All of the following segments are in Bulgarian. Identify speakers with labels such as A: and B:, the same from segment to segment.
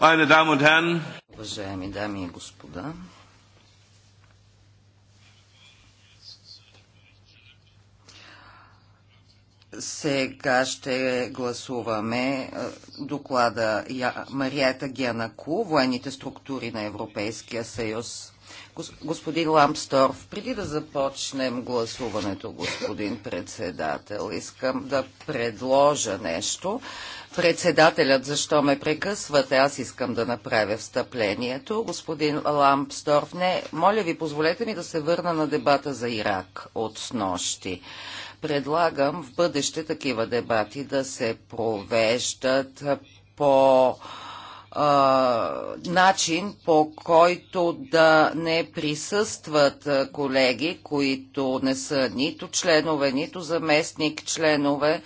A: Meine Damen und Herren,
B: уважаеми дами и господа, Сега ще гласуваме доклада Марията Генаку, военните структури на Европейския съюз господин Ламсторф, преди да започнем гласуването, господин председател, искам да предложа нещо. Председателят, защо ме прекъсвате? Аз искам да направя встъплението. Господин Ламсторф, не, моля ви, позволете ми да се върна на дебата за Ирак от снощи предлагам в бъдеще такива дебати да се провеждат по начин, по който да не присъстват колеги, които не са нито членове, нито заместник членове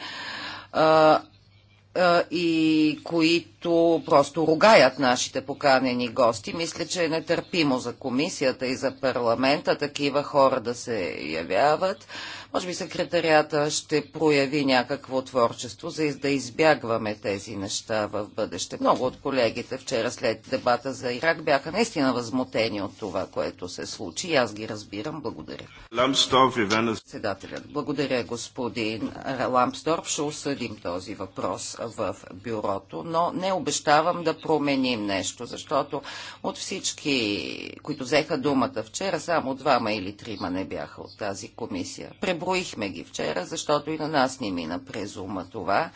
B: и които просто ругаят нашите поканени гости. Мисля, че е нетърпимо за комисията и за парламента такива хора да се явяват може би секретарията ще прояви някакво творчество, за да избягваме тези неща в бъдеще. Много от колегите вчера след дебата за Ирак бяха наистина възмутени от това, което се случи. И аз ги разбирам. Благодаря. Ламсторф и Венес. Председателят. Благодаря, господин Ламсторф. Ще осъдим този въпрос в бюрото, но не обещавам да променим нещо, защото от всички, които взеха думата вчера, само двама или трима не бяха от тази комисия преброихме ги вчера, защото и на нас ни мина през ума това.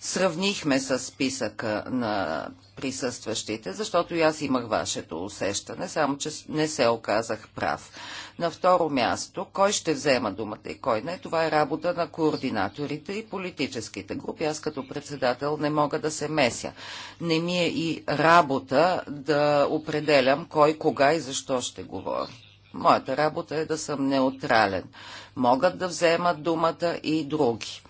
B: Сравнихме с списъка на присъстващите, защото и аз имах вашето усещане, само че не се оказах прав. На второ място, кой ще взема думата и кой не, това е работа на координаторите и политическите групи. Аз като председател не мога да се меся. Не ми е и работа да определям кой, кога и защо ще говори. Моята работа е да съм неутрален. Могат да вземат думата и други.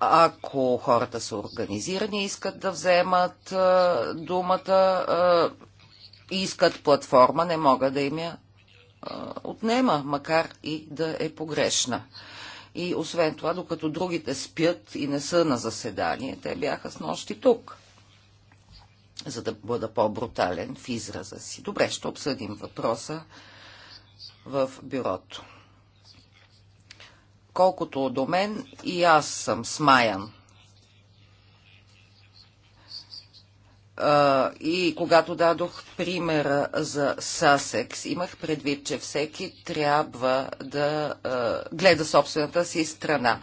B: Ако хората са организирани, искат да вземат а, думата, а, искат платформа, не мога да им я отнема, макар и да е погрешна. И освен това, докато другите спят и не са на заседание, те бяха с нощи тук за да бъда по-брутален в израза си. Добре, ще обсъдим въпроса в бюрото. Колкото до мен, и аз съм смаян. И когато дадох примера за Сасекс, имах предвид, че всеки трябва да гледа собствената си страна.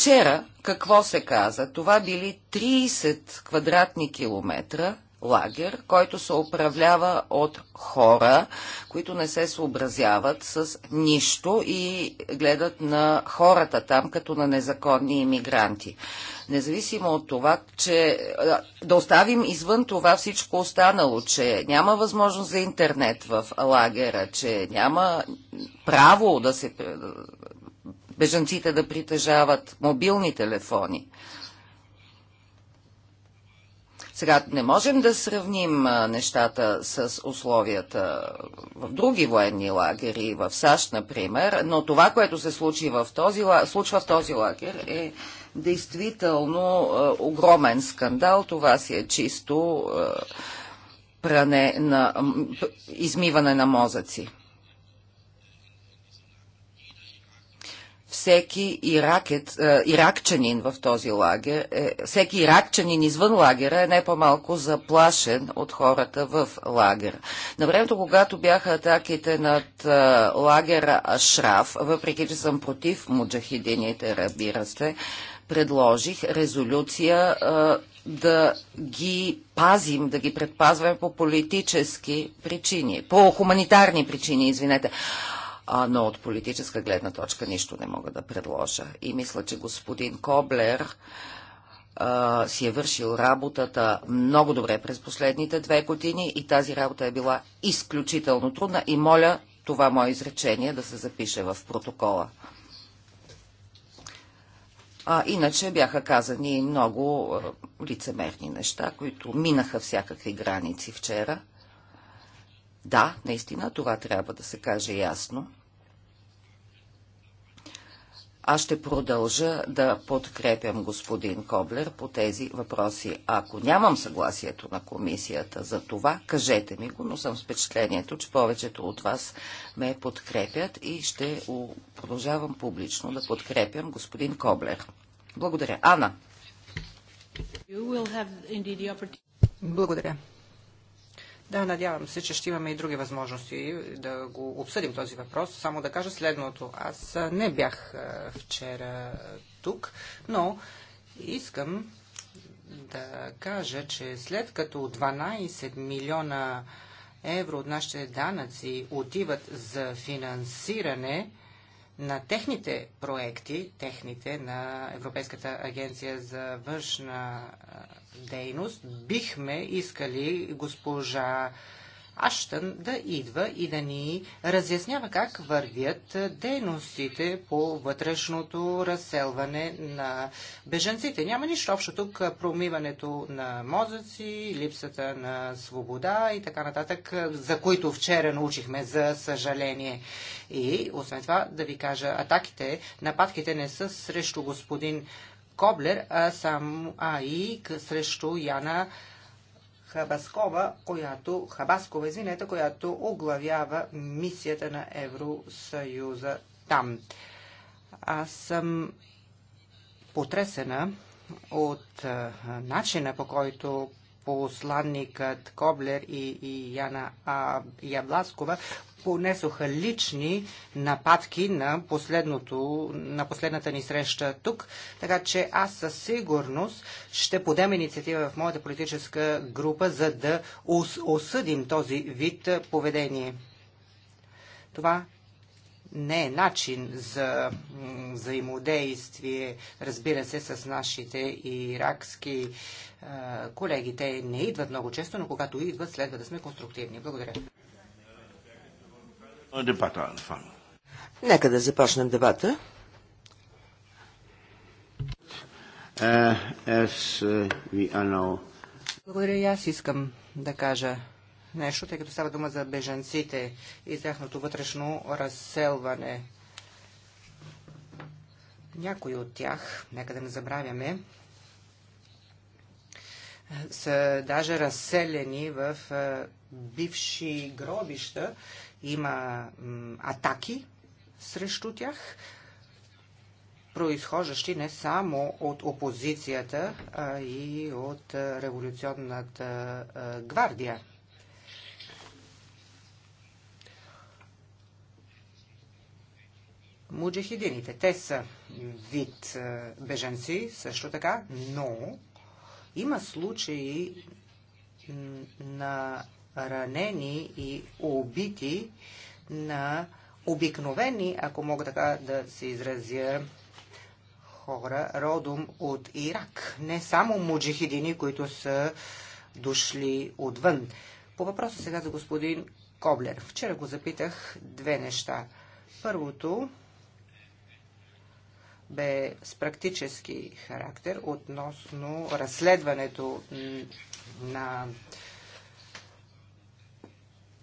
B: Вчера какво се каза? Това били 30 квадратни километра лагер, който се управлява от хора, които не се съобразяват с нищо и гледат на хората там като на незаконни иммигранти. Независимо от това, че да оставим извън това всичко останало, че няма възможност за интернет в лагера, че няма право да се бежанците да притежават мобилни телефони. Сега не можем да сравним нещата с условията в други военни лагери, в САЩ, например, но това, което се случи в този, случва в този лагер е действително огромен скандал. Това си е чисто пране на, измиване на мозъци. всеки иракет, е, иракчанин в този лагер, е, всеки иракчанин извън лагера е не по-малко заплашен от хората в лагер. На времето, когато бяха атаките над е, лагера Ашраф, въпреки че съм против муджахидините, разбира се, предложих резолюция да ги пазим, да ги предпазваме по политически причини, по хуманитарни причини, извинете. А, но от политическа гледна точка нищо не мога да предложа. И мисля, че господин Коблер а, си е вършил работата много добре през последните две години и тази работа е била изключително трудна и моля това мое изречение да се запише в протокола. А, иначе бяха казани много лицемерни неща, които минаха всякакви граници вчера. Да, наистина това трябва да се каже ясно. Аз ще продължа да подкрепям господин Коблер по тези въпроси. Ако нямам съгласието на комисията за това, кажете ми го, но съм с впечатлението, че повечето от вас ме подкрепят и ще продължавам публично да подкрепям господин Коблер. Благодаря. Ана. Благодаря.
C: Да, надявам се, че ще имаме и други възможности да го обсъдим този въпрос. Само да кажа следното. Аз не бях вчера тук, но искам да кажа, че след като 12 милиона евро от нашите данъци отиват за финансиране на техните проекти, техните на Европейската агенция за външна дейност, бихме искали госпожа Аштън да идва и да ни разяснява как вървят дейностите по вътрешното разселване на беженците. Няма нищо общо тук промиването на мозъци, липсата на свобода и така нататък, за които вчера научихме, за съжаление. И, освен това, да ви кажа, атаките, нападките не са срещу господин Коблер, а, сам, а и срещу Яна Хабаскова, която, Хабаскова, извинете, която оглавява мисията на Евросъюза там. Аз съм потресена от начина по който посланникът Коблер и, и Яна а, Ябласкова понесоха лични нападки на, последното, на последната ни среща тук, така че аз със сигурност ще подем инициатива в моята политическа група, за да ос- осъдим този вид поведение. Това не е начин за взаимодействие, разбира се, с нашите иракски колеги. Те не идват много често, но когато идват, следва да сме конструктивни. Благодаря.
B: Нека да започнем дебата.
A: Е, е, е,
C: Благодаря и аз искам да кажа нещо, тъй като става дума за бежанците и тяхното вътрешно разселване. Някои от тях, нека да не забравяме, е, са даже разселени в е, бивши гробища. Има атаки срещу тях, произхождащи не само от опозицията, а и от е, революционната гвардия. муджахидините. Те са вид е, беженци, също така, но има случаи на ранени и убити на обикновени, ако мога така да се изразя, хора, родом от Ирак. Не само муджихидини, които са дошли отвън. По въпроса сега за господин Коблер. Вчера го запитах две неща. Първото, бе с практически характер относно разследването на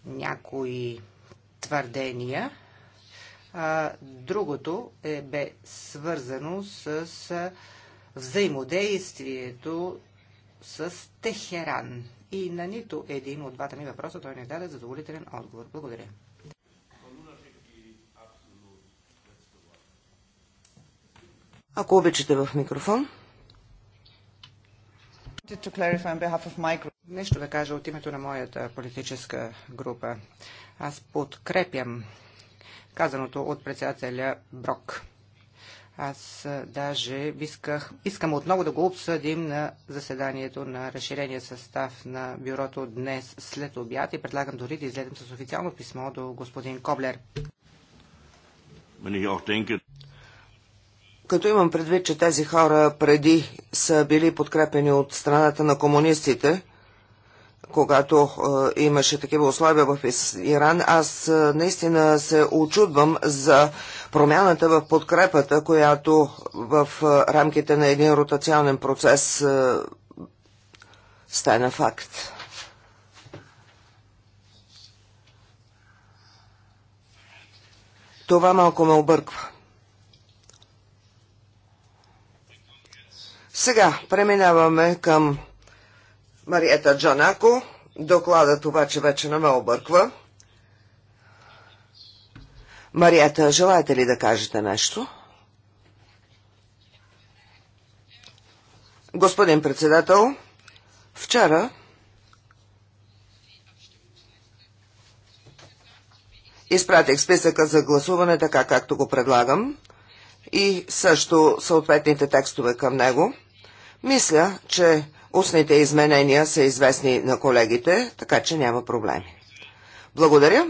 C: някои твърдения. А другото е, бе свързано с взаимодействието с Техеран. И на нито един от двата ми въпроса той не даде задоволителен отговор. Благодаря.
D: Ако обичате в
C: микрофон. Нещо да кажа от името на моята политическа група. Аз подкрепям казаното от председателя Брок. Аз даже исках, искам отново да го обсъдим на заседанието на разширения състав на бюрото днес след обяд и предлагам дори да излезем с официално писмо до господин Коблер.
A: Като имам предвид, че тези
D: хора преди са били подкрепени от страната на комунистите, когато е, имаше такива условия в Иран, аз е, наистина се очудвам за промяната в подкрепата, която в е, рамките на един ротационен процес е, стана факт. Това малко ме обърква. Сега преминаваме към Мариета Джанако. Докладът обаче вече не ме обърква. Мариета, желаете ли да кажете нещо? Господин председател, вчера изпратих списъка за гласуване така както го предлагам и също съответните текстове към него – мисля, че устните изменения са известни на колегите, така че няма проблеми. Благодаря.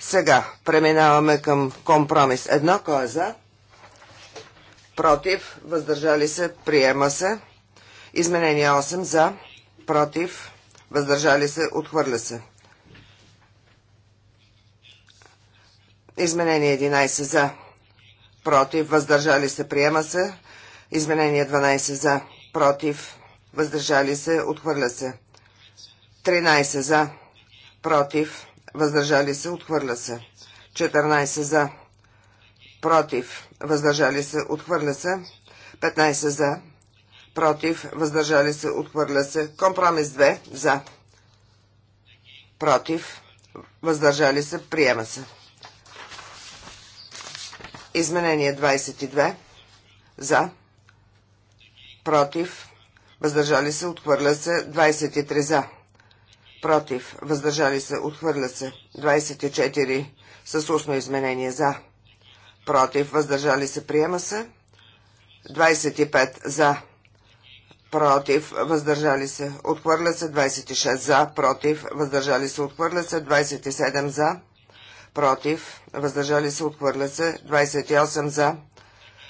D: Сега преминаваме към компромис. Едно, кой е за? Против, въздържали се, приема се. Изменение 8 за, против, въздържали се, отхвърля се. Изменение 11 за, против, въздържали се, приема се. Изменение 12 за, против, въздържали се, отхвърля се. 13 за, против, въздържали се, отхвърля се. 14 за, против, въздържали се, отхвърля се. 15 за, против, въздържали се, отхвърля се. Компромис 2 за, против, въздържали се, приема се. Изменение 22 за, против, въздържали се, отхвърля се, 23 за, против, въздържали се, отхвърля се, 24 с устно изменение за, против, въздържали се, приема се, 25 за, против, въздържали се, отхвърля се, 26 за, против, въздържали се, отхвърля се, 27 за, против, въздържали се, отхвърля се, 28 за,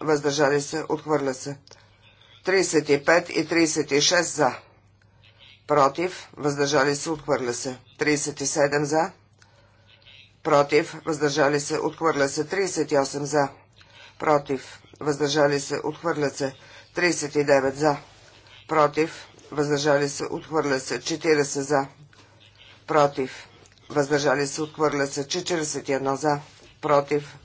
D: въздържали се, отхвърля се. 35 и 36 за, против, въздържали се, отхвърля се. 37 за, против, въздържали се, отхвърля се. 38 за, против, въздържали се, отхвърля се. 39 за, против, въздържали се, отхвърля се. 40 за, против, въздържали се, отхвърля се. 41 за, против,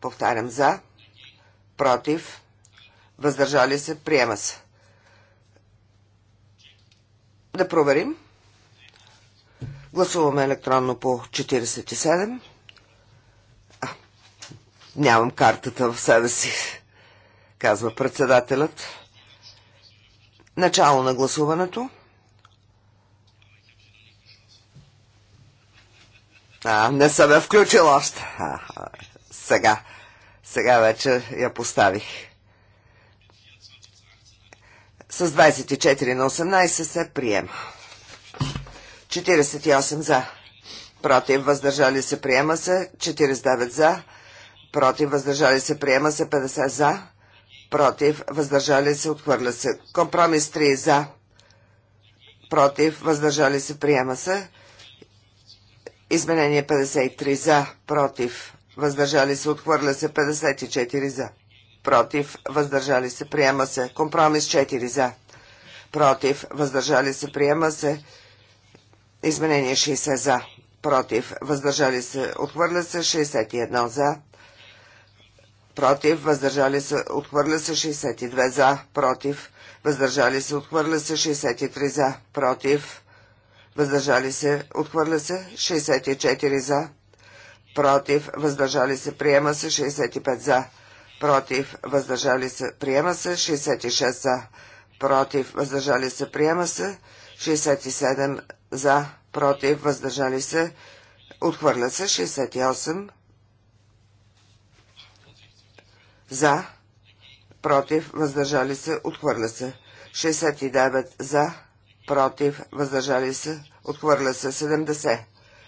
D: повтарям, за, против, въздържали се, приема се. Да проверим. Гласуваме електронно по 47. А, нямам картата в себе си, казва председателят. Начало на гласуването. А, не съм я включил още. Сега. Сега вече я поставих. С 24 на 18 се приема. 48 за. Против въздържали се приема се. 49 за. Против въздържали се приема се. 50 за. Против въздържали се отхвърля се. Компромис 3 за. Против въздържали се приема се. Изменение 53 за. Против въздържали се, отхвърля се 54 за, против, въздържали се, приема се, компромис 4 за, против, въздържали се, приема се, изменение 60 за, против, въздържали се, отхвърля се 61 за, против, въздържали се, отхвърля се 62 за, против, въздържали се, отхвърля се 63 за, против, въздържали се, отхвърля се 64 за, против, въздържали се, приема се 65 за, против, въздържали се, приема се 66 за, против, въздържали се, приема се 67 за, против, въздържали се, отхвърля се 68 за, против, въздържали се, отхвърля се 69 за, против, въздържали се, отхвърля се 70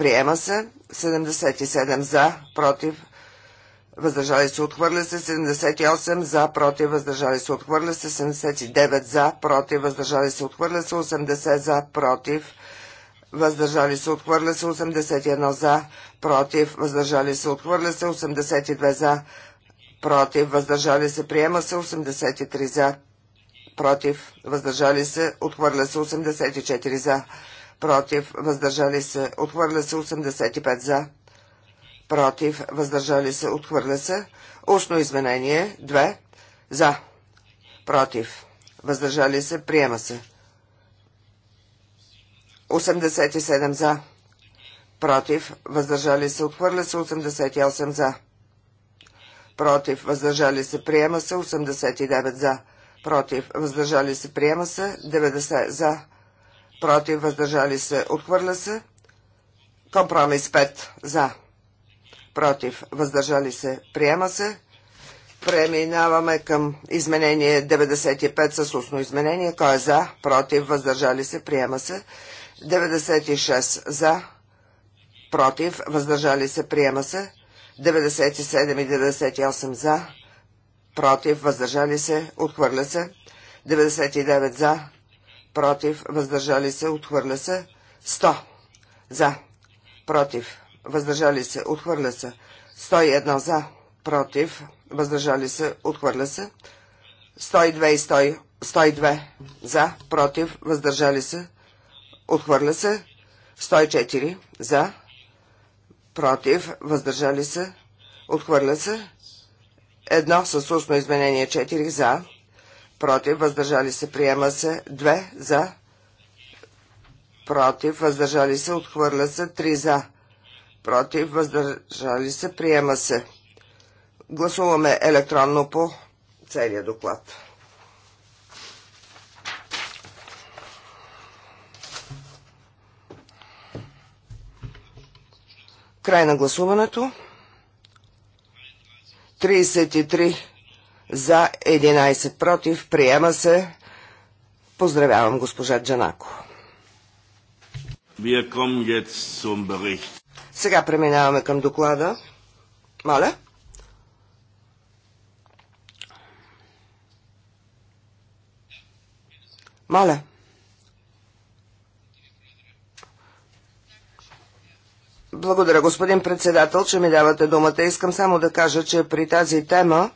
D: Приема се 77 за, против, въздържали се, отхвърля се 78 за, против, въздържали се, отхвърля се 79 за, против, въздържали се, отхвърля се 80 за, против, въздържали се, отхвърля се 81 за, против, въздържали се, отхвърля се 82 за, против, въздържали се, приема се 83 за, против, въздържали се, отхвърля се 84 за, против, въздържали се, отхвърля се 85 за, против, въздържали се, отхвърля се. Устно изменение 2 за, против, въздържали се, приема се. 87 за, против, въздържали се, отхвърля се 88 за, против, въздържали се, приема се 89 за, против, въздържали се, приема се 90 за против, въздържали се, отхвърля се. Компромис 5 за, против, въздържали се, приема се. Преминаваме към изменение 95 с устно изменение. Кой е за, против, въздържали се, приема се. 96 за, против, въздържали се, приема се. 97 и 98 за, против, въздържали се, отхвърля се. 99 за, против, въздържали се, отхвърля се. 100 за, против, въздържали се, отхвърля се. 101 за, против, въздържали се, отхвърля се. 102 и 100, 102 за, против, въздържали се, отхвърля се. 104 за, против, въздържали се, отхвърля се. Едно с устно изменение 4 за, против, въздържали се, приема се. Две за, против, въздържали се, отхвърля се. Три за, против, въздържали се, приема се. Гласуваме електронно по целият доклад. Край на гласуването. 33 за 11 против. Приема се. Поздравявам госпожа Джанако. Сега преминаваме към доклада. Моля? Моля. Благодаря, господин председател, че ми давате думата. Искам само да кажа, че при тази тема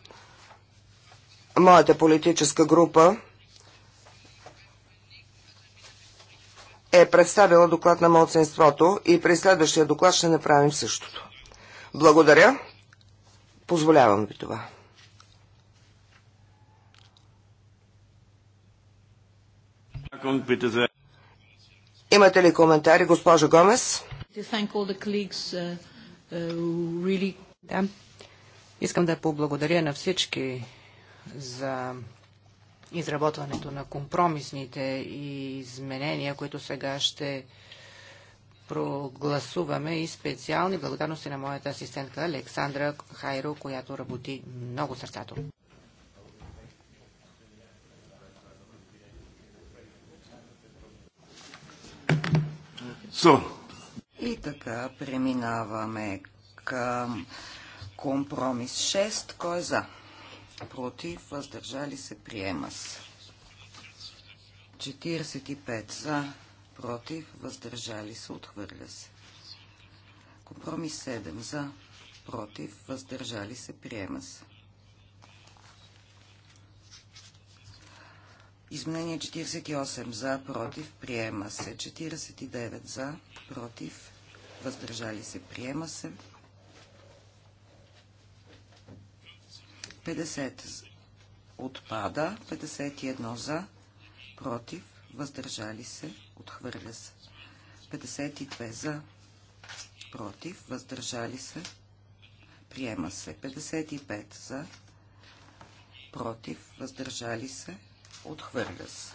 D: моята политическа група е представила доклад на младсенството и при следващия доклад ще направим същото. Благодаря. Позволявам ви това. Имате ли коментари, госпожа Гомес?
C: Uh, uh, да. Искам да поблагодаря на всички за изработването на компромисните изменения, които сега ще прогласуваме и специални благодарности на моята асистентка Александра Хайро, която работи много сърцато.
B: So. И така преминаваме към компромис 6. Кой е за? против, въздържали се, приема се. 45 за, против, въздържали се, отхвърля се. Компромис 7 за, против, въздържали се, приема се. Изменение 48 за, против, приема се. 49 за, против, въздържали се, приема се. 50 отпада, 51 за, против, въздържали се, отхвърля се. 52 за, против, въздържали се, приема се. 55 за, против, въздържали се, отхвърля се.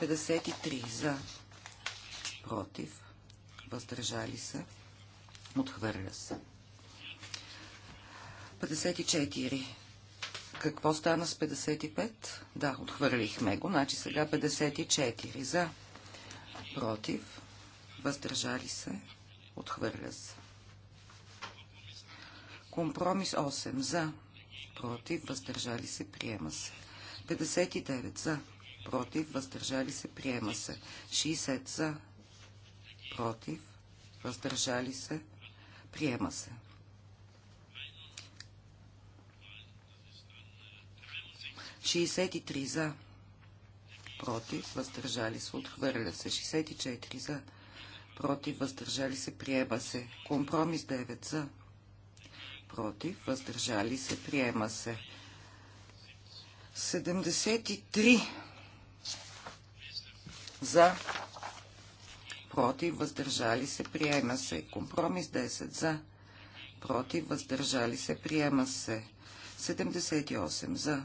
C: 53 за,
B: против, въздържали се, отхвърля се. 54. Какво стана с 55? Да, отхвърлихме го. Значи сега 54. За. Против. Въздържали се. Отхвърля се. Компромис 8. За. Против. Въздържали се. Приема се. 59. За. Против. Въздържали се. Приема се. 60. За. Против. Въздържали се. Приема се. 63 за. Против. Въздържали се. Отхвърля се. 64 за. Против. Въздържали се. Приема се. Компромис 9 за. Против. Въздържали се. Приема се. 73 за. Против. Въздържали се. Приема се. Компромис 10 за. Против. Въздържали се. Приема се. 78 за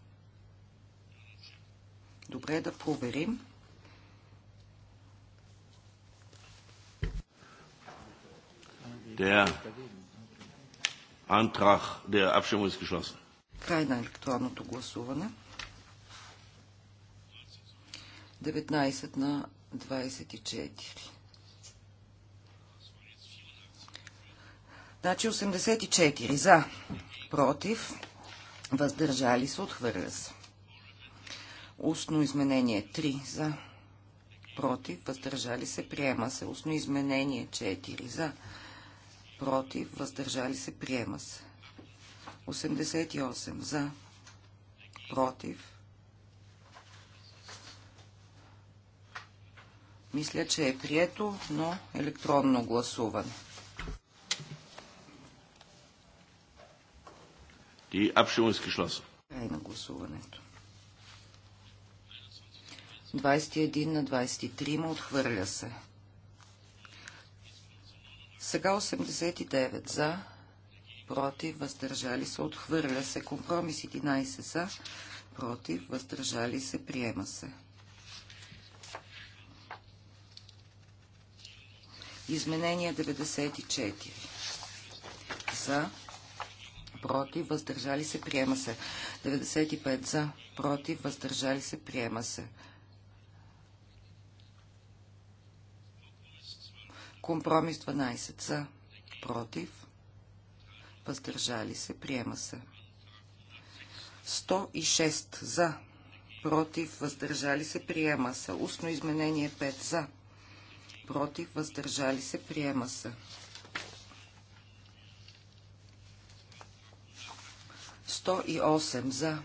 B: Добре да проверим. Der
A: Antrag der Abstimmung ist geschlossen.
B: Край на електронното гласуване. 19 на 24. Значи 84 за, против, въздържали се, отхвърля се. Устно изменение 3 за. Против. Въздържали се. Приема се. Устно изменение 4 за. Против. Въздържали се. Приема се. 88 за. Против. Мисля, че е прието, но електронно гласуване.
A: Die Abstimmung ist geschlossen. Край на
B: гласуването. 21 на 23 му отхвърля се. Сега 89 за, против, въздържали се, отхвърля се. Компромис 11 за, против, въздържали се, приема се. Изменение 94 за, против, въздържали се, приема се. 95 за, против, въздържали се, приема се. Компромис 12 са против, въздържали се, приема се. 106 за, против, въздържали се, приема се. Устно изменение 5 за, против, въздържали се, приема се. 108 за,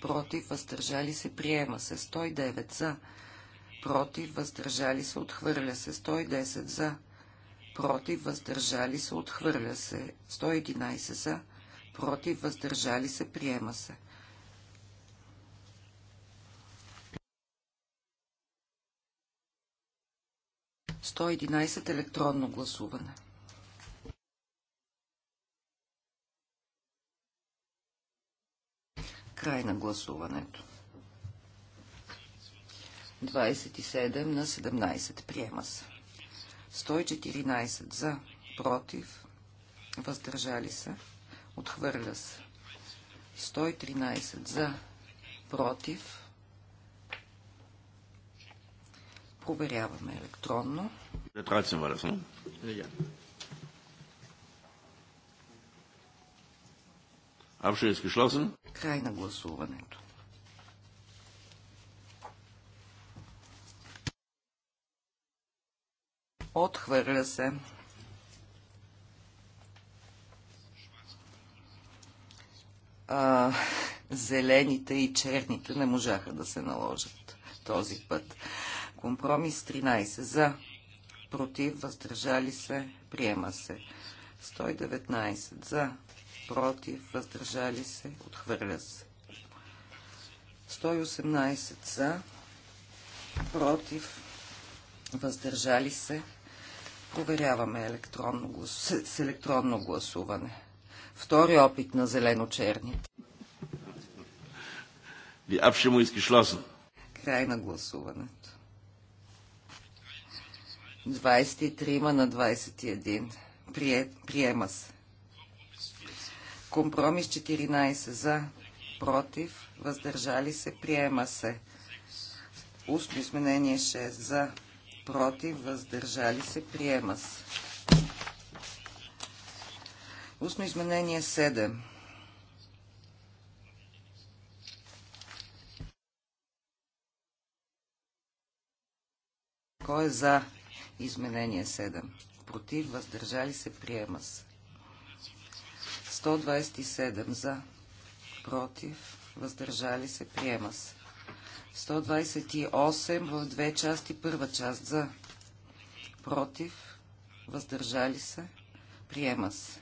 B: против, въздържали се, приема се. 109 за, против, против, въздържали се, отхвърля се. 110 за, против, въздържали се, отхвърля се. 111 за, против, въздържали се, приема се. Сто единайсет електронно гласуване. Край на гласуването. 27 на 17. Приема се. 114 за, против, въздържали се, отхвърля се. 113 за, против. Проверяваме електронно.
A: 13 war Край на гласуването.
B: Отхвърля се. А, зелените и черните не можаха да се наложат този път. Компромис 13. За. Против. Въздържали се. Приема се. 119. За. Против. Въздържали се. Отхвърля се. 118. За. Против. Въздържали се. Проверяваме електронно с, с електронно гласуване. Втори опит на зелено черните
A: Die Abstimmung ist
B: Край на гласуването. 23 на 21. Прие, приема се. Компромис 14 за, против, въздържали се, приема се. Устно изменение 6 за, против, въздържали се, приема се. Устно изменение 7. Кой е за изменение 7? Против, въздържали се, приема се. 127 за, против, въздържали се, приема се. 128 в две части. Първа част за против, въздържали се, приема се.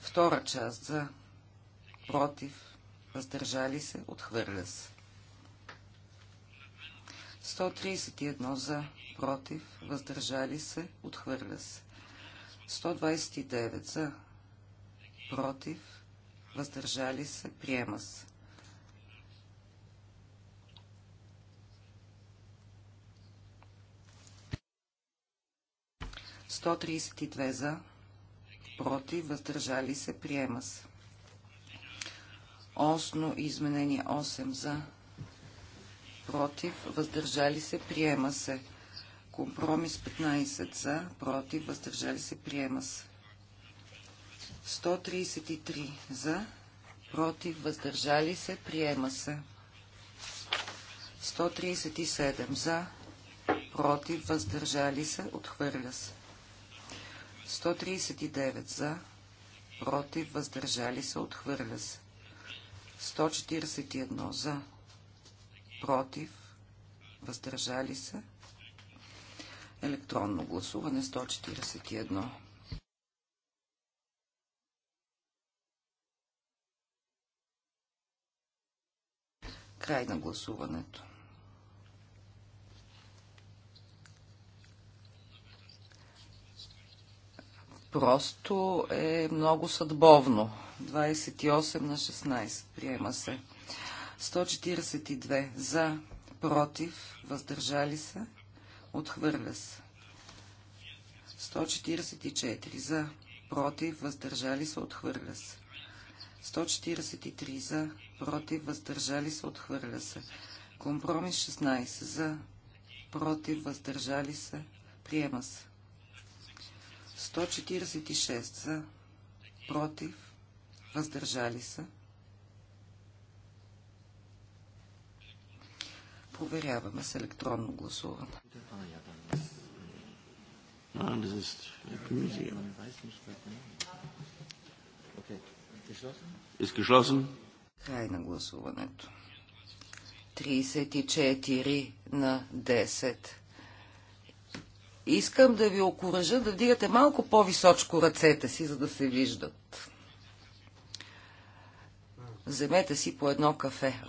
B: Втора част за против, въздържали се, отхвърля се. 131 за против, въздържали се, отхвърля се. 129 за против, въздържали се, приема се. 132 за, против, въздържали се, приема се. Осно изменение 8 за, против, въздържали се, приема се. Компромис 15 за, против, въздържали се, приема се. 133 за, против, въздържали се, приема се. 137 за, против, въздържали се, отхвърля се. 139 за, против, въздържали се, отхвърля се. 141 за, против, въздържали се. Електронно гласуване 141. Край на гласуването. просто е много съдбовно. 28 на 16 приема се. 142 за, против, въздържали се, отхвърля се. 144 за, против, въздържали се, отхвърля се. 143 за, против, въздържали се, отхвърля се. Компромис 16 за, против, въздържали се, приема се. 146 за, против, въздържали се. Проверяваме с електронно гласуване. Край на гласуването. 34 на 10 искам да ви окоръжа да вдигате малко по-височко ръцете си, за да се виждат. Вземете си по едно кафе.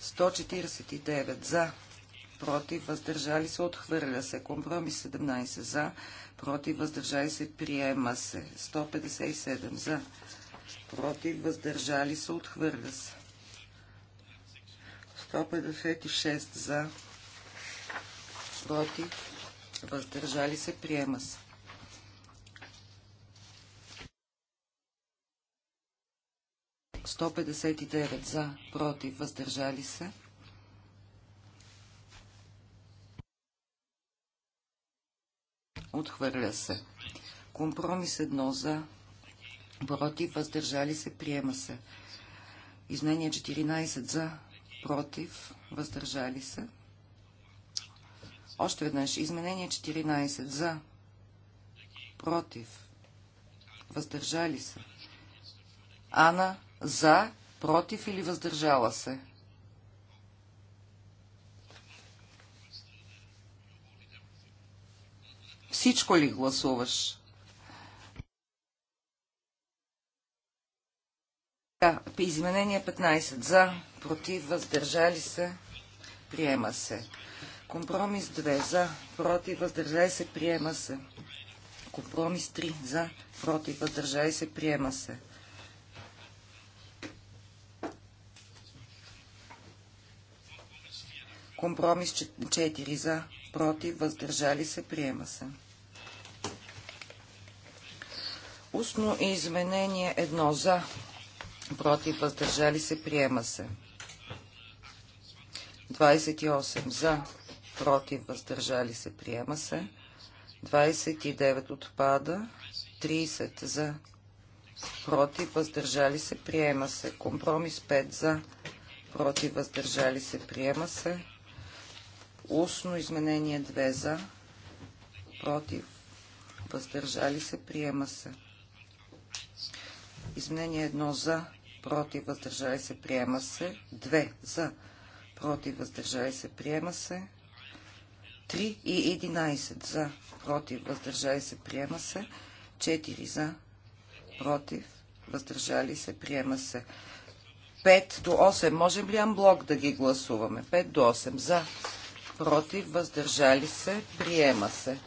B: Сто за против, въздържали се, отхвърля се. Компромис 17 за, против, въздържали се, приема се. 157 за, против, въздържали се, отхвърля се. 156 за, против, въздържали се, приема се. за, против, въздържали се. Отхвърля се. Компромис едно за, против, въздържали се, приема се. Изменение 14 за, против, въздържали се. Още веднъж. Изменение 14. За. Против. Въздържали се. Ана. За. Против или въздържала се? Всичко ли гласуваш? изменение 15. За, против, въздържали се, приема се. Компромис 2. За, против, въздържали се, приема се. Компромис 3. За, против, въздържали се, приема се. Компромис 4. За, против, въздържали се, приема се. Устно изменение 1. За, против, въздържали се, приема се. 28 за, против, въздържали се, приема се. 29 отпада, 30 за, против, въздържали се, приема се. Компромис 5 за, против, въздържали се, приема се. Устно изменение 2 за, против, въздържали се, приема се. Изменение 1 за, против, въздържали се, приема се. 2 за, против, въздържали се, приема се. 3 и 11 за, против, въздържали се, приема се. 4 за, против, въздържали се, приема се. 5 до 8. Можем ли амблок да ги гласуваме? 5 до 8 за, против, въздържали се, приема се.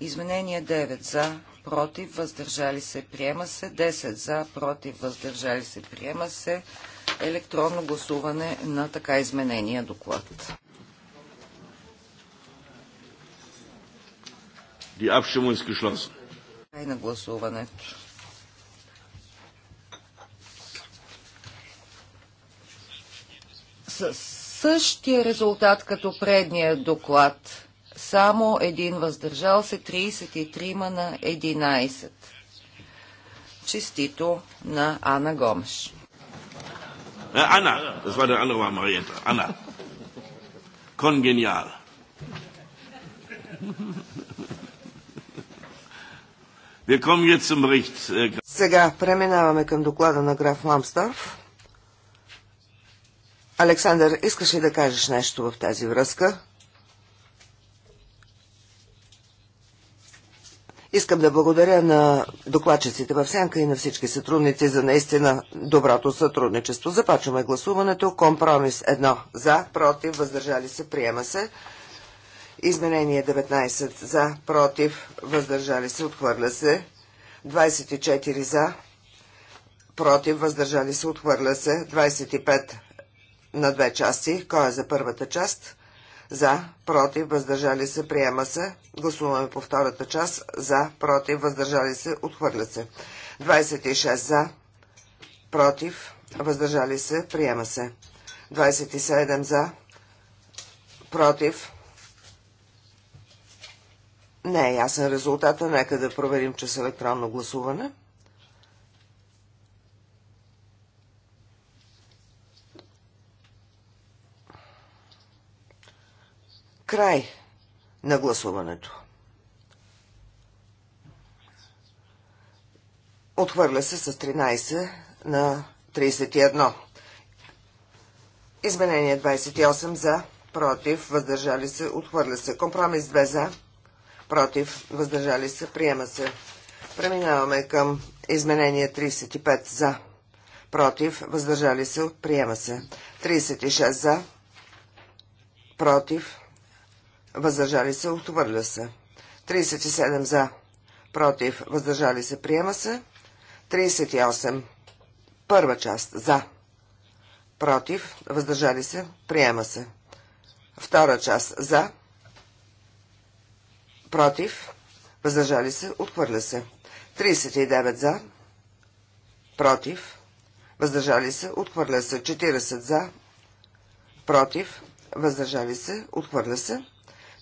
B: Изменение 9 за, против, въздържали се, приема се. 10 за, против, въздържали се, приема се. Електронно гласуване на така изменения доклад.
A: Die Abstimmung ist geschlossen.
B: Keine на същия резултат като предния доклад само един въздържал се, 33 на 11. Честито на Ана Гомеш.
A: Е, Ана, това е der Мариета. Ана, конгениал. Äh, Сега
D: преминаваме към доклада на граф Ламстарф. Александър, искаш ли да кажеш нещо в тази връзка? Искам да благодаря на докладчиците в Сянка и на всички сътрудници за наистина доброто сътрудничество. Започваме гласуването. Компромис 1 за, против, въздържали се, приема се. Изменение 19 за, против, въздържали се, отхвърля се. 24 за, против, въздържали се, отхвърля се. 25 на две части. Кой е за първата част? за, против, въздържали се, приема се. Гласуваме по втората част, за, против, въздържали се, отхвърля се. 26 за, против, въздържали се, приема се. 27 за, против. Не е ясен резултата, нека да проверим че с електронно гласуване. Край на гласуването. Отхвърля се с 13 на 31. Изменение 28 за, против, въздържали се, отхвърля се. Компромис 2 за, против, въздържали се, приема се. Преминаваме към изменение 35 за, против, въздържали се, приема се. 36 за, против, въздържали се, отвърля се. 37 за, против, въздържали се, приема се. 38. Първа част за, против, въздържали се, приема се. Втора част за, против, въздържали се, отхвърля се. 39 за, против, въздържали се, отхвърля се. 40 за, против, въздържали се, отхвърля се.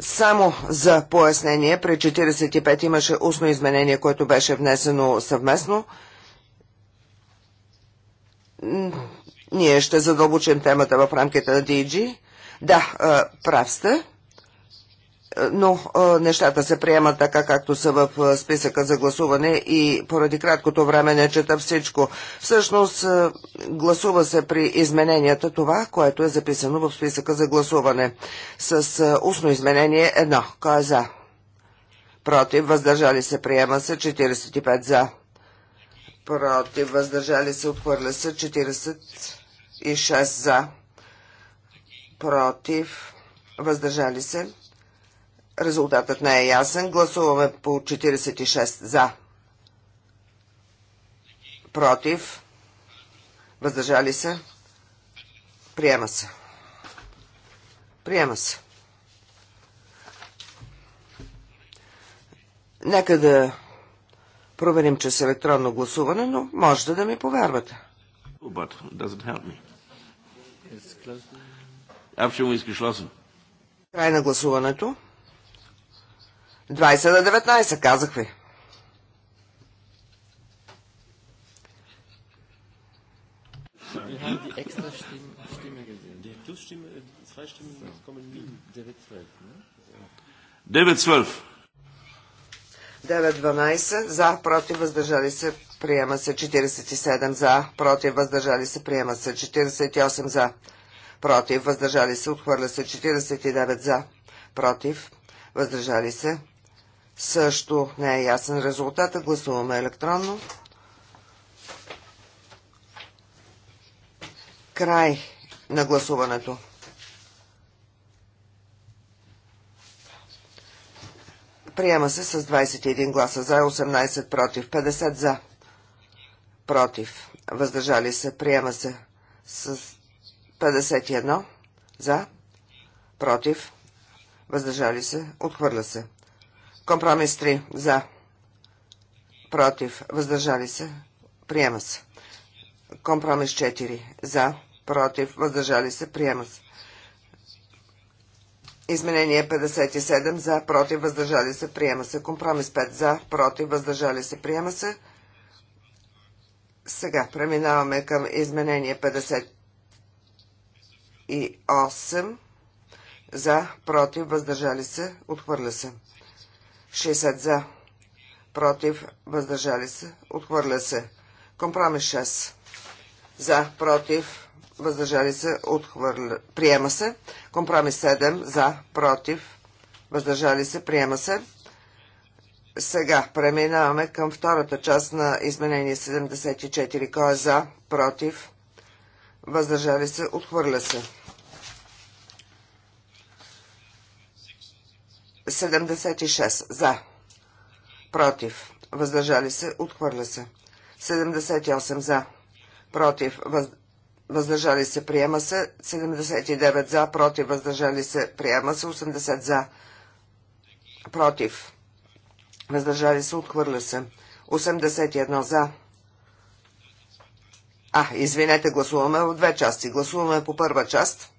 D: Само за пояснение, пред 45 имаше устно изменение, което беше внесено съвместно. Ние ще задълбочим темата в рамките на DG. Да, прав сте но нещата се приемат така, както са в списъка за гласуване и поради краткото време не чета всичко. Всъщност гласува се при измененията това, което е записано в списъка за гласуване. С устно изменение едно. Кой е за? Против, въздържали се, приема се 45 за. Против, въздържали се, отхвърля се 46 за. Против, въздържали се. Резултатът не е ясен. Гласуваме по 46 за. Против. Въздържали се. Приема се. Приема се. Нека да проверим, че с електронно гласуване, но можете да ми повярвате.
A: Oh, but doesn't help me.
D: Край на гласуването. 20 на 19, казах ви. Девет 9-12 за, против, въздържали се, приема се 47 за, против, въздържали се, приема се 48 за, против, въздържали се, отхвърля се 49 за, против, въздържали се, също не е ясен резултата. Гласуваме електронно. Край на гласуването. Приема се с 21 гласа за, 18 против, 50 за, против, въздържали се. Приема се с 51 за, против, въздържали се, отхвърля се. Компромис 3 за. Против. Въздържали се. Приема се. Компромис 4 за. Против. Въздържали се. Приема се. Изменение 57 за, против, въздържали се, приема се. Компромис 5 за, против, въздържали се, приема се. Сега преминаваме към изменение 58 за, против, въздържали се, отхвърля се. 60 за, против, въздържали се, отхвърля се. Компромис 6 за, против, въздържали се, отхвърля, приема се. Компромис 7 за, против, въздържали се, приема се. Сега преминаваме към втората част на изменение 74. Кой е за, против, въздържали се, отхвърля се. 76. За. Против. Въздържали се. Отхвърля се. 78. За. Против. Въз... Въздържали се. Приема се. 79. За. Против. Въздържали се. Приема се. 80. За. Против. Въздържали се. Отхвърля се. 81. За. А, извинете, гласуваме в две части. Гласуваме по първа част.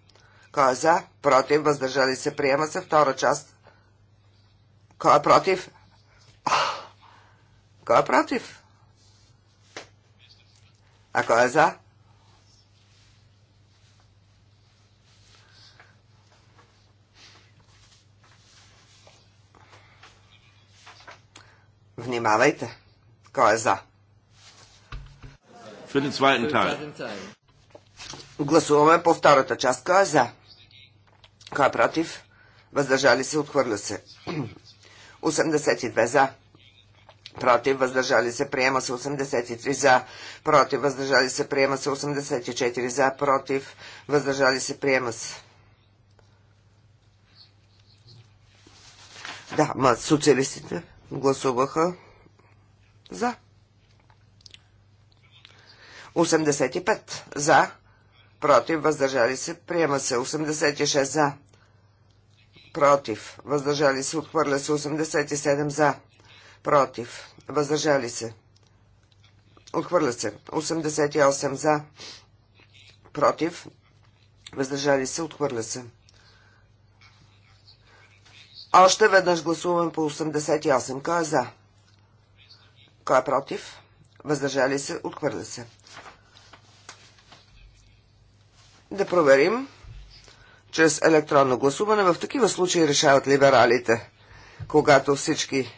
D: Кой е за? Против. Въздържали се. Приема се. Втора част. Кой е против? Кой е против? А кой е за? Внимавайте. Кой е за? Гласуваме по втората част. Кой е за? Кой е против? Въздържали се, отхвърля се. 82 за, против, въздържали се, приема се 83 за, против, въздържали се, приема се 84 за, против, въздържали се, приема се. Да, ма социалистите гласуваха за. 85 за, против, въздържали се, приема се 86 за, против, въздържали се, отхвърля се 87 за, против, въздържали се, отхвърля се 88 за, против, въздържали се, отхвърля се. Още веднъж гласуваме по 88. Кой е за? Кой е против? Въздържали се, отхвърля се. Да проверим чрез електронно гласуване. В такива случаи решават либералите, когато всички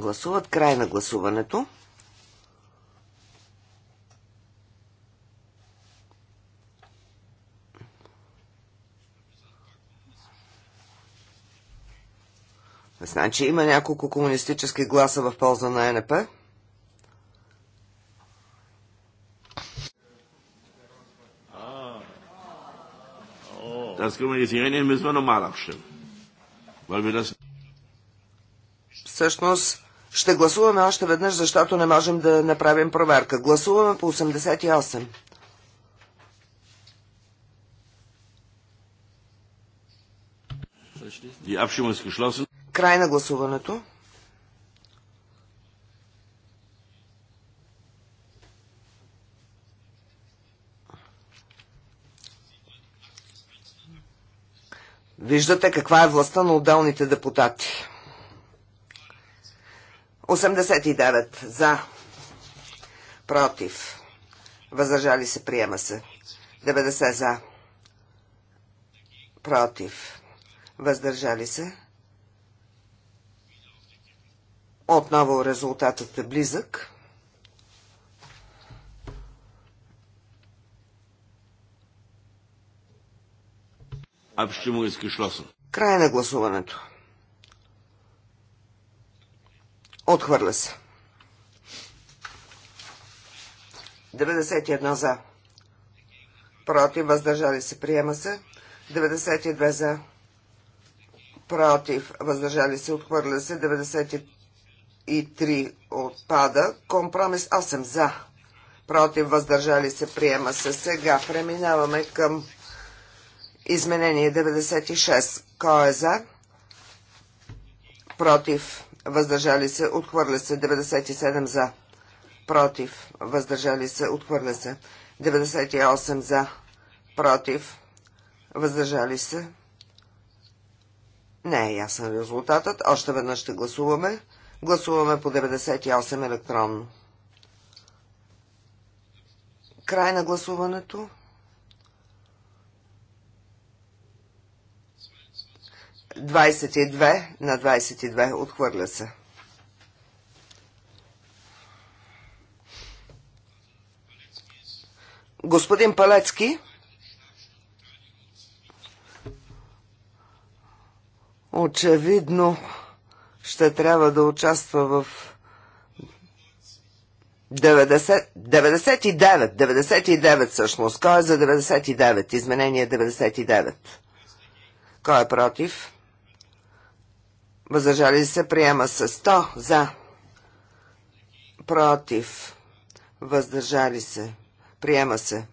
D: гласуват край на гласуването. Значи има няколко комунистически гласа в полза на НП.
A: das können wir jetzt nicht reinnehmen, müssen wir nochmal abstimmen. Weil wir das
D: Всъщност, ще гласуваме още веднъж, защото не можем да направим проверка. Гласуваме по 88. Край на гласуването. Виждате каква е властта на отделните депутати. 89 за, против, въздържали се, приема се. 90 за, против, въздържали се. Отново резултатът е близък.
A: Abstimmung е geschlossen. Край на гласуването.
D: Отхвърля се. 91 за. Против, въздържали се, приема се. 92 за. Против, въздържали се, отхвърля се. 93 отпада. Компромис 8 за. Против, въздържали се, приема се. Сега преминаваме към Изменение 96. Кой е за? Против. Въздържали се. Отхвърля се. 97 за. Против. Въздържали се. Отхвърля се. 98 за. Против. Въздържали се. Не е ясен резултатът. Още веднъж ще гласуваме. Гласуваме по 98 електронно. Край на гласуването. 22 на 22 отхвърля се. Господин Палецки, очевидно ще трябва да участва в 90, 99, 99 всъщност. Кой е за 99? Изменение 99. Кой е против? Въздържали се приема се 100 за. Против. Въздържали се. Приема се.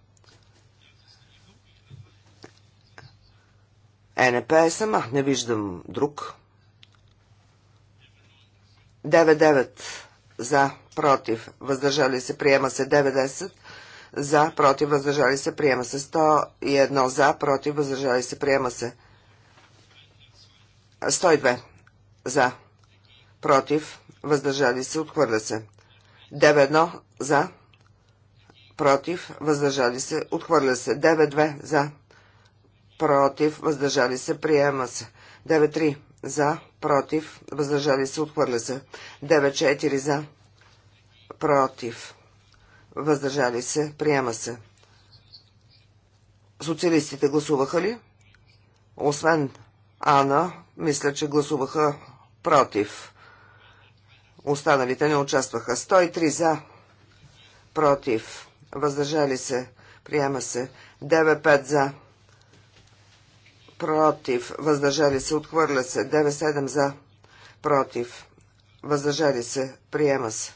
D: Е НП е сама. Не виждам друг. 99. за, против, въздържали се, приема се 90 за, против, въздържали се, приема се 101 за, против, въздържали се, приема се 102 за, против, въздържали се, отхвърля се. 9-1 за, против, въздържали се, отхвърля се. 9-2 за, против, въздържали се, приема се. 9-3 за, против, въздържали се, отхвърля се. 9-4 за, против, въздържали се, приема се. Социалистите гласуваха ли? Освен Ана, мисля, че гласуваха против. Останалите не участваха. 103 за, против, въздържали се, приема се. 95 за, против, въздържали се, отхвърля се. 97 за, против, въздържали се, приема се.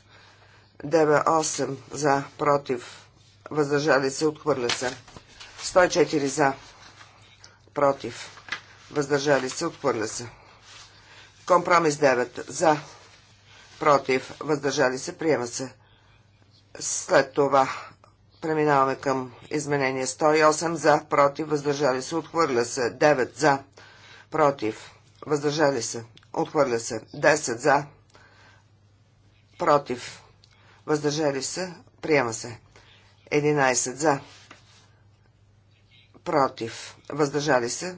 D: 98 за, против, въздържали се, отхвърля се. 104 за, против, въздържали се, отхвърля се. Компромис 9 за, против, въздържали се, приема се. След това преминаваме към изменение 108 за, против, въздържали се, отхвърля се. 9 за, против, въздържали се, отхвърля се. 10 за, против, въздържали се, приема се. 11 за, против, въздържали се,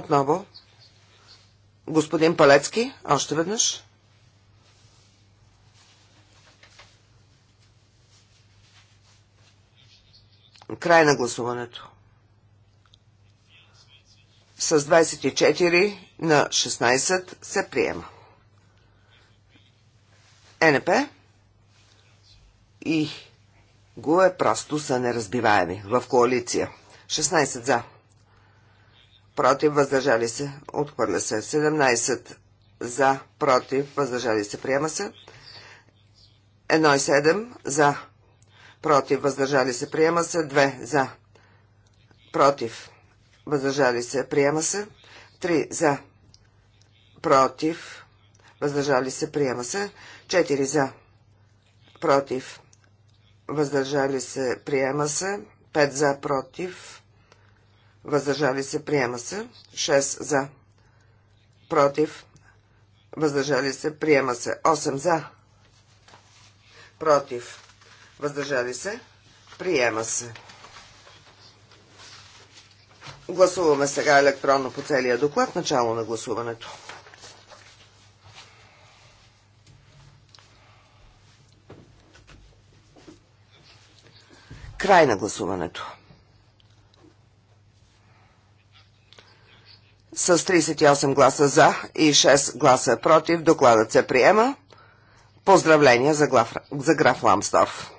D: Отново. Господин Палецки, още веднъж. Край на гласуването. С 24 на 16 се приема. Е НП и го е просто са неразбиваеми в коалиция. 16 за против, въздържали се, отхвърля се. 17 за, против, въздържали се, приема се. 1 и 7 за, против, въздържали се, приема се. 2 за, против, въздържали се, приема се. 3 за, против, въздържали се, приема се. 4 за, против, въздържали се, приема се. 5 за, против, въздържали се, приема се. 6 за, против, въздържали се, приема се. 8 за, против, въздържали се, приема се. Гласуваме сега електронно по целия доклад. Начало на гласуването. Край на гласуването. С 38 гласа за и 6 гласа против докладът се приема. Поздравления за, глав, за граф
A: Ламсдорф.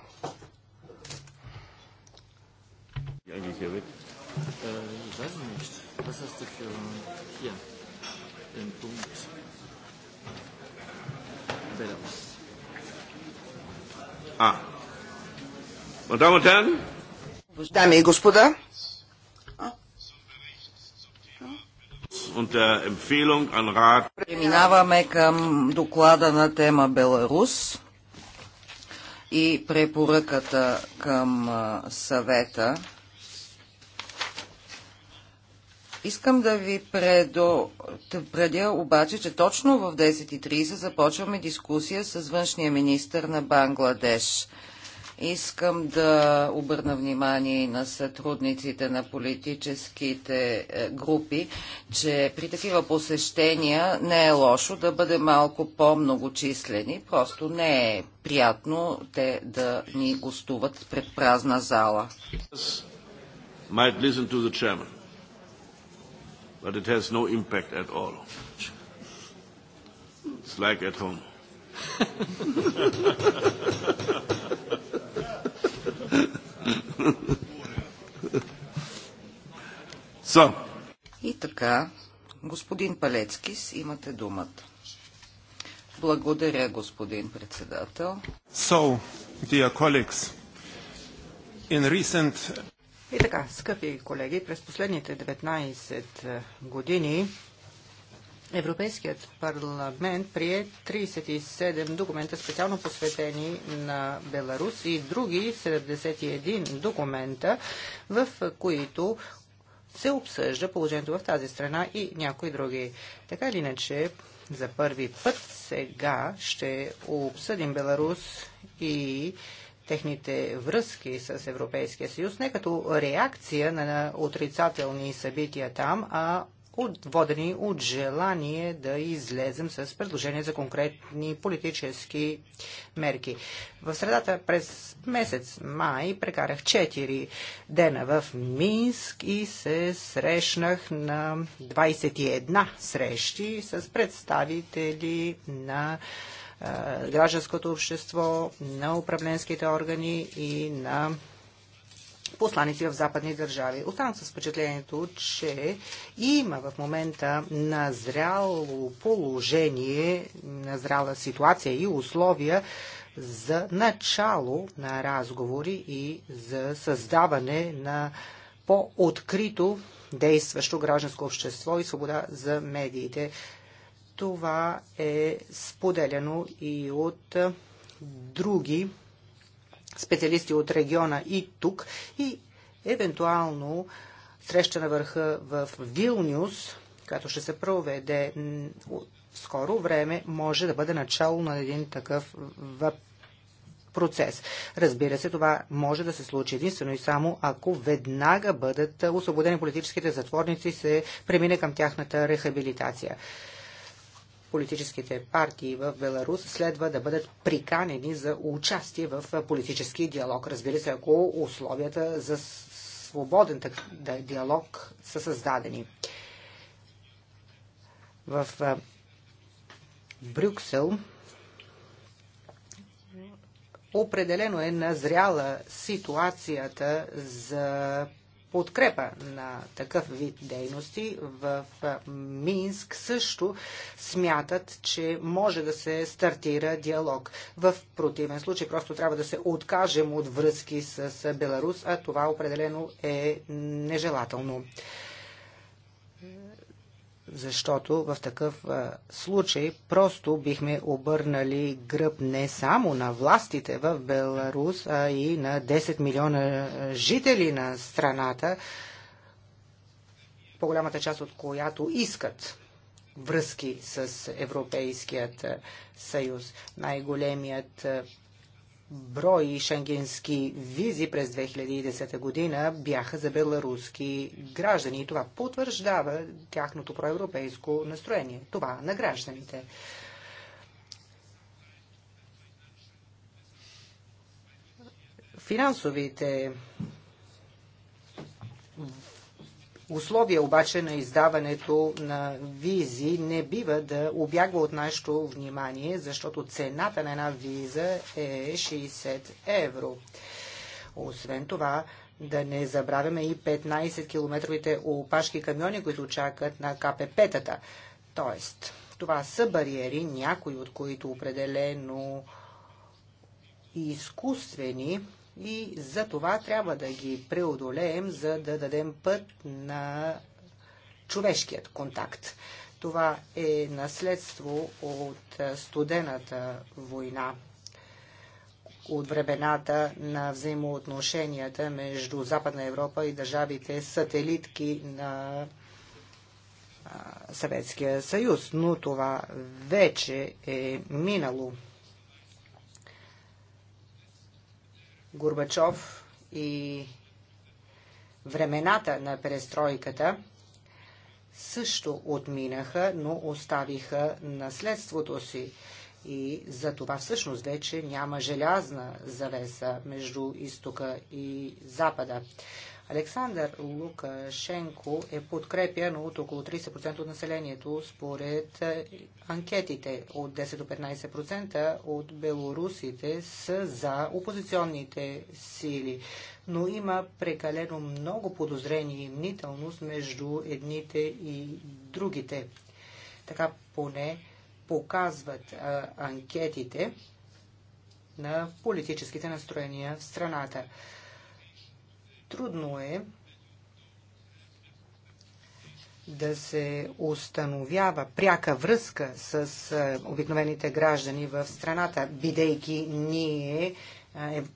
D: Дами и господа,
B: Преминаваме към доклада на тема Беларус и препоръката към съвета. Искам да ви предупредя обаче, че точно в 10.30 започваме дискусия с външния министр на Бангладеш – Искам да обърна внимание на сътрудниците на политическите е, групи, че при такива посещения не е лошо да бъде малко по-многочислени. Просто не е приятно те да ни гостуват пред празна зала.
A: It's
C: like at home.
B: So. И така, господин Палецкис, имате думата. Благодаря, господин председател.
A: So, dear colleagues, in recent...
C: И така, скъпи колеги, през последните 19 години Европейският парламент прие 37 документа специално посветени на Беларус и други 71 документа, в които се обсъжда положението в тази страна и някои други. Така или иначе, за първи път сега ще обсъдим Беларус и техните връзки с Европейския съюз, не като реакция на отрицателни събития там, а от, водени от желание да излезем с предложения за конкретни политически мерки. В средата през месец май прекарах 4 дена в Минск и се срещнах на 21 срещи с представители на гражданското общество, на управленските органи и на посланици в западни държави. Останах с впечатлението, че има в момента назряло положение, назряла ситуация и условия за начало на разговори и за създаване на по-открито действащо гражданско общество и свобода за медиите. Това е споделяно и от други специалисти от региона и тук и евентуално среща на върха в Вилнюс, която ще се проведе в скоро време, може да бъде начало на един такъв процес. Разбира се, това може да се случи единствено и само ако веднага бъдат освободени политическите затворници и се премине към тяхната рехабилитация политическите партии в Беларус следва да бъдат приканени за участие в политически диалог. Разбира се, ако условията за свободен диалог са създадени. В Брюксел определено е назряла ситуацията за подкрепа на такъв вид дейности в Минск също смятат, че може да се стартира диалог. В противен случай просто трябва да се откажем от връзки с Беларус, а това определено е нежелателно защото в такъв случай просто бихме обърнали гръб не само на властите в Беларус, а и на 10 милиона жители на страната, по-голямата част от която искат връзки с Европейският съюз. Най-големият брой шенгенски визи през 2010 година бяха за беларуски граждани и това потвърждава тяхното проевропейско настроение. Това на гражданите. Финансовите условия обаче на издаването на визи не бива да обягва от нашето внимание, защото цената на една виза е 60 евро. Освен това, да не забравяме и 15-километровите опашки камиони, които чакат на КПП-тата. Тоест, това са бариери, някои от които определено изкуствени, и за това трябва да ги преодолеем, за да дадем път на човешкият контакт. Това е наследство от е, студената война, от времената на взаимоотношенията между Западна Европа и държавите сателитки на Съветския съюз. Но това вече е минало. Горбачов и времената на перестройката също отминаха, но оставиха наследството си. И за това всъщност вече няма желязна завеса между изтока и запада. Александър Лукашенко е подкрепян от около 30% от населението според е, анкетите. От 10 до 15% от белорусите са за опозиционните сили. Но има прекалено много подозрение и мнителност между едните и другите. Така поне показват е, анкетите на политическите настроения в страната. Трудно е да се установява пряка връзка с обикновените граждани в страната, бидейки ние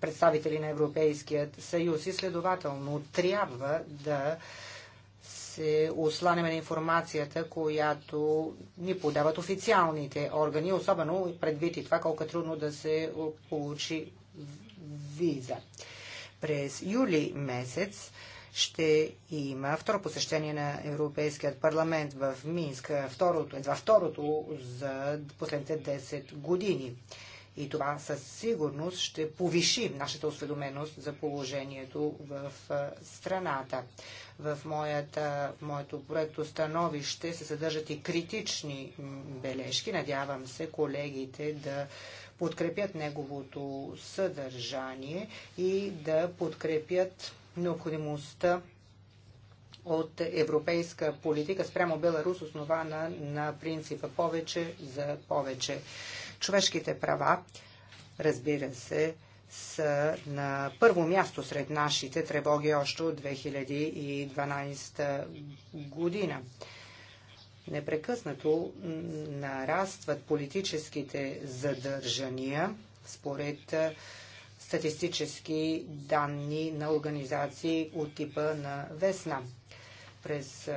C: представители на Европейският съюз и следователно трябва да се осланяме на информацията, която ни подават официалните органи, особено предвид и това колко е трудно да се получи виза. През юли месец ще има второ посещение на Европейският парламент в Минск, второто, едва второто за последните 10 години. И това със сигурност ще повиши нашата осведоменост за положението в страната. В, моята, моето проекто становище се съдържат и критични бележки. Надявам се колегите да подкрепят неговото съдържание и да подкрепят необходимостта от европейска политика спрямо Беларус, основана на принципа повече за повече. Човешките права, разбира се, са на първо място сред нашите тревоги още от 2012 година. Непрекъснато нарастват политическите задържания според статистически данни на организации от типа на Весна. През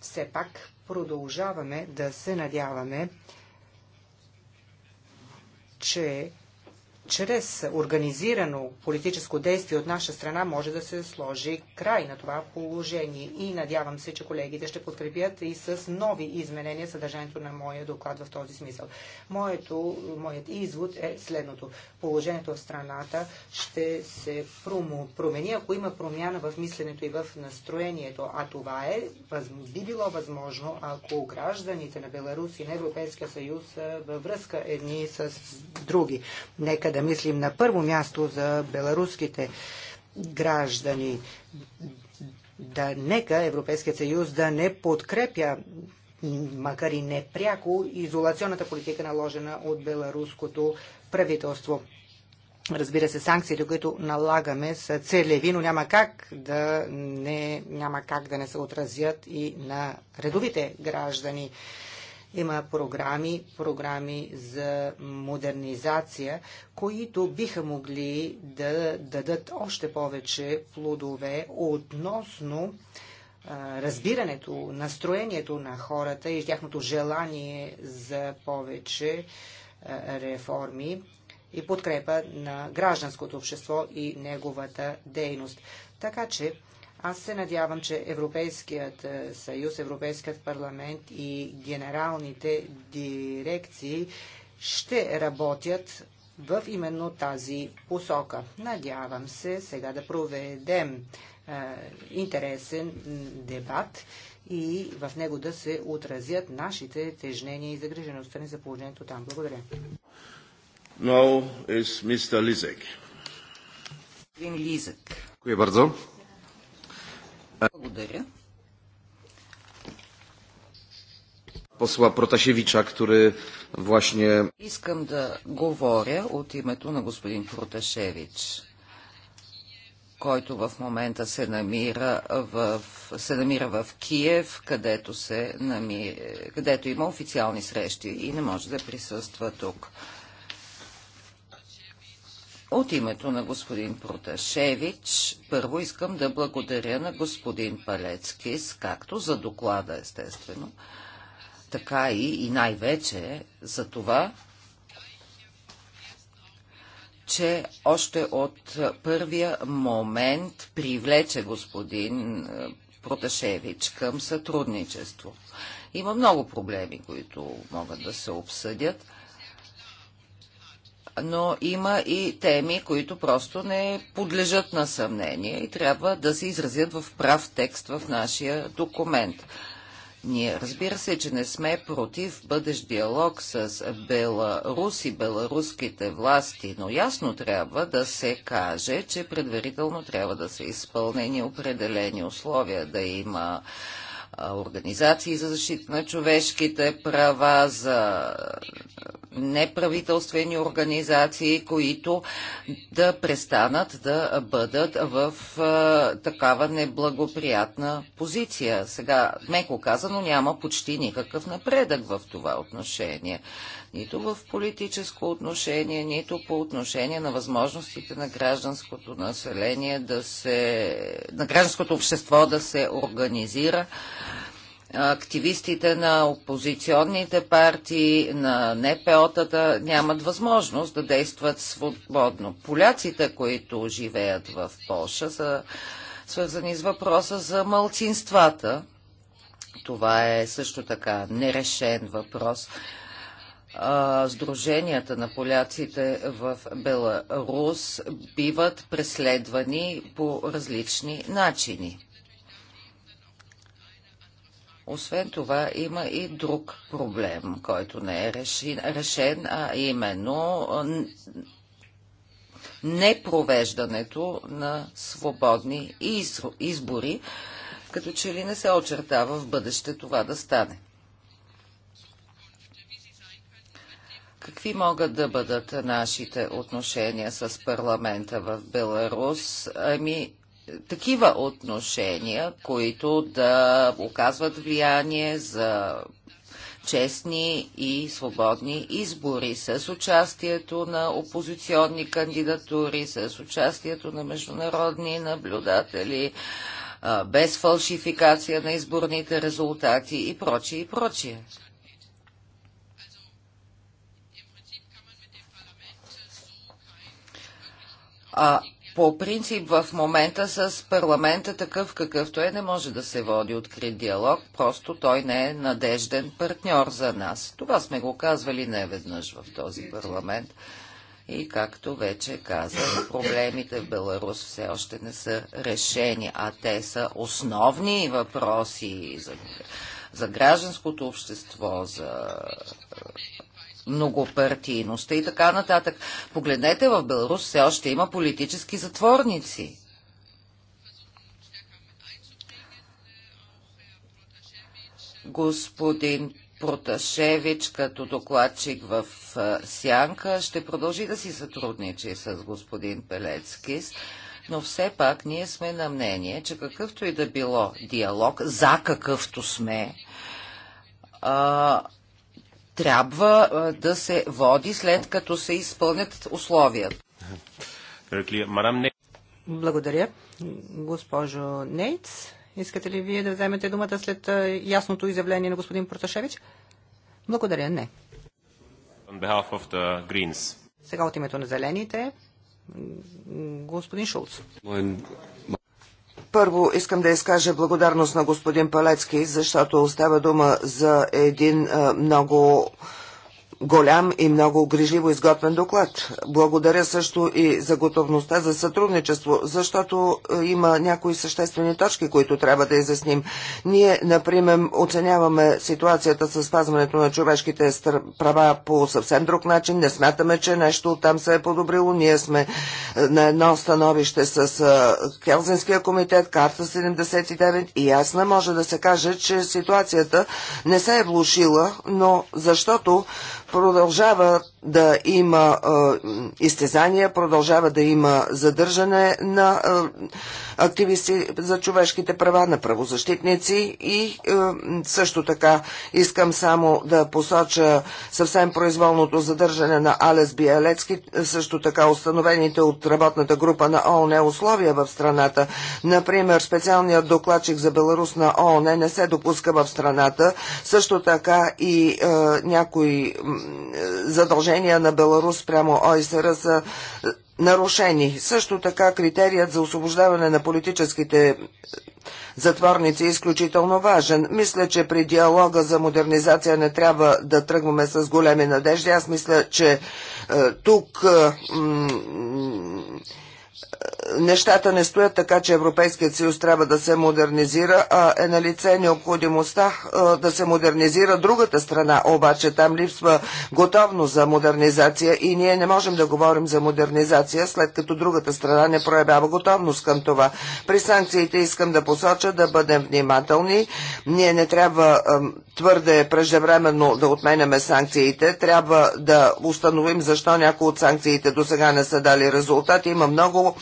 C: все пак продължаваме да се надяваме, че чрез организирано политическо действие от наша страна може да се сложи край на това положение. И надявам се, че колегите ще подкрепят и с нови изменения съдържанието на моя доклад в този смисъл. Моето, моят извод е следното. Положението в страната ще се промени, ако има промяна в мисленето и в настроението. А това е, би било възможно, ако гражданите на Беларус и на Европейския съюз във връзка едни с други. Нека да да мислим на първо място за беларуските граждани. Да, нека Европейският съюз да не подкрепя макар и непряко, изолационната политика наложена от беларуското правителство. Разбира се, санкциите, които налагаме, са целеви, но няма как да не, няма как да не се отразят и на редовите граждани. Има програми, програми за модернизация, които биха могли да дадат още повече плодове относно разбирането, настроението на хората и тяхното желание за повече реформи и подкрепа на гражданското общество и неговата дейност. Така че аз се надявам, че Европейският е, съюз, Европейският парламент и генералните дирекции ще работят в именно тази посока. Надявам се сега да проведем е, интересен дебат и в него да се отразят нашите тежнения и загрижеността ни за положението там. Благодаря.
A: Now is Mr. Lizek. Лизък. Dziękuję
B: благодаря.
D: Посла Проташевича, który właśnie...
B: Искам да говоря от името на господин Проташевич, който в момента се намира в, се намира в Киев, където, се намира, където има официални срещи и не може да присъства тук. От името на господин Проташевич, първо искам да благодаря на господин Палецкис, както за доклада, естествено, така и, и най-вече за това, че още от първия момент привлече господин е, Проташевич към сътрудничество. Има много проблеми, които могат да се обсъдят – но има и теми, които просто не подлежат на съмнение и трябва да се изразят в прав текст в нашия документ. Ние разбира се, че не сме против бъдещ диалог с Беларус и беларуските власти, но ясно трябва да се каже, че предварително трябва да са изпълнени определени условия, да има организации за защита на човешките права, за неправителствени организации, които да престанат да бъдат в такава неблагоприятна позиция. Сега, меко казано, няма почти никакъв напредък в това отношение нито в политическо отношение, нито по отношение на възможностите на гражданското население да се, на гражданското общество да се организира активистите на опозиционните партии, на НПО-тата нямат възможност да действат свободно. Поляците, които живеят в Польша, са свързани с въпроса за малцинствата. Това е също така нерешен въпрос сдруженията на поляците в Беларус биват преследвани по различни начини. Освен това има и друг проблем, който не е решен а именно непровеждането на свободни избори, като че ли не се очертава в бъдеще това да стане. Какви могат да бъдат нашите отношения с парламента в Беларус? Ами, такива отношения, които да оказват влияние за честни и свободни избори, с участието на опозиционни кандидатури, с участието на международни наблюдатели, без фалшификация на изборните резултати и прочие и прочие. А по принцип в момента с парламента такъв какъвто е не може да се води открит диалог, просто той не е надежден партньор за нас. Това сме го казвали не веднъж в този парламент. И както вече казах, проблемите в Беларус все още не са решени, а те са основни въпроси за, за гражданското общество, за многопартийността и така нататък. Погледнете, в Беларус все още има политически затворници. Господин Проташевич като докладчик в Сянка ще продължи да си сътрудничи с господин Пелецкис, но все пак ние сме на мнение, че какъвто и да било диалог, за какъвто сме, а, трябва да се води след като се изпълнят
C: условията. Благодаря. Госпожо Нейтс, искате ли вие да вземете думата след ясното изявление на господин Проташевич? Благодаря, не. Сега от името на зелените, господин Шулц.
D: Първо искам да изкажа благодарност на господин Палецки, защото остава дума за един много голям и много грижливо изготвен доклад. Благодаря също и за готовността за сътрудничество, защото е, има някои съществени точки, които трябва да изясним. Ние, например, оценяваме ситуацията с спазването на човешките права по съвсем друг начин. Не смятаме, че нещо там се е подобрило. Ние сме е, на едно становище с Келзинския е, комитет, карта 79 и ясна може да се каже, че ситуацията не се е влушила, но защото продължават да има е, изтезания, продължава да има задържане на е, активисти за човешките права, на правозащитници и е, също така искам само да посоча съвсем произволното задържане на Алес Биелецки, също така установените от работната група на ООН условия в страната. Например, специалният докладчик за Беларус на ООН не се допуска в страната, също така и е, някои задължения задължения на Беларус прямо ОИСР са е, нарушени. Също така критерият за освобождаване на политическите е, затворници е изключително важен. Мисля, че при диалога за модернизация не трябва да тръгваме с големи надежди. Аз мисля, че е, тук е, нещата не стоят така, че Европейският съюз трябва да се модернизира, а е на лице необходимостта да се модернизира другата страна. Обаче там липсва готовност за модернизация и ние не можем да говорим за модернизация, след като другата страна не проявява готовност към това. При санкциите искам да посоча да бъдем внимателни. Ние не трябва твърде е преждевременно да отменяме санкциите. Трябва да установим защо някои от санкциите до сега не са дали резултат. Има много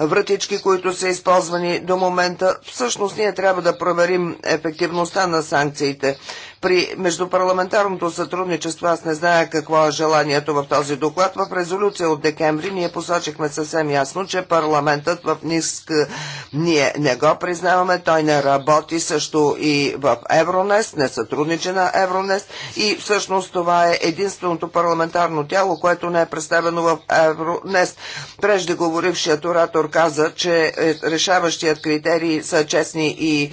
D: вратички, които са използвани до момента. Всъщност ние трябва да проверим ефективността на санкциите. При междупарламентарното сътрудничество аз не зная какво е желанието в този доклад. В резолюция от декември ние посочихме съвсем ясно, че парламентът в НИСК е, ние не го признаваме. Той не работи също и в Евронест, не сътрудничи на Евронест и всъщност това е единственото парламентарно тяло, което не е представено в Евронест. Преждеговорившият оратор каза, че е, решаващият критерий са честни и е,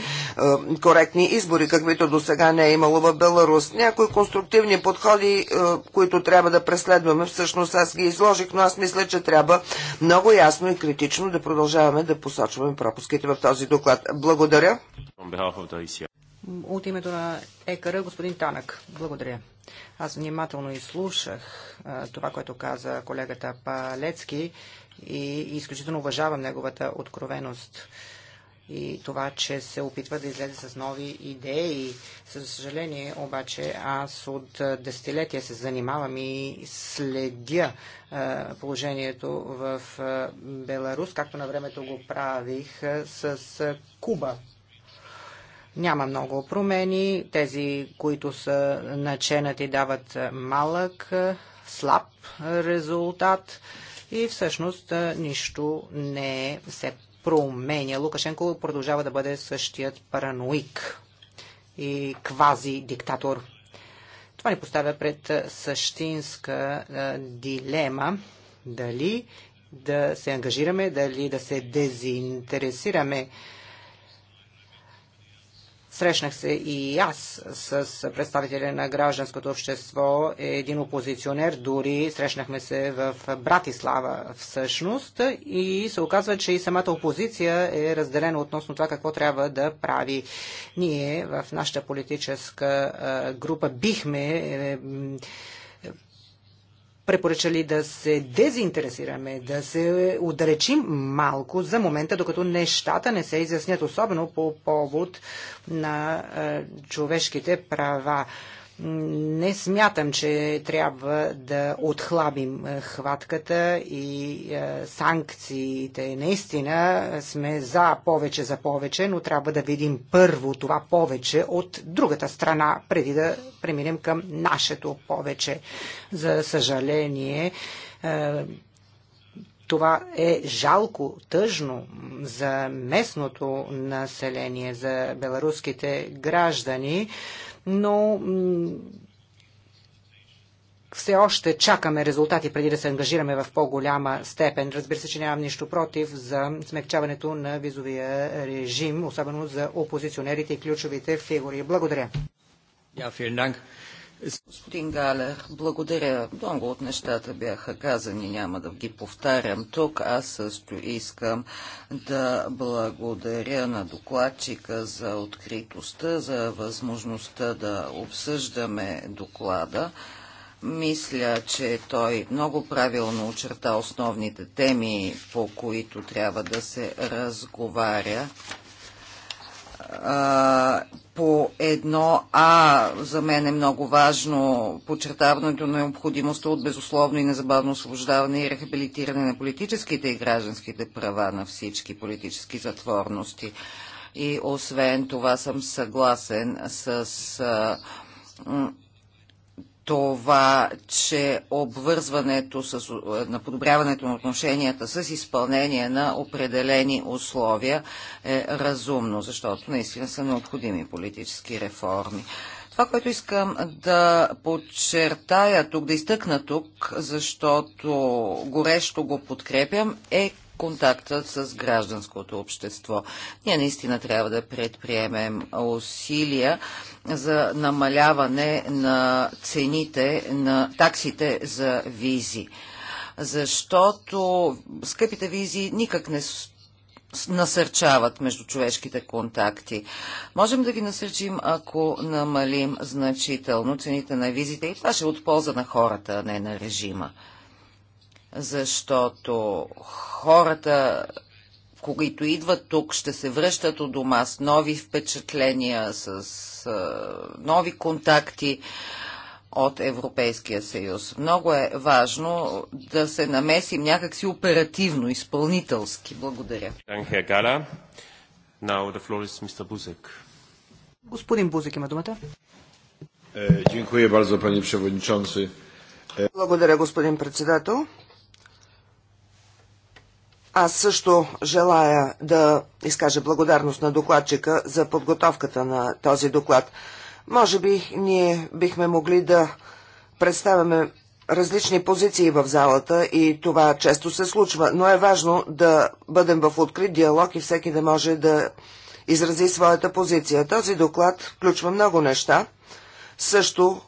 D: коректни избори, каквито до сега не е имало в Беларус. Някои конструктивни подходи, е, които трябва да преследваме, всъщност аз ги изложих, но аз мисля, че трябва много ясно и критично да продължаваме да посочваме пропуските в този доклад. Благодаря.
C: От името на ЕКР, господин Танък, благодаря. Аз внимателно изслушах е, това, което каза колегата Палецки и изключително уважавам неговата откровеност и това, че се опитва да излезе с нови идеи. За съжаление, обаче, аз от десетилетия се занимавам и следя положението в Беларус, както на времето го правих с Куба. Няма много промени. Тези, които са наченати, дават малък, слаб резултат и всъщност нищо не е се променя. Лукашенко продължава да бъде същият параноик и квази диктатор. Това ни поставя пред същинска дилема дали да се ангажираме, дали да се дезинтересираме Срещнах се и аз с представители на гражданското общество, един опозиционер, дори срещнахме се в Братислава всъщност и се оказва, че и самата опозиция е разделена относно това какво трябва да прави. Ние в нашата политическа група бихме е, препоръчали да се дезинтересираме, да се отдалечим малко за момента, докато нещата не се изяснят, особено по повод на е, човешките права не смятам, че трябва да отхлабим е, хватката и е, санкциите. Наистина е, сме за повече за повече, но трябва да видим първо това повече от другата страна, преди да преминем към нашето повече. За съжаление, това е жалко, тъжно за местното население, за беларуските граждани но все още чакаме резултати преди да се ангажираме в по-голяма степен. Разбира се, че нямам нищо против за смягчаването на визовия режим, особено за опозиционерите и ключовите фигури. Благодаря.
B: Господин Галер, благодаря. Много от нещата бяха казани, няма да ги повтарям тук. Аз също искам да благодаря на докладчика за откритостта, за възможността да обсъждаме доклада. Мисля, че той много правилно очерта основните теми, по които трябва да се разговаря по едно А за мен е много важно подчертаването на необходимостта от безусловно и незабавно освобождаване и рехабилитиране на политическите и гражданските права на всички политически затворности. И освен това съм съгласен с това, че обвързването с, на подобряването на отношенията с изпълнение на определени условия е разумно, защото наистина са необходими политически реформи. Това, което искам да подчертая тук, да изтъкна тук, защото горещо го подкрепям, е контакта с гражданското общество. Ние наистина трябва да предприемем усилия за намаляване на цените на таксите за визи. Защото скъпите визи никак не насърчават между човешките контакти. Можем да ги насърчим, ако намалим значително цените на визите и това ще е от полза на хората, а не на режима защото хората, които идват тук, ще се връщат от дома с нови впечатления, с нови контакти от Европейския съюз. Много е важно да се намесим някакси оперативно, изпълнителски. Благодаря. Господин Бузик има думата.
A: Е,
D: Благодаря, господин председател. Аз също желая да изкажа благодарност на докладчика за подготовката на този доклад. Може би ние бихме могли да представяме различни позиции в залата и това често се случва, но е важно да бъдем в открит диалог и всеки да може да изрази своята позиция. Този доклад включва много неща. Също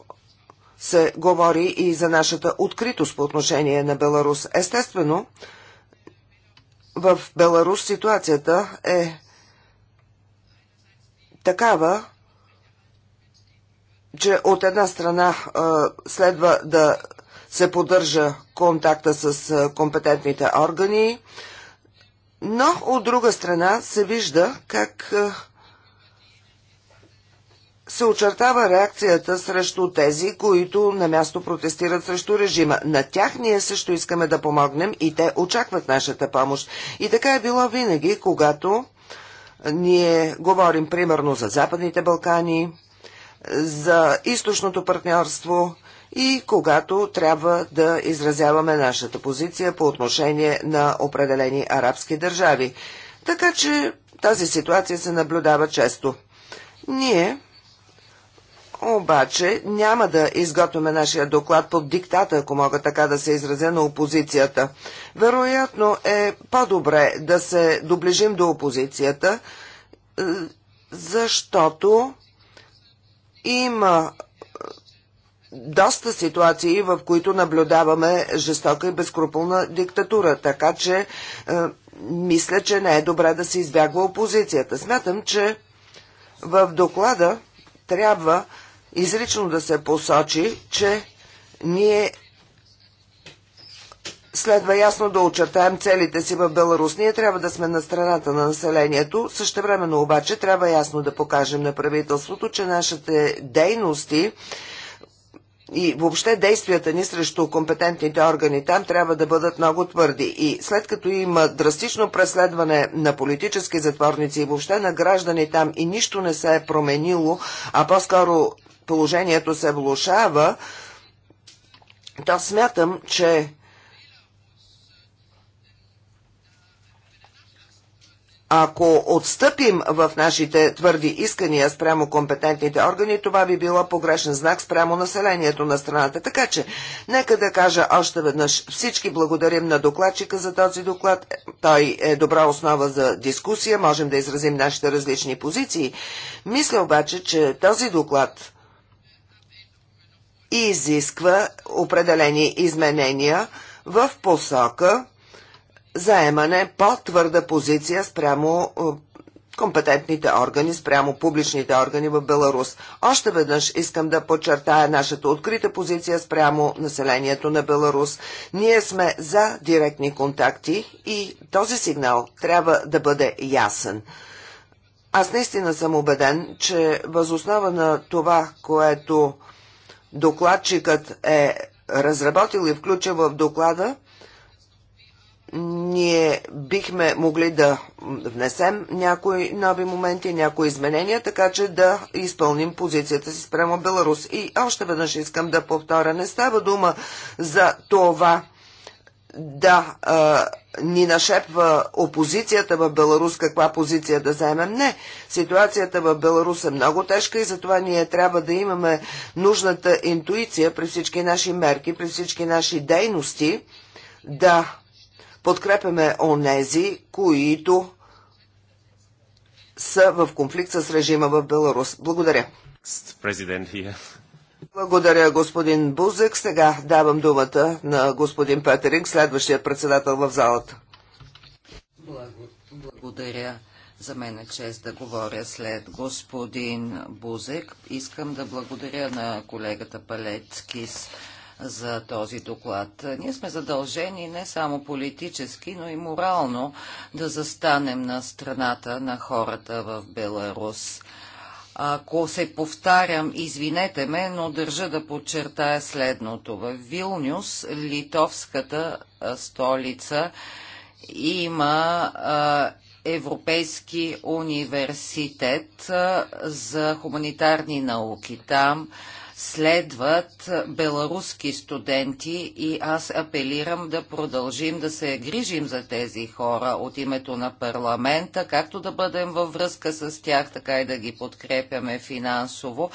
D: се говори и за нашата откритост по отношение на Беларус. Естествено, в Беларус ситуацията е такава, че от една страна следва да се поддържа контакта с компетентните органи, но от друга страна се вижда как се очертава реакцията срещу тези, които на място протестират срещу режима. На тях ние също искаме да помогнем и те очакват нашата помощ. И така е било винаги, когато ние говорим примерно за Западните Балкани, за източното партньорство и когато трябва да изразяваме нашата позиция по отношение на определени арабски държави. Така че тази ситуация се наблюдава често. Ние обаче няма да изготвяме нашия доклад под диктата, ако мога така да се изразя, на опозицията. Вероятно е по-добре да се доближим до опозицията, е, защото има е, доста ситуации, в които наблюдаваме жестока и безкруполна диктатура, така че е, мисля, че не е добре да се избягва опозицията. Смятам, че в доклада трябва изрично да се посочи, че ние Следва ясно да очертаем целите си в Беларус. Ние трябва да сме на страната на населението. Същевременно обаче трябва ясно да покажем на правителството, че нашите дейности и въобще действията ни срещу компетентните органи там трябва да бъдат много твърди. И след като има драстично преследване на политически затворници и въобще на граждани там и нищо не се е променило, а по-скоро положението се влушава, то смятам, че Ако отстъпим в нашите твърди искания спрямо компетентните органи, това би било погрешен знак спрямо населението на страната. Така че, нека да кажа още веднъж, всички благодарим на докладчика за този доклад. Той е добра основа за дискусия, можем да изразим нашите различни позиции. Мисля обаче, че този доклад и изисква определени изменения в посока заемане по-твърда позиция спрямо е, компетентните органи спрямо публичните органи в Беларус. Още веднъж искам да подчертая нашата открита позиция спрямо населението на Беларус. Ние сме за директни контакти и този сигнал трябва да бъде ясен. Аз наистина съм убеден, че възоснова на това, което докладчикът е разработил и включил в доклада, ние бихме могли да внесем някои нови моменти, някои изменения, така че да изпълним позицията си спрямо Беларус. И още веднъж искам да повторя, не става дума за това да а, ни нашепва опозицията в Беларус каква позиция да вземем. Не, ситуацията в Беларус е много тежка и затова ние трябва да имаме нужната интуиция при всички наши мерки, при всички наши дейности, да подкрепяме онези, които са в конфликт с режима в Беларус. Благодаря. Благодаря, господин Бузек. Сега давам думата на господин Петеринг, следващия председател в залата.
B: Благодаря. За мен е чест да говоря след господин Бузек. Искам да благодаря на колегата Палецкис за този доклад. Ние сме задължени не само политически, но и морално да застанем на страната на хората в Беларус. Ако се повтарям, извинете ме, но държа да подчертая следното. В Вилнюс, литовската столица, има а, Европейски университет а, за хуманитарни науки. Там следват беларуски студенти и аз апелирам да продължим да се грижим за тези хора от името на парламента, както да бъдем във връзка с тях, така и да ги подкрепяме финансово.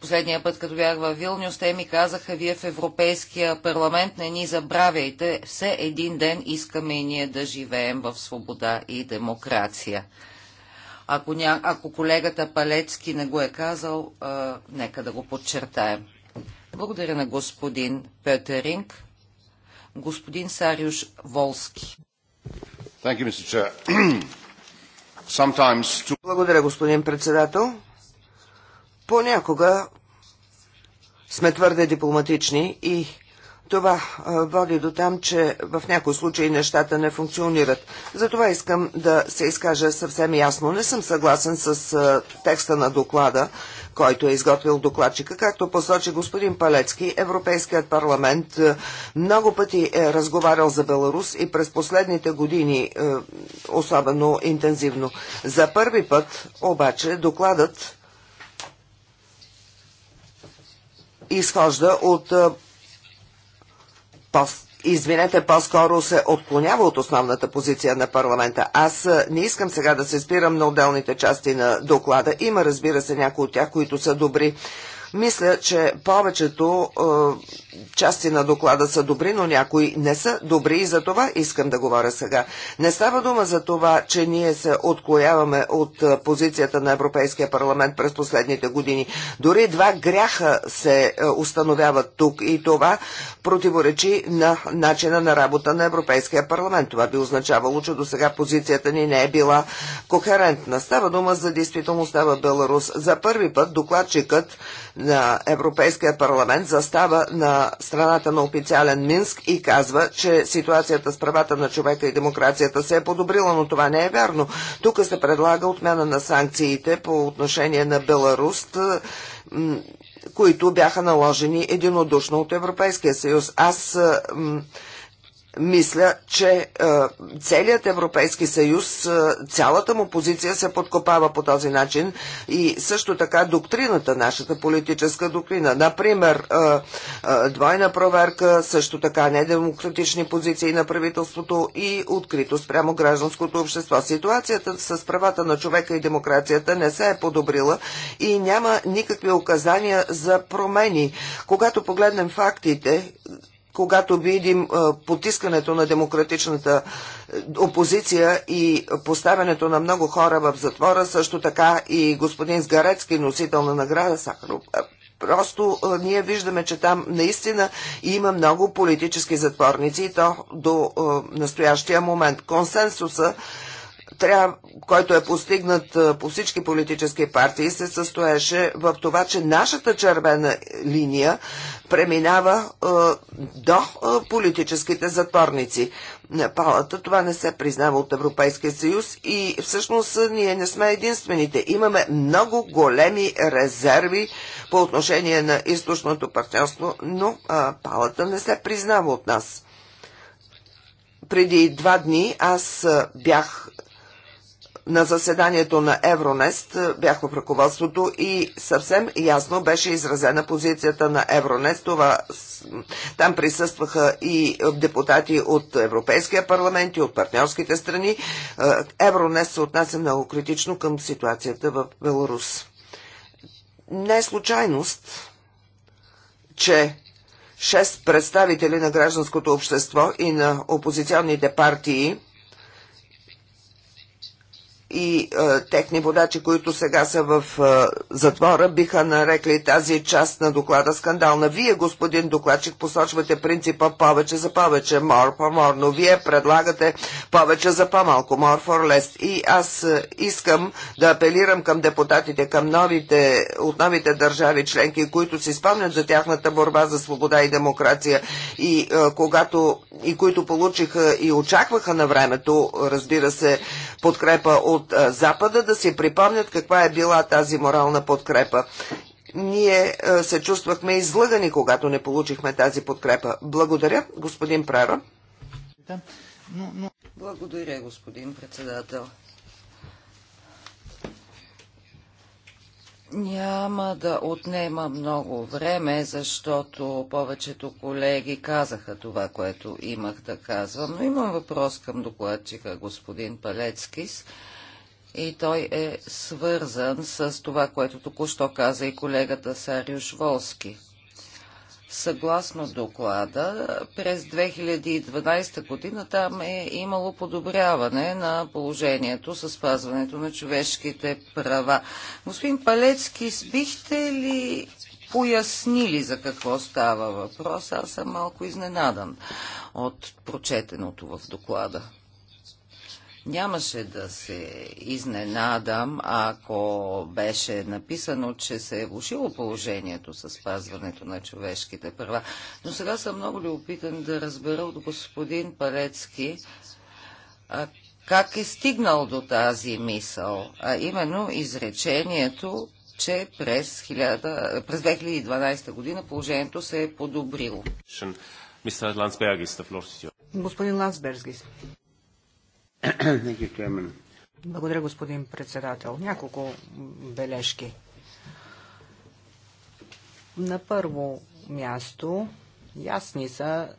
B: Последния път, като бях във Вилнюс, те ми казаха, вие в Европейския парламент не ни забравяйте, все един ден искаме и ние да живеем в свобода и демокрация. Ако, ня... Ако колегата Палецки не го е казал, а, нека да го подчертаем. Благодаря на господин Петеринг. Господин Сариуш Волски. You, Sometimes...
D: Благодаря, господин председател. Понякога сме твърде дипломатични и това води до там, че в някои случаи нещата не функционират. Затова искам да се изкажа съвсем ясно. Не съм съгласен с текста на доклада, който е изготвил докладчика. Както посочи господин Палецки, Европейският парламент много пъти е разговарял за Беларус и през последните години особено интензивно. За първи път обаче докладът изхожда от пост извинете, по-скоро се отклонява от основната позиция на парламента. Аз не искам сега да се спирам на отделните части на доклада. Има, разбира се, някои от тях, които са добри. Мисля, че повечето е, части на доклада са добри, но някои не са добри и за това искам да говоря сега. Не става дума за това, че ние се отклояваме от е, позицията на Европейския парламент през последните години. Дори два гряха се е, установяват тук и това противоречи на начина на работа на Европейския парламент. Това би означавало, че до сега позицията ни не е била кохерентна. Става дума за действителността в Беларус. За първи път докладчикът на Европейския парламент застава на страната на официален Минск и казва, че ситуацията с правата на човека и демокрацията се е подобрила, но това не е вярно. Тук се предлага отмяна на санкциите по отношение на Беларус които бяха наложени единодушно от Европейския съюз. Аз мисля, че е, целият Европейски съюз, е, цялата му позиция се подкопава по този начин и също така доктрината, нашата политическа доктрина. Например, е, е двойна проверка, също така недемократични позиции на правителството и открито спрямо гражданското общество. Ситуацията с правата на човека и демокрацията не се е подобрила и няма никакви указания за промени. Когато погледнем фактите, когато видим потискането на демократичната опозиция и поставянето на много хора в затвора, също така и господин Сгарецки, носител на награда Сахаров. Просто ние виждаме, че там наистина има много политически затворници и то до настоящия момент. Консенсуса който е постигнат по всички политически партии, се състоеше в това, че нашата червена линия преминава до политическите затворници палата. Това не се признава от Европейския съюз и всъщност ние не сме единствените. Имаме много големи резерви по отношение на източното партньорство, но палата не се признава от нас. Преди два дни аз бях на заседанието на Евронест е, бях в ръководството и съвсем ясно беше изразена позицията на Евронест. Това, там присъстваха и е, депутати от Европейския парламент и от партньорските страни. Е, Евронест се отнася много критично към ситуацията в Беларус. Не е случайност, че шест представители на гражданското общество и на опозиционните партии и е, техни водачи, които сега са в е, затвора, биха нарекли тази част на доклада скандална. Вие, господин докладчик, посочвате принципа повече за повече, more for more, но вие предлагате повече за по-малко, more for less. И аз е, искам да апелирам към депутатите, към новите, от новите държави членки, които си спомнят за тяхната борба за свобода и демокрация и, е, когато, и които получиха и очакваха на времето, разбира се, подкрепа от от Запада да си припомнят каква е била тази морална подкрепа. Ние се чувствахме излъгани, когато не получихме тази подкрепа. Благодаря, господин Прара.
B: Благодаря, господин председател. Няма да отнема много време, защото повечето колеги казаха това, което имах да казвам, но имам въпрос към докладчика господин Палецкис и той е свързан с това, което току-що каза и колегата Сариуш Волски. Съгласно доклада, през 2012 година там е имало подобряване на положението с спазването на човешките права. Господин Палецки, бихте ли пояснили за какво става въпрос? Аз съм малко изненадан от прочетеното в доклада. Нямаше да се изненадам, ако беше написано, че се е влушило положението с спазването на човешките права. Но сега съм много опитан да разбера от господин Палецки как е стигнал до тази мисъл, а именно изречението, че през, 1000, през 2012 година
C: положението се е подобрило. Господин Лансбергис. Благодаря, господин председател. Няколко бележки. На първо място ясни са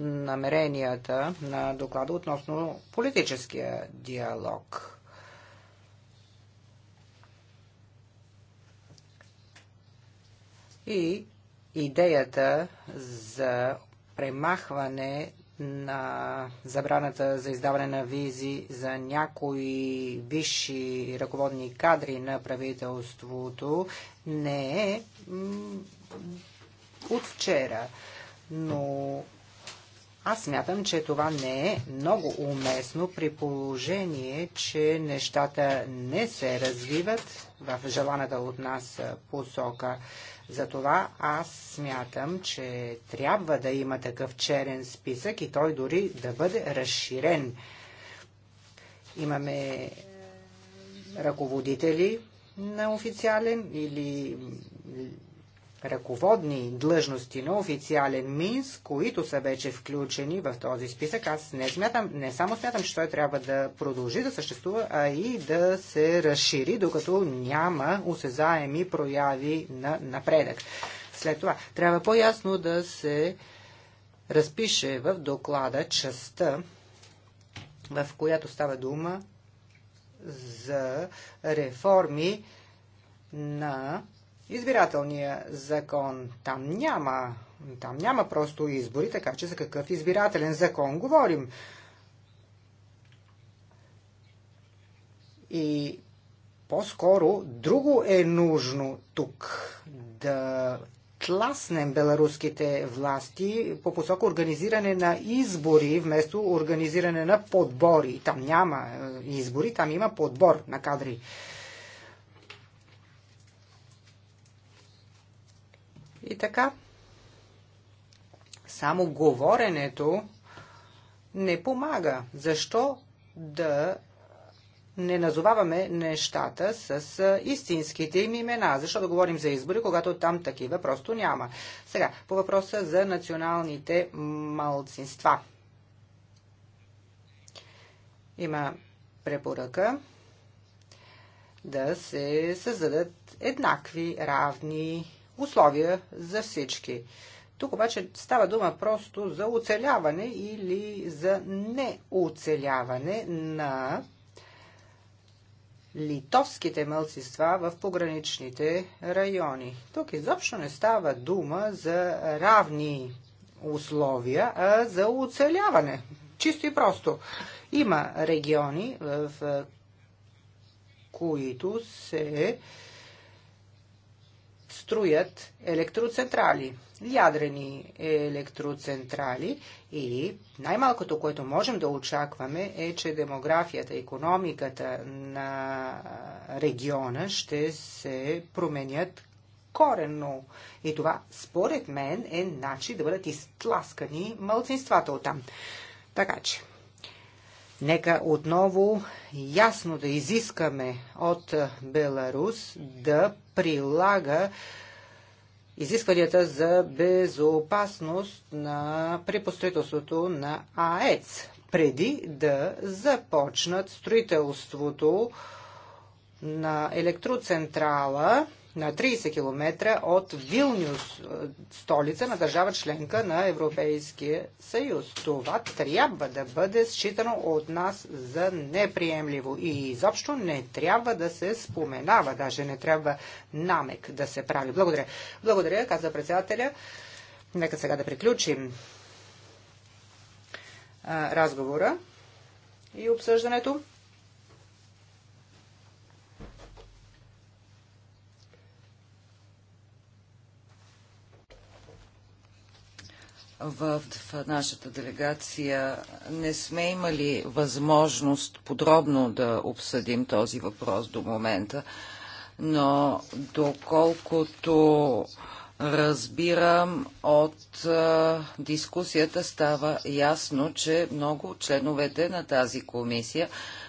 C: намеренията на доклада относно политическия диалог. И идеята за премахване на забраната за издаване на визи за някои висши ръководни кадри на правителството не е от вчера. Но аз смятам, че това не е много уместно при положение, че нещата не се развиват в желаната от нас посока. Затова аз смятам, че трябва да има такъв черен списък и той дори да бъде разширен. Имаме ръководители на официален или ръководни длъжности на официален Минс, които са вече включени в този списък. Аз не, смятам, не само смятам, че той трябва да продължи да съществува, а и да се разшири, докато няма осезаеми прояви на напредък. След това трябва по-ясно да се разпише в доклада частта, в която става дума за реформи на избирателния закон. Там няма, там няма просто избори, така че за какъв избирателен закон говорим. И по-скоро друго е нужно тук да тласнем беларуските власти по посока организиране на избори вместо организиране на подбори. Там няма е, избори, там има подбор на кадри. И така, само говоренето не помага. Защо да не назоваваме нещата с истинските им имена. Защо да говорим за избори, когато там такива просто няма? Сега, по въпроса за националните малцинства. Има препоръка да се създадат еднакви, равни условия за всички. Тук обаче става дума просто за оцеляване или за неоцеляване на литовските мълцинства в пограничните райони. Тук изобщо не става дума за равни условия, а за оцеляване. Чисто и просто. Има региони, в които се строят електроцентрали, ядрени електроцентрали и най-малкото, което можем да очакваме е, че демографията, економиката на региона ще се променят коренно. И това, според мен, е начин да бъдат изтласкани мълцинствата там. Така че, Нека отново ясно да изискаме от Беларус да прилага изискванията за безопасност на препостроителството на АЕЦ, преди да започнат строителството на електроцентрала на 30 км от Вилнюс, е, столица на държава членка на Европейския съюз. Това трябва да бъде считано от нас за неприемливо и изобщо не трябва да се споменава, даже не трябва намек да се прави. Благодаря. Благодаря, каза председателя. Нека сега да приключим е, разговора и обсъждането.
B: в, в нашата делегация не сме имали възможност подробно да обсъдим този въпрос до момента, но доколкото разбирам от а, дискусията става ясно, че много от членовете на тази комисия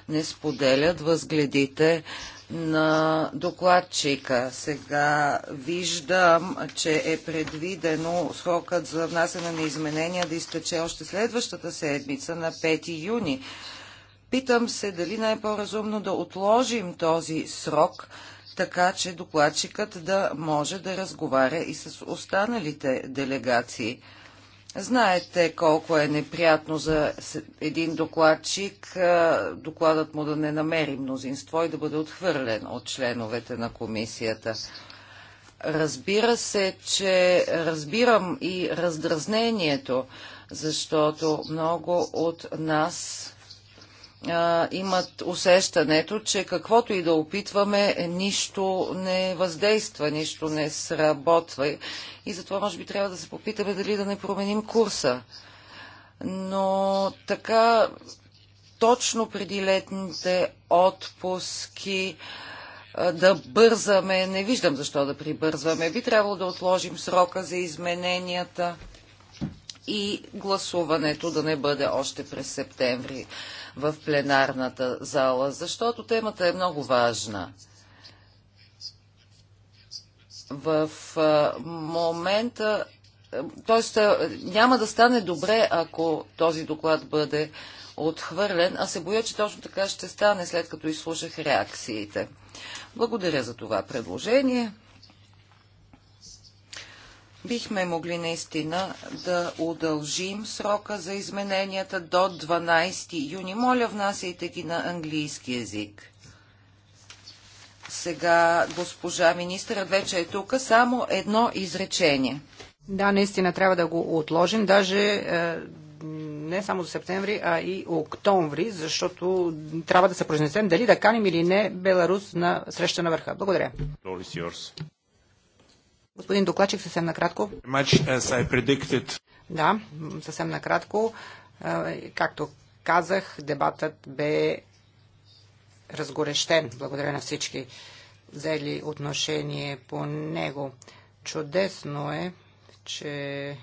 B: не споделят възгледите на докладчика. Сега виждам, че е предвидено срокът за внасяне на изменения да изтече още следващата седмица на 5 юни. Питам се дали не е по-разумно да отложим този срок, така че докладчикът да може да разговаря и с останалите делегации. Знаете колко е неприятно за един докладчик докладът му да не намери мнозинство и да бъде отхвърлен от членовете на комисията. Разбира се, че разбирам и раздразнението, защото много от нас а, имат усещането, че каквото и да опитваме, е, нищо не въздейства, нищо не сработва. И затова може би трябва да се попитаме дали да не променим курса. Но така, точно преди летните отпуски, да бързаме. Не виждам защо да прибързваме. Би трябвало да отложим срока за измененията и гласуването да не бъде още през септември в пленарната зала, защото темата е много важна. В момента, т.е. няма да стане добре, ако този доклад бъде отхвърлен, а се боя, че точно така ще стане, след като изслушах реакциите. Благодаря за това предложение бихме могли наистина да удължим срока за измененията до 12 юни. Моля, внасяйте ги на английски язик. Сега госпожа министърът вече е тук. Само едно изречение. Да,
C: наистина трябва да го отложим. Даже е, не само за септември, а и октомври, защото трябва да се произнесем дали да каним или не Беларус на среща на върха. Благодаря. Господин докладчик, съвсем накратко. Да, съвсем накратко. Е, както казах, дебатът бе разгорещен. Благодаря на всички взели отношение по него. Чудесно е, че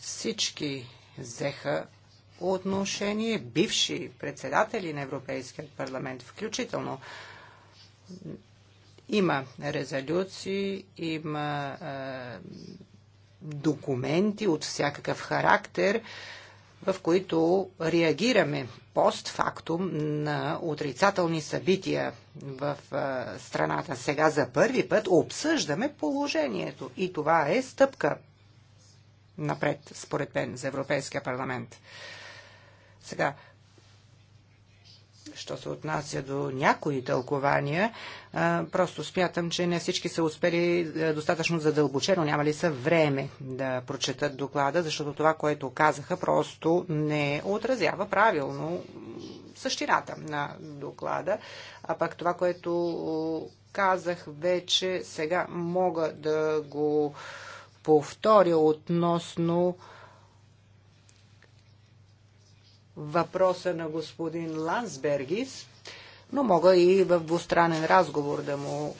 C: всички взеха отношение, бивши председатели на Европейския парламент, включително има резолюции, има е, документи от всякакъв характер, в които реагираме постфактум на отрицателни събития в страната. Сега за първи път обсъждаме положението и това е стъпка напред, според мен, за Европейския парламент. Сега, що се отнася до някои тълкования, просто смятам, че не всички са успели достатъчно задълбочено, няма ли са време да прочетат доклада, защото това, което казаха, просто не отразява правилно същината на доклада, а пък това, което казах вече, сега мога да го повторя относно въпроса на господин Лансбергис, но мога и в двустранен разговор да му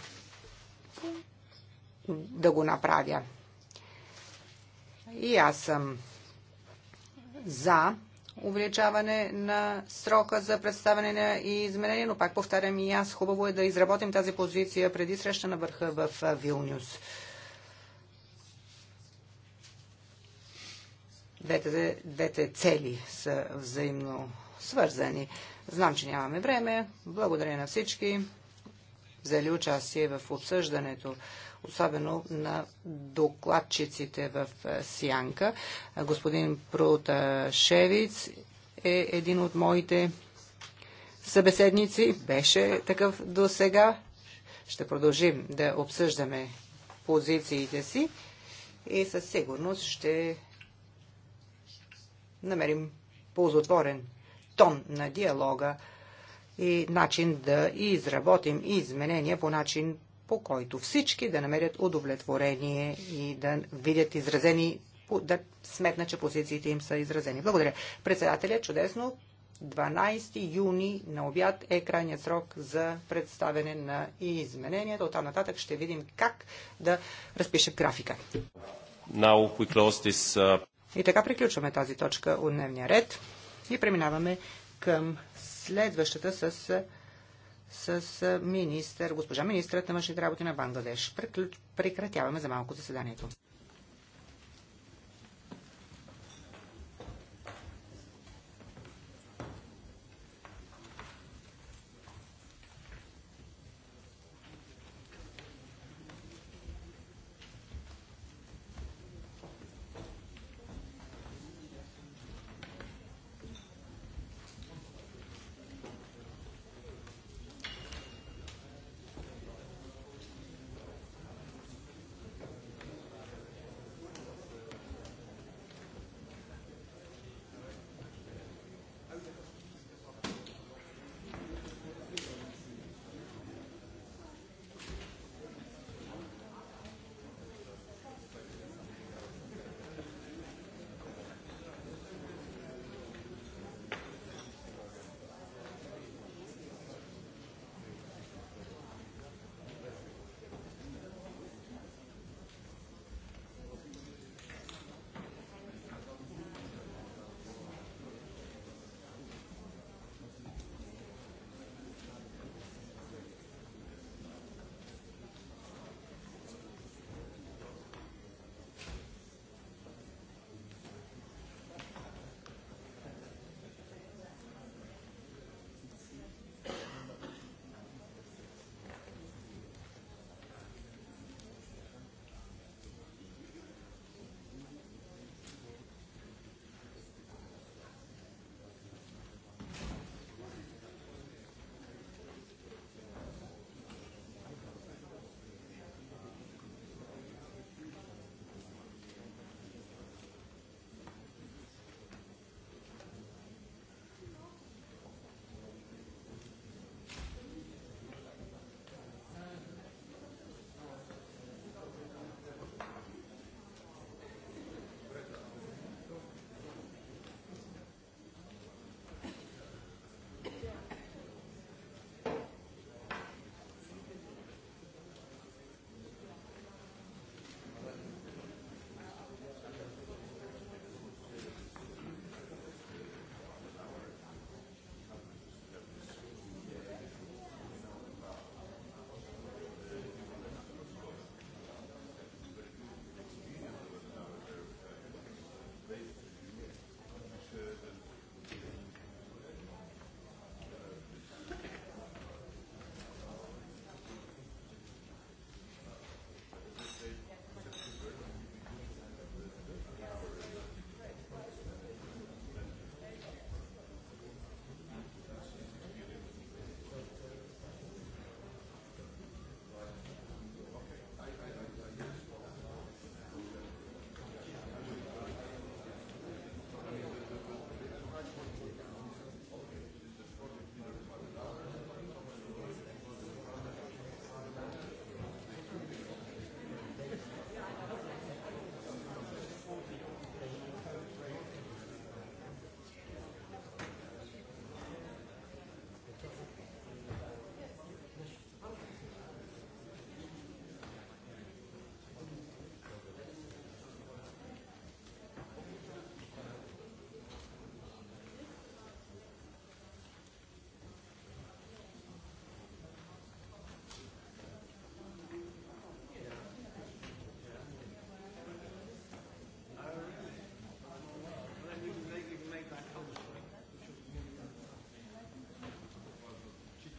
C: да го направя. И аз съм за увеличаване на срока за представяне на изменения, но пак повтарям и аз, хубаво е да изработим тази позиция преди среща на върха в Вилнюс. Двете, двете цели са взаимно свързани. Знам, че нямаме време. Благодаря на всички взели участие в обсъждането, особено на докладчиците в е, Сянка. Господин Проташевиц е един от моите събеседници, беше такъв до сега. Ще продължим да обсъждаме позициите си и със сигурност ще намерим ползотворен тон на диалога и начин да изработим изменения по начин, по който всички да намерят удовлетворение и да видят изразени, да сметна, че позициите им са изразени. Благодаря. Председателя, чудесно. 12 юни на обяд е крайният срок за представене на измененията. От там нататък ще видим как да разпишем графика.
A: Now we close this, uh...
C: И така приключваме тази точка от дневния ред и преминаваме към следващата с, с министър, госпожа министърът на външните работи на Бангладеш. Прекратяваме за малко заседанието.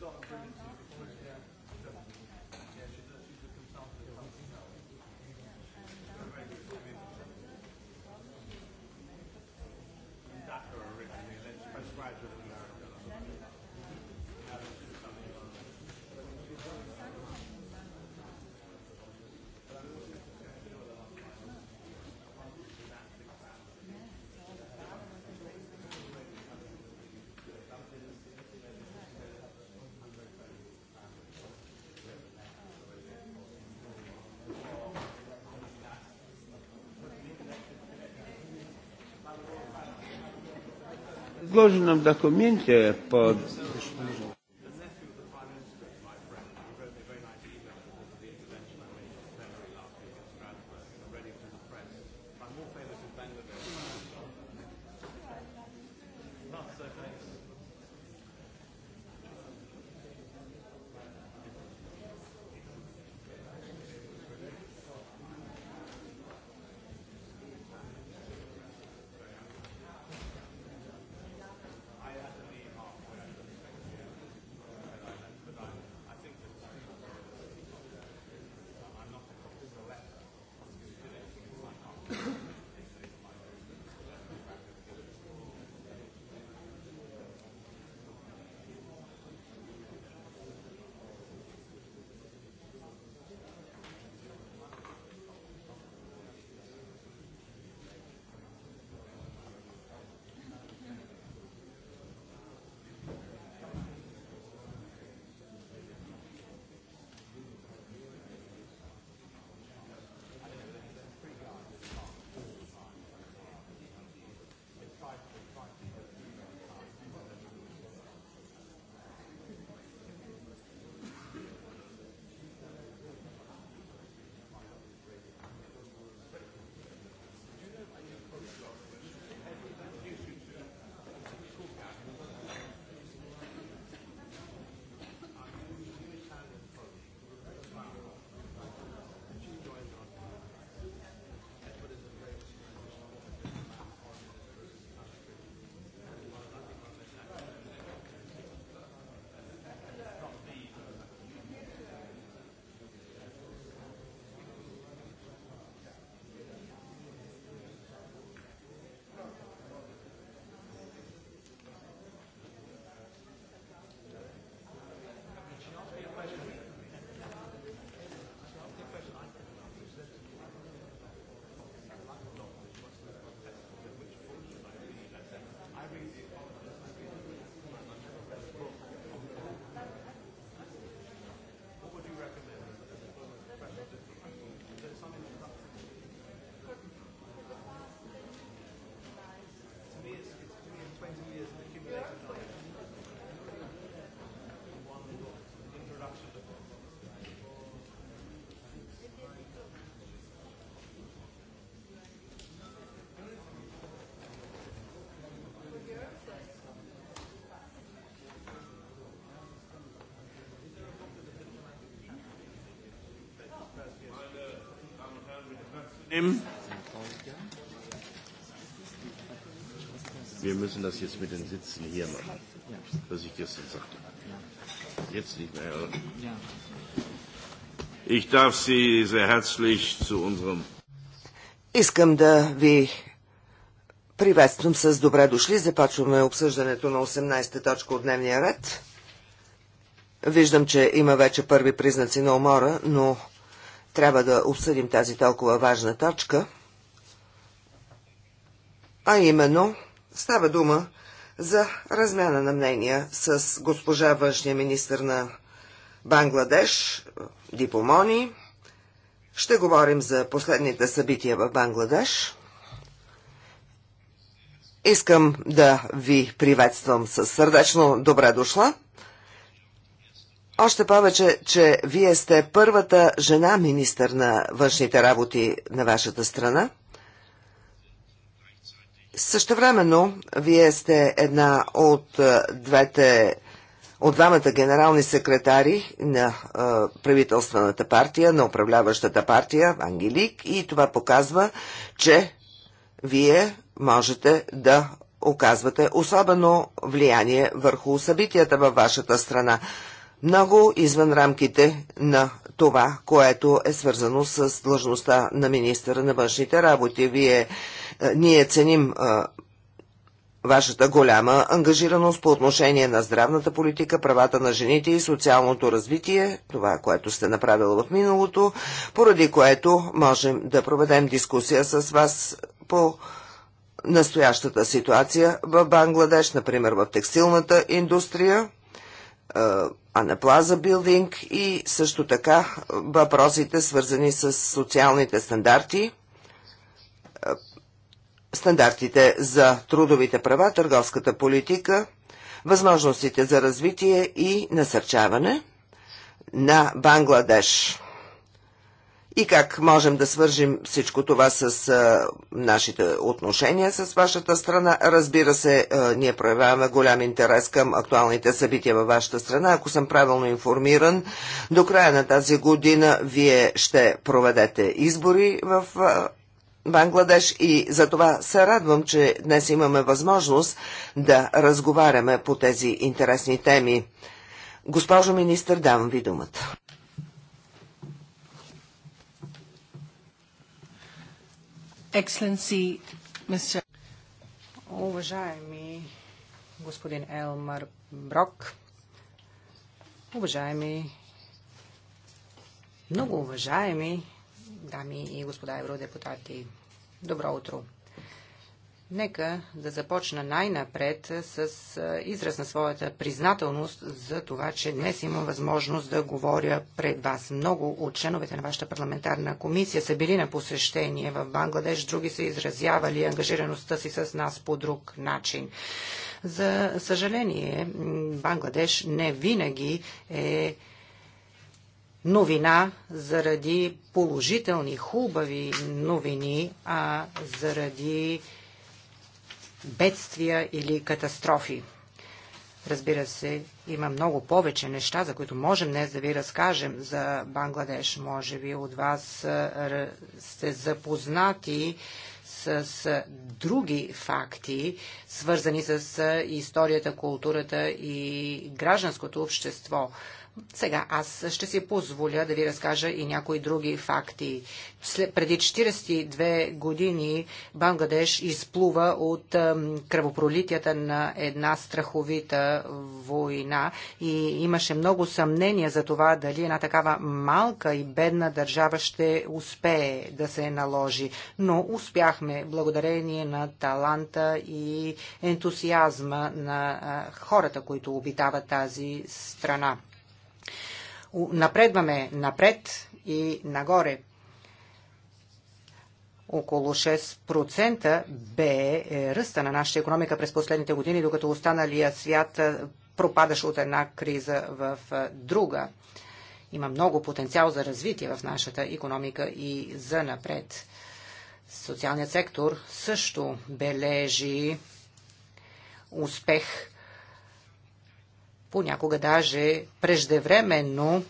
B: dog.
A: przedłożonym dokumencie pod nehmen. Wir müssen das jetzt mit den Sitzen hier machen, was ich gestern sagte. Jetzt nicht mehr. Oder? Ich darf Sie sehr herzlich zu unserem.
D: Искам да ви приветствам с добре дошли. Започваме обсъждането на 18-та точка от дневния ред. Виждам, че има вече първи признаци на умора, но трябва да обсъдим тази толкова важна точка, а именно става дума за размяна на мнения с госпожа външния министр на Бангладеш, Дипомони. Ще говорим за последните събития в Бангладеш. Искам да ви приветствам със сърдечно добре дошла. Още повече, че вие сте първата жена министър на външните работи на вашата страна. Същевременно, вие сте една от е, двете от двамата генерални секретари на е, правителствената партия, на управляващата партия, Ангелик, и това показва, че вие можете да оказвате особено влияние върху събитията във вашата страна много извън рамките на това, което е свързано с длъжността на министъра на външните работи. Вие, е, ние ценим е, вашата голяма ангажираност по отношение на здравната политика, правата на жените и социалното развитие, това, което сте направили в миналото, поради което можем да проведем дискусия с вас по настоящата ситуация в Бангладеш, например в текстилната индустрия анаплаза билдинг и също така въпросите свързани с социалните стандарти, стандартите за трудовите права, търговската политика, възможностите за развитие и насърчаване на Бангладеш и как можем да свържим всичко това с а, нашите отношения с вашата страна. Разбира се, а, ние проявяваме голям интерес към актуалните събития във вашата страна. Ако съм правилно информиран, до края на тази година вие ще проведете избори в а, Бангладеш и за това се радвам, че днес имаме възможност да разговаряме по тези интересни теми. Госпожо министър, давам ви думата.
C: Excellency, Mr. Уважаеми господин Елмар Брок, уважаеми, много уважаеми дами и господа евродепутати, добро утро! Нека да започна най-напред с израз на своята признателност за това, че днес имам възможност да говоря пред вас. Много от членовете на вашата парламентарна комисия са били на посещение в Бангладеш, други са изразявали ангажираността си с нас по друг начин. За съжаление, Бангладеш не винаги е новина заради положителни, хубави новини, а заради бедствия или катастрофи. Разбира се, има много повече неща, за които можем днес да ви разкажем за Бангладеш. Може би от вас сте запознати с, други факти, свързани с историята, културата и гражданското общество сега аз ще си позволя да ви разкажа и някои други факти. След, преди 42 години Бангладеш изплува от ем, кръвопролитията на една страховита война и имаше много съмнения за това дали една такава малка и бедна държава ще успее да се наложи. Но успяхме благодарение на таланта и ентусиазма на е, хората, които обитават тази страна напредваме напред и нагоре. Около 6% бе е, ръста на нашата економика през последните години, докато останалия свят е, пропадаше от една криза в е, друга. Има много потенциал за развитие в нашата економика и за напред. Социалният сектор също бележи успех понякога даже преждевременно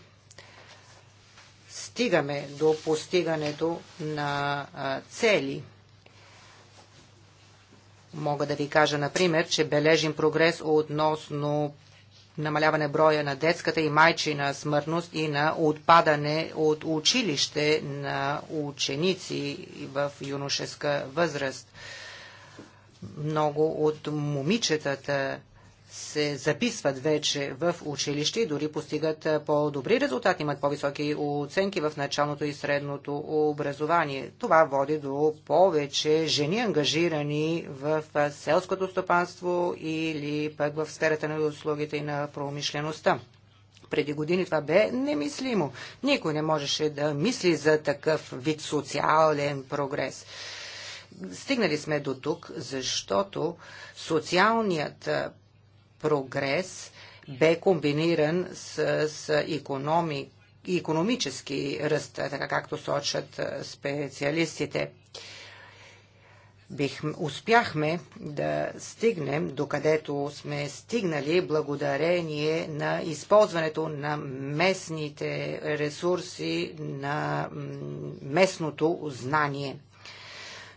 C: стигаме до постигането на цели. Мога да ви кажа, например, че бележим прогрес относно намаляване броя на детската и майчина смъртност и на отпадане от училище на ученици в юношеска възраст. Много от момичетата се записват вече в училище и дори постигат по-добри резултати, имат по-високи оценки в началното и средното образование. Това води до повече жени ангажирани в селското стопанство или пък в сферата на услугите и на промишлеността. Преди години това бе немислимо. Никой не можеше да мисли за такъв вид социален прогрес. Стигнали сме до тук, защото социалният прогрес бе комбиниран с, с економи, економически ръст, така както сочат специалистите. Бих, успяхме да стигнем до където сме стигнали благодарение на използването на местните ресурси, на местното знание.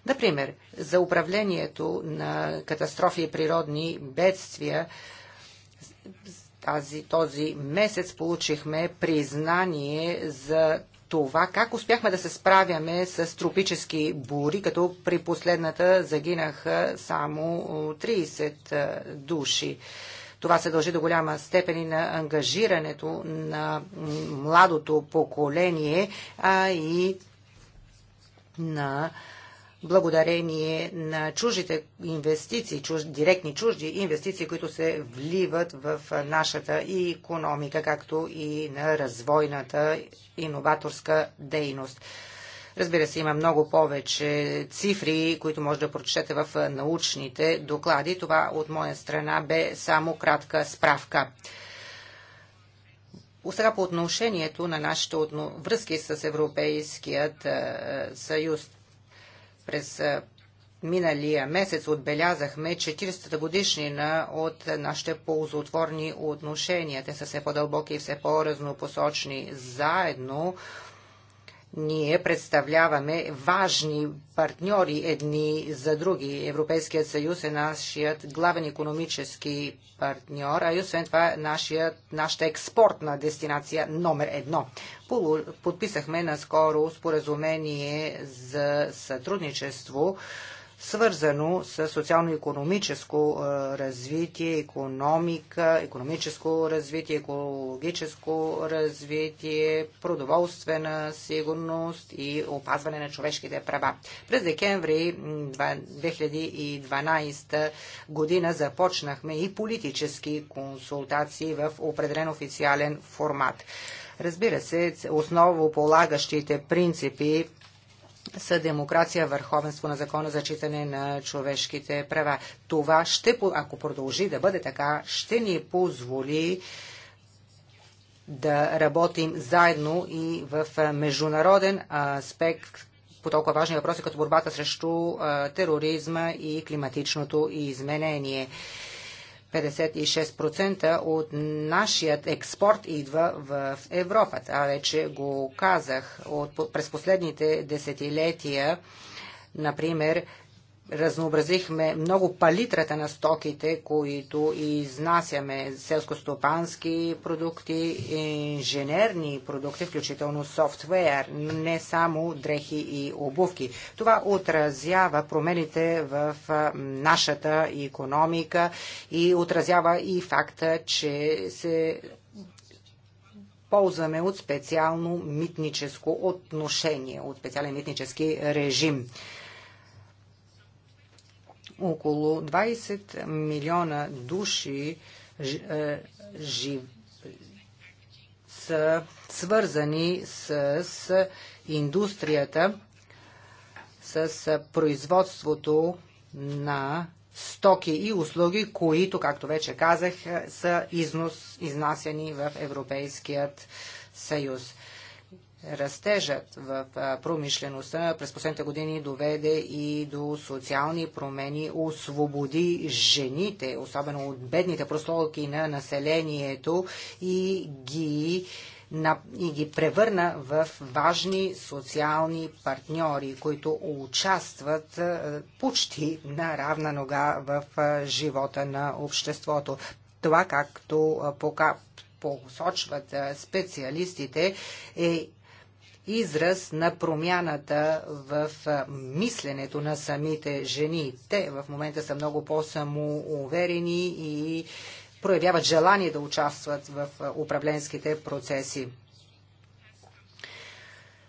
C: Например, за управлението на катастрофи и природни бедствия тази, този месец получихме признание за това как успяхме да се справяме с тропически бури, като при последната загинаха само 30 души. Това се дължи до голяма степен и на ангажирането на младото поколение, а и на благодарение на чуждите инвестиции, чуж, директни чужди инвестиции, които се вливат в нашата и економика, както и на развойната иноваторска дейност. Разбира се, има много повече цифри, които може да прочетете в научните доклади. Това от моя страна бе само кратка справка. Сега по отношението на нашите връзки с Европейският е, съюз. През миналия месец отбелязахме 40-та годишнина от нашите ползотворни отношения. Те са все по-дълбоки и все по-разнопосочни. Заедно ние представляваме важни партньори едни за други. Европейският съюз е нашият главен економически партньор, а и освен това нашият, нашата експортна дестинация номер едно. Подписахме наскоро споразумение за сътрудничество свързано с социално-економическо развитие, економика, економическо развитие, екологическо развитие, продоволствена сигурност и опазване на човешките права. През декември 2012 година започнахме и политически консултации в определен официален формат. Разбира се, основополагащите принципи са демокрация, върховенство на закона, за читане на човешките права. Това ще, ако продължи да бъде така, ще ни позволи да работим заедно и в международен аспект по толкова важни въпроси, като борбата срещу тероризма и климатичното изменение. 56% от нашият експорт идва в Европа. Това вече го казах. От, през последните десетилетия, например, разнообразихме много палитрата на стоките, които изнасяме селскостопански продукти, инженерни продукти, включително софтуер, не само дрехи и обувки. Това отразява промените в нашата економика и отразява и факта, че се ползваме от специално митническо отношение, от специален митнически режим около 20 милиона души е, жив, са свързани с, с индустрията, с производството на стоки и услуги, които, както вече казах, е, са износ, изнасяни в Европейският съюз. Растежът в промишлеността през последните години доведе и до социални промени, освободи жените, особено от бедните прослойки на населението и ги и ги превърна в важни социални партньори, които участват почти на равна нога в живота на обществото. Това, както посочват специалистите, е израз на промяната в мисленето на самите жени. Те в момента са много по-самоуверени и проявяват желание да участват в управленските процеси.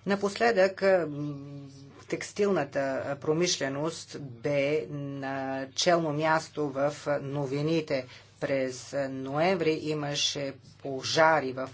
C: Напоследък текстилната промишленост бе на челно място в новините. През ноември имаше пожари в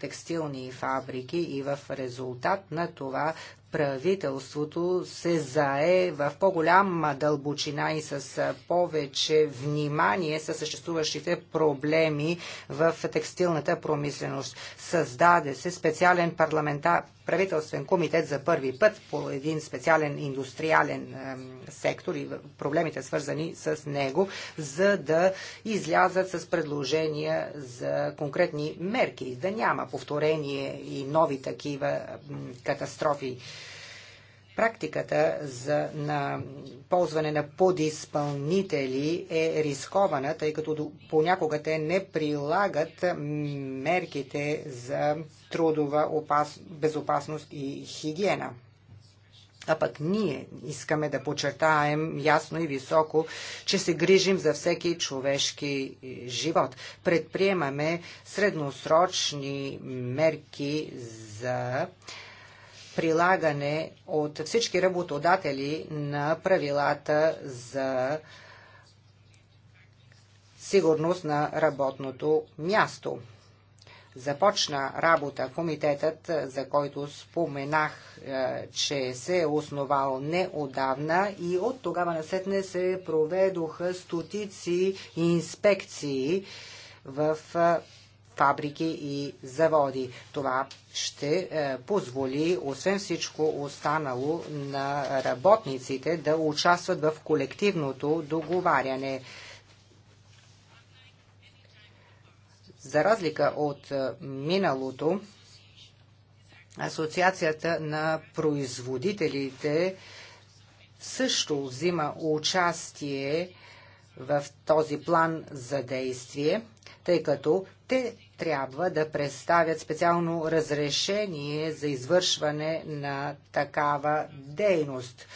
C: текстилни фабрики и в резултат на това правителството се зае в по-голяма дълбочина и с повече внимание със съществуващите проблеми в текстилната промисленост. Създаде се специален парламентар правителствен комитет за първи път по един специален индустриален сектор и проблемите свързани с него, за да излязат с предложения за конкретни мерки, да няма повторение и нови такива катастрофи. Практиката за, на ползване на подизпълнители е рискована, тъй като понякога те не прилагат мерките за трудова опас, безопасност и хигиена. А пък ние искаме да подчертаем ясно и високо, че се грижим за всеки човешки живот. Предприемаме средносрочни мерки за прилагане от всички работодатели на правилата за сигурност на работното място. Започна работа комитетът, за който споменах, е, че се е основал неодавна и от тогава насетне се проведоха стотици инспекции в е, фабрики и заводи. Това ще е, позволи, освен всичко останало, на работниците да участват в колективното договаряне. За разлика от е, миналото, Асоциацията на производителите също взима участие в този план за действие – тъй като те трябва да представят специално разрешение за извършване на такава дейност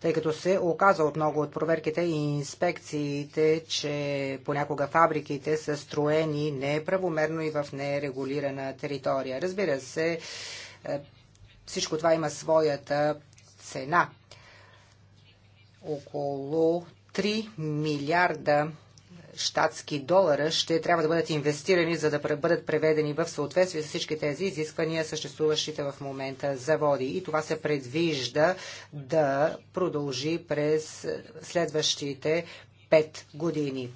C: тъй като се оказа от много от проверките и инспекциите, че понякога фабриките са строени неправомерно и в нерегулирана територия. Разбира се, е, всичко това има своята цена. Около 3 милиарда щатски долара ще трябва да бъдат инвестирани, за да бъдат преведени в съответствие с всички тези изисквания, съществуващите в момента заводи. И това се предвижда да продължи през следващите 5 години.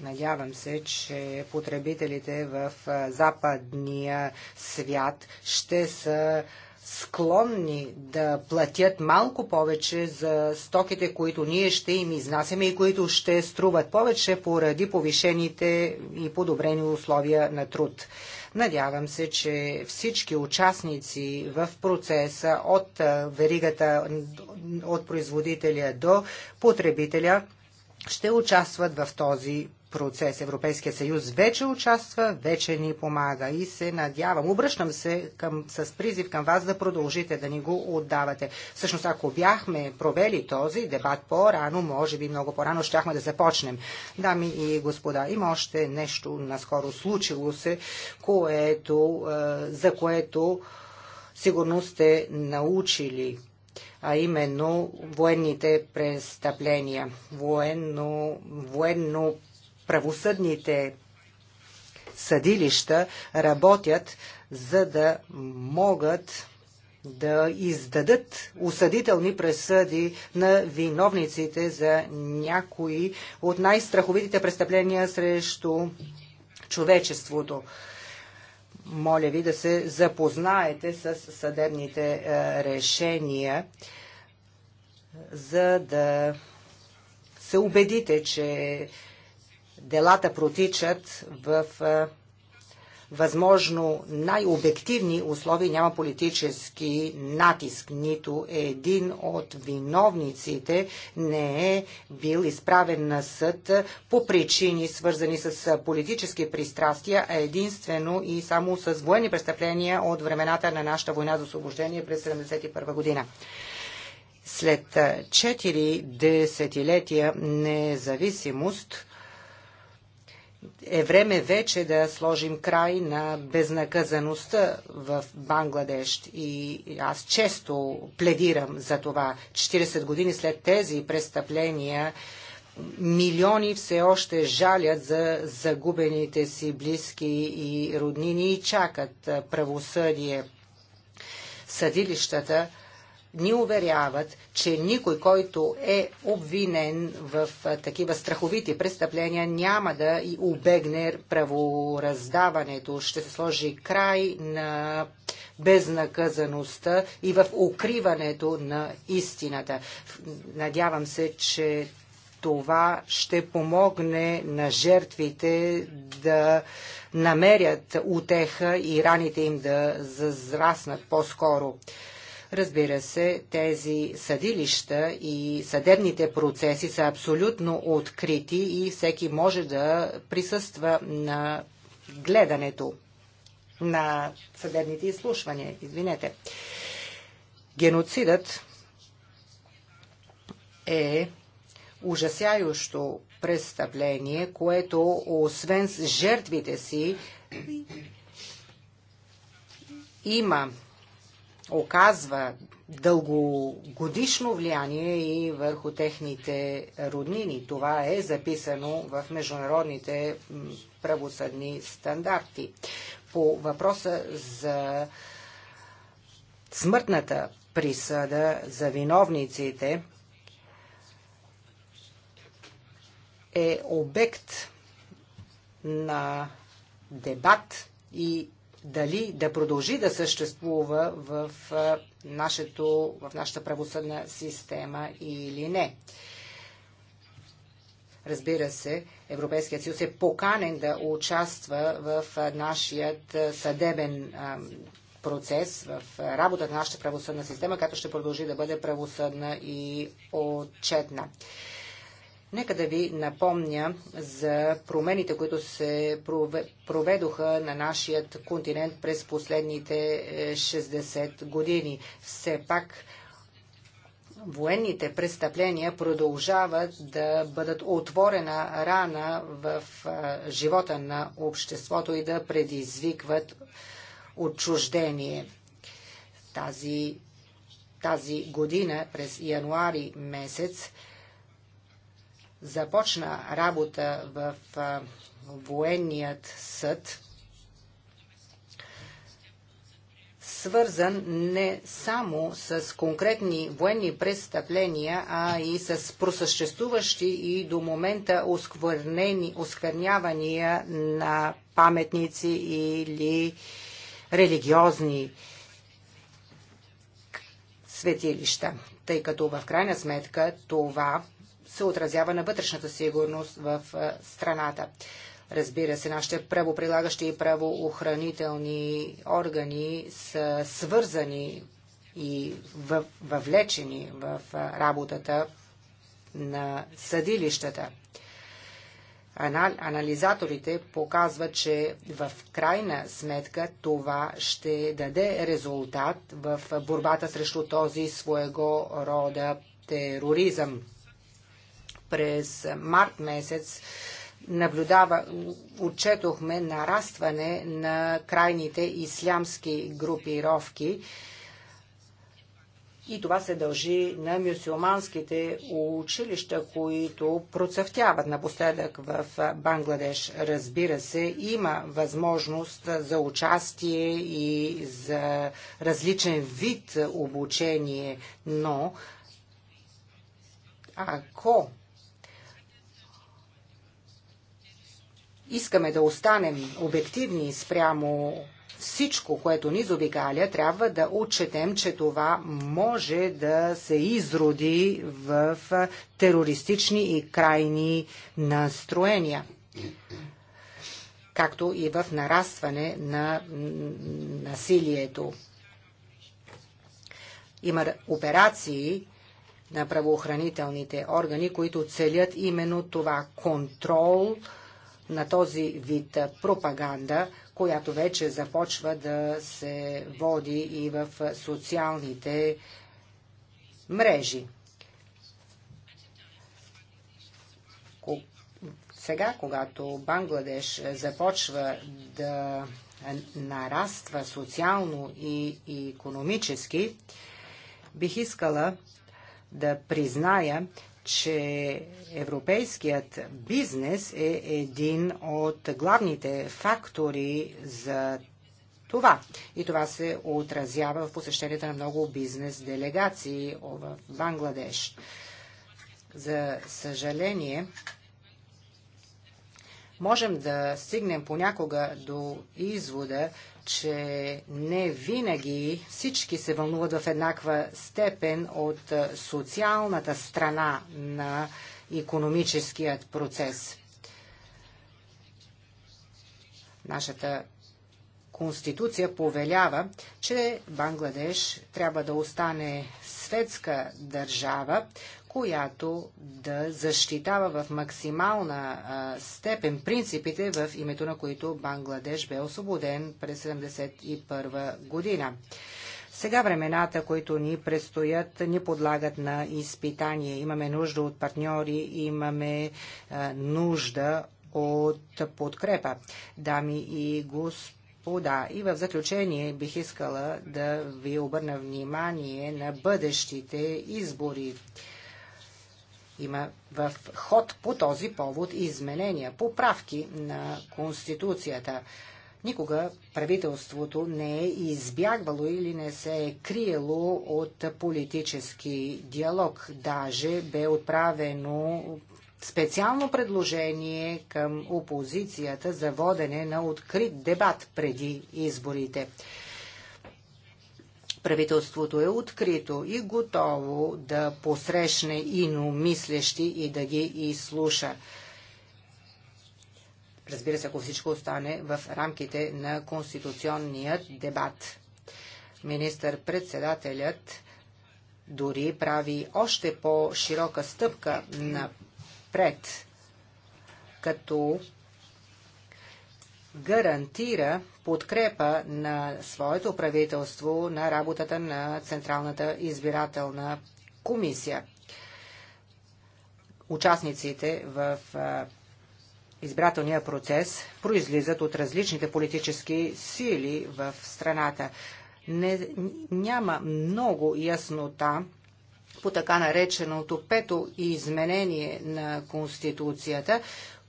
C: Надявам се, че потребителите в западния свят ще са склонни да платят малко повече за стоките, които ние ще им изнасяме и които ще струват повече поради повишените и подобрени условия на труд. Надявам се, че всички участници в процеса от веригата от производителя до потребителя ще участват в този процес. Европейския съюз вече участва, вече ни помага и се надявам. Обръщам се към, с призив към вас да продължите да ни го отдавате. Всъщност, ако бяхме провели този дебат по-рано, може би много по-рано, щяхме да започнем. Дами и господа, има още нещо наскоро случило се, което, е, за което сигурно сте научили а именно военните престъпления, военно, военно правосъдните съдилища работят, за да могат да издадат осъдителни пресъди на виновниците за някои от най-страховитите престъпления срещу човечеството. Моля ви да се запознаете с съдебните е, решения, за да се убедите, че делата протичат в е, възможно най-обективни условия, няма политически натиск. Нито един от виновниците не е бил изправен на съд по причини свързани с е, политически пристрастия, а единствено и само с военни престъпления от времената на нашата война за освобождение през 1971 година. След 4 е, десетилетия независимост, е време вече да сложим край на безнаказаността в Бангладеш. И аз често пледирам за това. 40 години след тези престъпления милиони все още жалят за загубените си близки и роднини и чакат правосъдие. Съдилищата ни уверяват, че никой, който е обвинен в такива страховити престъпления, няма да и убегне правораздаването. Ще се сложи край на безнаказаността и в укриването на истината. Надявам се, че това ще помогне на жертвите да намерят утеха и раните им да зазраснат по-скоро. Разбира се, тези съдилища и съдебните процеси са абсолютно открити и всеки може да присъства на гледането на съдебните изслушвания. Извинете. Геноцидът е ужасяващо престъпление, което освен с жертвите си има оказва дългогодишно влияние и върху техните роднини. Това е записано в международните правосъдни стандарти. По въпроса за смъртната присъда за виновниците е обект на дебат и дали да продължи да съществува в, нашето, в нашата правосъдна система или не. Разбира се, Европейският съюз е поканен да участва в нашият съдебен процес, в работата на нашата правосъдна система, която ще продължи да бъде правосъдна и отчетна. Нека да ви напомня за промените, които се проведоха на нашия континент през последните 60 е, години. Все пак военните престъпления продължават да бъдат отворена рана в е, живота на обществото и да предизвикват отчуждение. Тази, тази година, през януари месец, започна работа в военният съд, свързан не само с конкретни военни престъпления, а и с просъществуващи и до момента осквернявания на паметници или религиозни светилища. Тъй като в крайна сметка това се отразява на вътрешната сигурност в страната. Разбира се, нашите правоприлагащи и правоохранителни органи са свързани и въвлечени в работата на съдилищата. Анализаторите показват, че в крайна сметка това ще даде резултат в борбата срещу този своего рода тероризъм през март месец наблюдава, отчетохме нарастване на крайните ислямски групировки и това се дължи на мюсюлманските училища, които процъфтяват напоследък в Бангладеш. Разбира се, има възможност за участие и за различен вид обучение, но ако искаме да останем обективни спрямо всичко, което ни заобикаля, трябва да отчетем, че това може да се изроди в терористични и крайни настроения както и в нарастване на насилието. Има операции на правоохранителните органи, които целят именно това контрол, на този вид пропаганда, която вече започва да се води и в социалните мрежи. Сега, когато Бангладеш започва да нараства социално и, економически, бих искала да призная, че европейският бизнес е един от главните фактори за това. И това се отразява в посещенията на много бизнес делегации в Бангладеш. За съжаление, можем да стигнем понякога до извода, че не винаги всички се вълнуват в еднаква степен от социалната страна на економическият процес. Нашата Конституция повелява, че Бангладеш трябва да остане светска държава, която да защитава в максимална а, степен принципите, в името на които Бангладеш бе освободен през 1971 година. Сега времената, които ни предстоят, ни подлагат на изпитание. Имаме нужда от партньори, имаме а, нужда от подкрепа. Дами и господи, господа. И в заключение бих искала да ви обърна внимание на бъдещите избори. Има в ход по този повод изменения, поправки на Конституцията. Никога правителството не е избягвало или не се е криело от политически диалог. Даже бе отправено специално предложение към опозицията за водене на открит дебат преди изборите. Правителството е открито и готово да посрещне иномислещи и да ги изслуша. Разбира се, ако всичко остане в рамките на конституционният дебат. Министър-председателят дори прави още по-широка стъпка напред, като гарантира подкрепа на своето правителство на работата на Централната избирателна комисия. Участниците в избирателния процес произлизат от различните политически сили в страната. Не, няма много яснота по така нареченото пето изменение на Конституцията,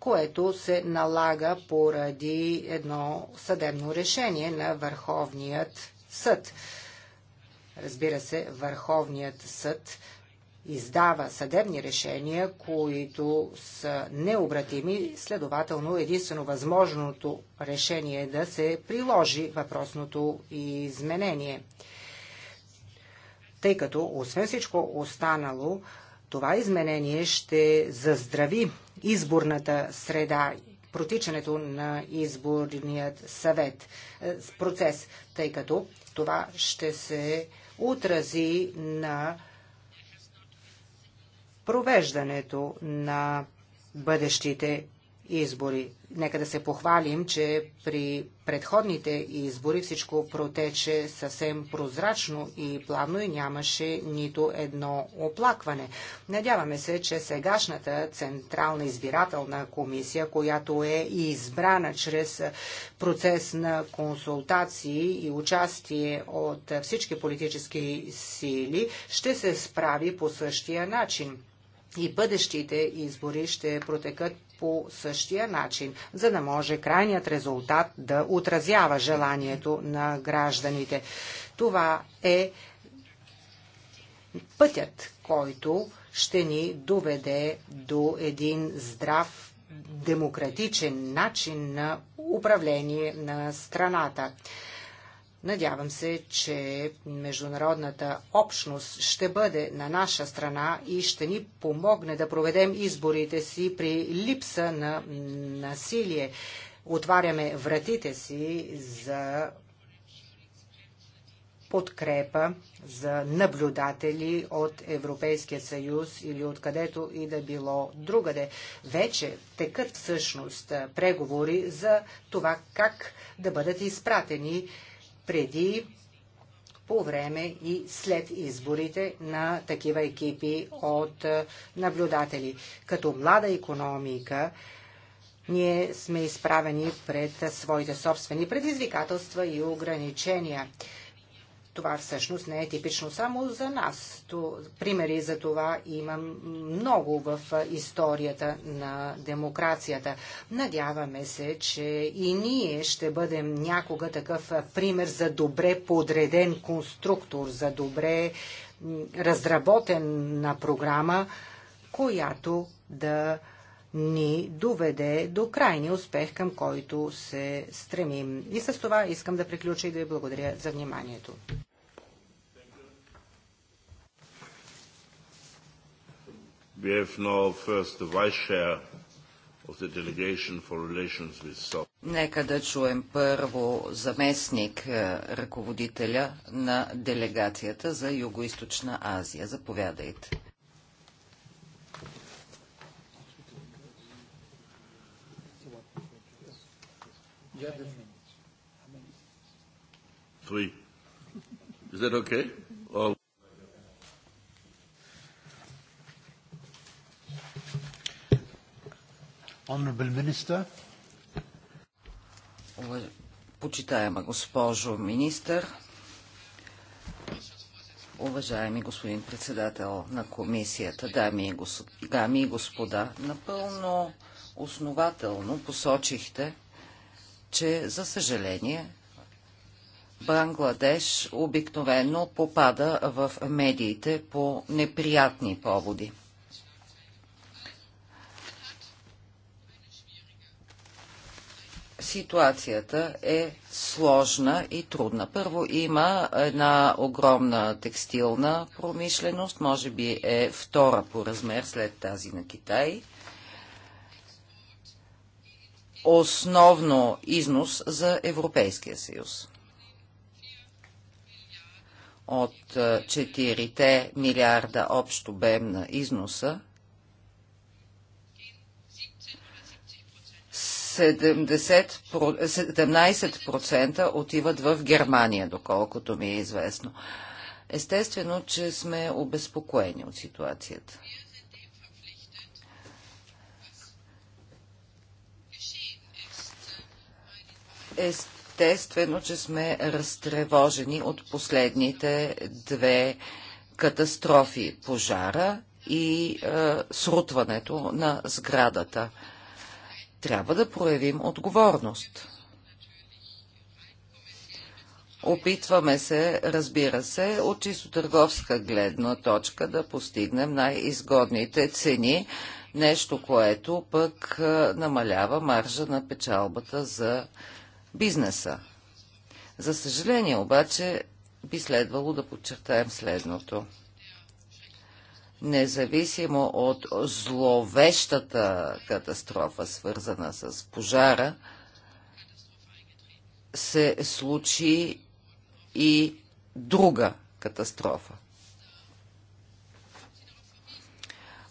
C: което се налага поради едно съдебно решение на Върховният съд. Разбира се, Върховният съд издава съдебни решения, които са необратими, следователно единствено възможното решение е да се приложи въпросното изменение. Тъй като, освен всичко останало, това изменение ще заздрави изборната среда протичането на изборният съвет е, процес, тъй като това ще се отрази на провеждането на бъдещите избори. Нека да се похвалим, че при предходните избори всичко протече съвсем прозрачно и плавно и нямаше нито едно оплакване. Надяваме се, че сегашната Централна избирателна комисия, която е избрана чрез процес на консултации и участие от всички политически сили, ще се справи по същия начин и бъдещите избори ще протекат по същия начин, за да може крайният резултат да отразява желанието на гражданите. Това е пътят, който ще ни доведе до един здрав демократичен начин на управление на страната. Надявам се, че международната общност ще бъде на наша страна и ще ни помогне да проведем изборите си при липса на насилие. Отваряме вратите си за подкрепа за наблюдатели от Европейския съюз или откъдето и да било другаде. Вече текат всъщност преговори за това как да бъдат изпратени преди, по време и след изборите на такива екипи от е, наблюдатели. Като млада економика, ние сме изправени пред своите собствени предизвикателства и ограничения. Това всъщност не е типично само за нас. То, примери за това има много в историята на демокрацията. Надяваме се, че и ние ще бъдем някога такъв пример за добре подреден конструктор, за добре разработена програма, която да ни доведе до крайния успех, към който се стремим. И с това искам да приключа и да ви благодаря за вниманието.
B: Нека да чуем първо заместник е, ръководителя на делегацията за Юго-Источна Азия. Заповядайте.
C: You have
A: Three. Is that okay? Or
B: Honorable Minister. Почитаема госпожо министър, уважаеми господин председател на комисията, дами и господа, напълно основателно посочихте, че, за съжаление, Бангладеш обикновено попада в медиите по неприятни поводи. ситуацията е сложна и трудна. Първо има една огромна текстилна промишленост, може би е втора по размер след тази на Китай – основно износ за Европейския съюз. От 4 е, милиарда общо бем на износа, 17% отиват в Германия, доколкото ми е известно. Естествено, че сме обезпокоени от ситуацията. Естествено, че сме разтревожени от последните две катастрофи – пожара и е, срутването на сградата. Трябва да проявим отговорност. Опитваме се, разбира се, от чисто търговска гледна точка да постигнем най-изгодните цени, нещо, което пък е, намалява маржа на печалбата за бизнеса. За съжаление обаче би следвало да подчертаем следното. Независимо от зловещата катастрофа, свързана с пожара, се случи и друга катастрофа.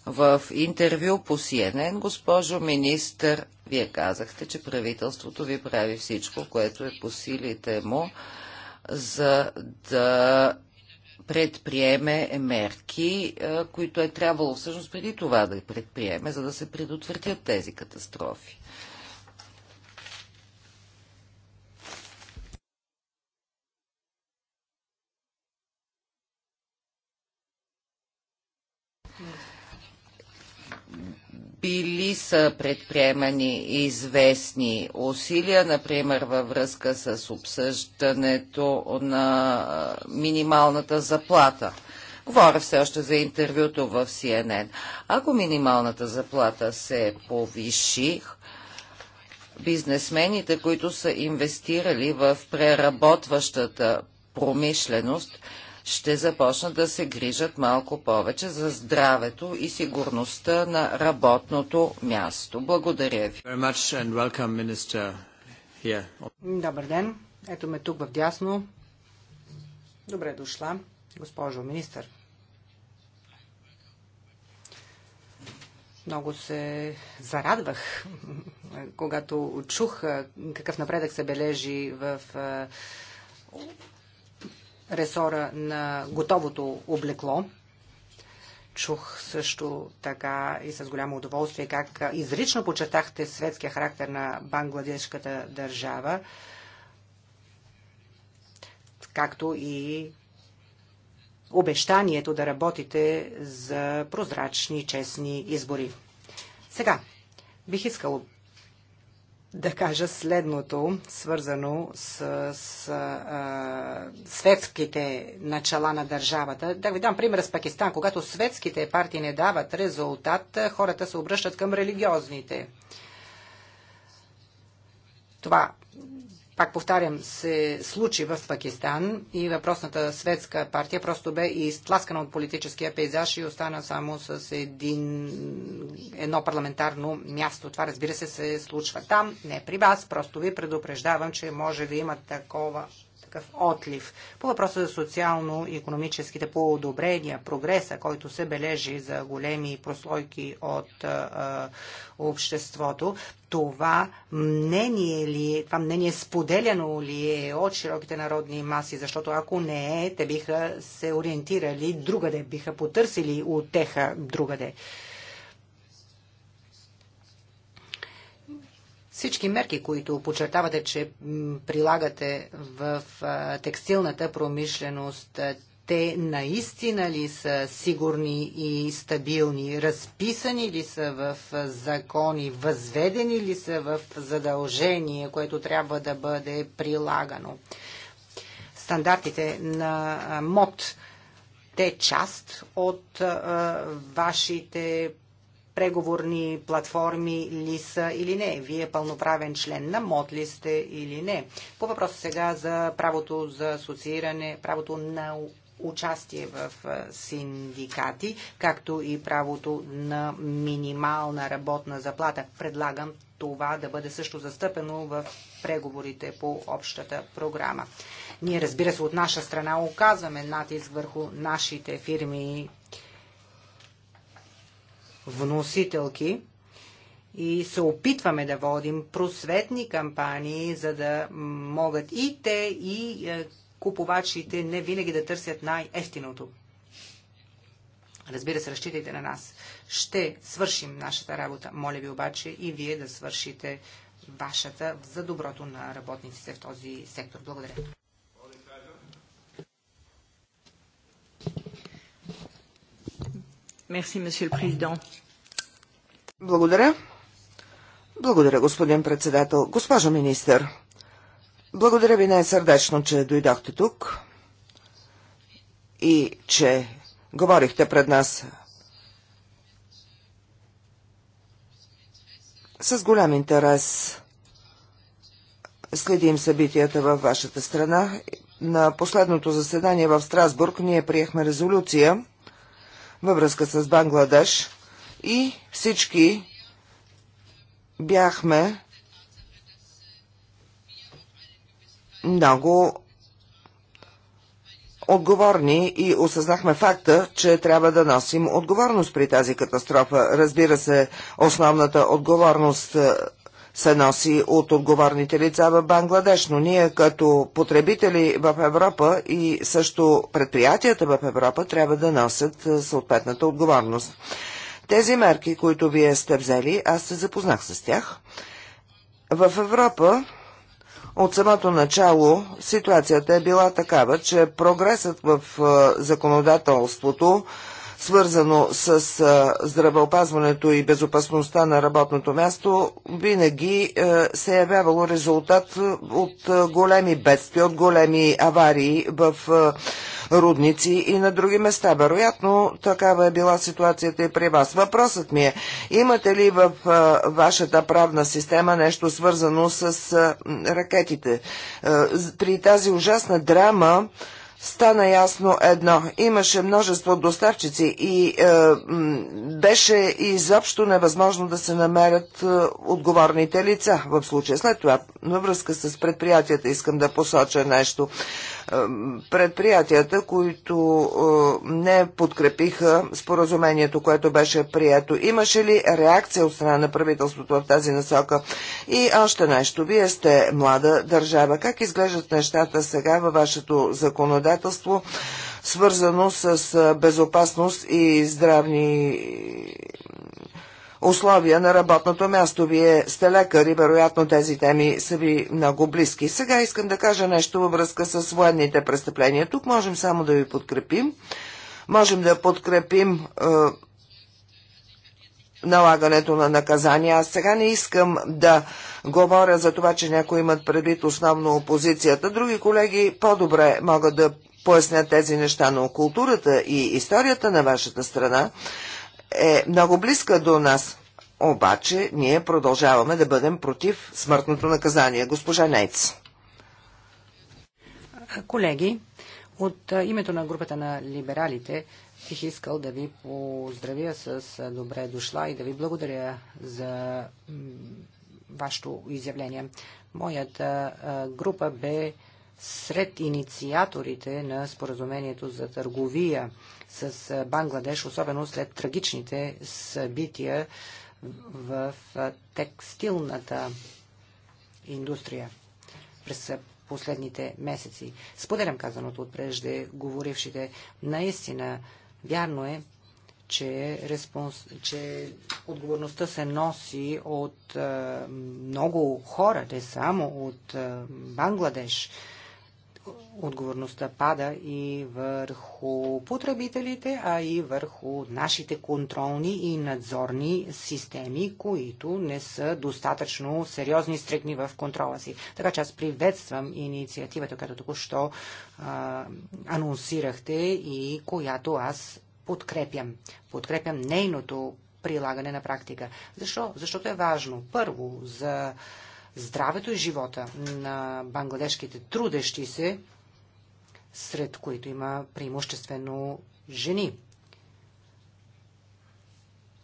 B: В интервю по CNN, госпожо министър, вие казахте, че правителството ви прави всичко, което е по силите му, за да предприеме мерки, които е трябвало всъщност преди това да предприеме, за да се предотвратят тези катастрофи. били са предприемани известни усилия, например във връзка с обсъждането на минималната заплата. Говоря все още за интервюто в CNN. Ако минималната заплата се повиши, бизнесмените, които са инвестирали в преработващата промишленост, ще започнат да се грижат малко повече за здравето и сигурността на работното място. Благодаря ви.
C: Добър ден. Ето ме тук в дясно. Добре дошла, госпожо министър. Много се зарадвах, когато чух какъв напредък се бележи в ресора на готовото облекло. Чух също така и с голямо удоволствие как изрично почертахте светския характер на бангладешката държава, както и обещанието да работите за прозрачни, честни избори. Сега, бих искал да кажа следното, свързано с, с а, светските начала на държавата. Да ви дам пример с Пакистан. Когато светските партии не дават резултат, хората се обръщат към религиозните. Това пак повтарям, се случи в Пакистан и въпросната светска партия просто бе изтласкана от политическия пейзаж и остана само с един, едно парламентарно място. Това разбира се се случва там, не при вас, просто ви предупреждавам, че може да има такова такъв отлив. По въпроса за социално-економическите поодобрения, прогреса, който се бележи за големи прослойки от а, обществото, това мнение ли, е, това мнение споделяно ли е от широките народни маси, защото ако не е, те биха се ориентирали другаде, биха потърсили утеха другаде. Всички мерки, които подчертавате, че прилагате в текстилната промишленост, те наистина ли са сигурни и стабилни? Разписани ли са в закони? Възведени ли са в задължение, което трябва да бъде прилагано? Стандартите на МОД, те част от вашите преговорни платформи ли са или не. Вие пълноправен член на МОД ли сте или не. По въпроса сега за правото за асоцииране, правото на участие в синдикати, както и правото на минимална работна заплата. Предлагам това да бъде също застъпено в преговорите по общата програма. Ние, разбира се, от наша страна оказваме натиск върху нашите фирми вносителки и се опитваме да водим просветни кампании, за да могат и те, и е, купувачите не винаги да търсят най-ефтиното. Разбира се, разчитайте на нас. Ще свършим нашата работа. Моля ви обаче и вие да свършите вашата за доброто на работниците в този сектор. Благодаря.
D: Благодаря. Благодаря, господин председател. Госпожо министър, благодаря ви най-сърдечно, че дойдохте тук и че говорихте пред нас. С голям интерес следим събитията във вашата страна. На последното заседание в Страсбург ние приехме резолюция във връзка с Бангладеш и всички бяхме много отговорни и осъзнахме факта, че трябва да носим отговорност при тази катастрофа. Разбира се, основната отговорност се носи от отговорните лица в Бангладеш, но ние като потребители в Европа и също предприятията в Европа трябва да носят е, съответната отговорност. Тези мерки, които вие сте взели, аз се запознах с тях. В Европа от самото начало ситуацията е била такава, че прогресът в е, законодателството свързано с здравеопазването и безопасността на работното място, винаги се е явявало резултат от големи бедствия, от големи аварии в рудници и на други места. Вероятно, такава е била ситуацията и при вас. Въпросът ми е, имате ли в вашата правна система нещо свързано с ракетите? При тази ужасна драма, стана ясно едно. Имаше множество доставчици и е, беше изобщо невъзможно да се намерят е, отговорните лица в случая. След това, във връзка с предприятията, искам да посоча нещо. Е, Предприятията, които не подкрепиха споразумението, което беше прието, имаше ли реакция от страна на правителството в тази насока? И още нещо. Вие сте млада държава. Как изглеждат нещата сега във вашето законодателство, свързано с безопасност и здравни условия на работното място. Вие сте лекар и вероятно тези теми са ви много близки. Сега искам да кажа нещо във връзка с военните престъпления. Тук можем само да ви подкрепим. Можем да подкрепим е, налагането на наказания. Аз сега не искам да говоря за това, че някои имат предвид основно опозицията. Други колеги по-добре могат да пояснят тези неща, но културата и историята на вашата страна е много близка до нас. Обаче ние продължаваме да бъдем против смъртното наказание. Госпожа Нейц.
C: Колеги, от името на групата на либералите бих искал да ви поздравя с добре дошла и да ви благодаря за вашето изявление. Моята група бе сред инициаторите на споразумението за търговия с Бангладеш, особено след трагичните събития в текстилната индустрия през последните месеци. Споделям казаното от прежде говорившите. Наистина, вярно е, че, респонс... че отговорността се носи от е, много хора, не само от е, Бангладеш отговорността пада и върху потребителите, а и върху нашите контролни и надзорни системи, които не са достатъчно сериозни и стрикни в контрола си. Така че аз приветствам инициативата, която току-що анонсирахте и която аз подкрепям. Подкрепям нейното прилагане на практика. Защо? Защото е важно. Първо, за здравето и живота на бангладешките трудещи се, сред които има преимуществено жени.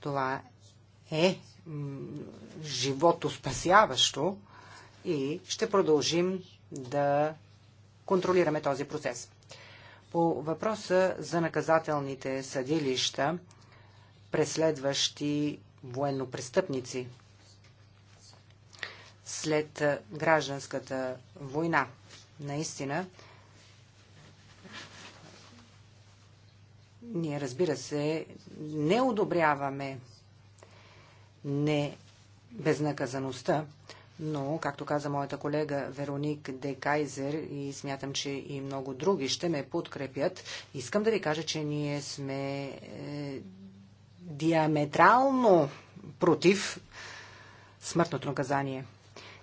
C: Това е живото спасяващо и ще продължим да контролираме този процес. По въпроса за наказателните съдилища, преследващи военнопрестъпници – след гражданската война. Наистина, ние разбира се не одобряваме не безнаказаността, но, както каза моята колега Вероник Де Кайзер и смятам, че и много други ще ме подкрепят, искам да ви кажа, че ние сме е, диаметрално против смъртното наказание.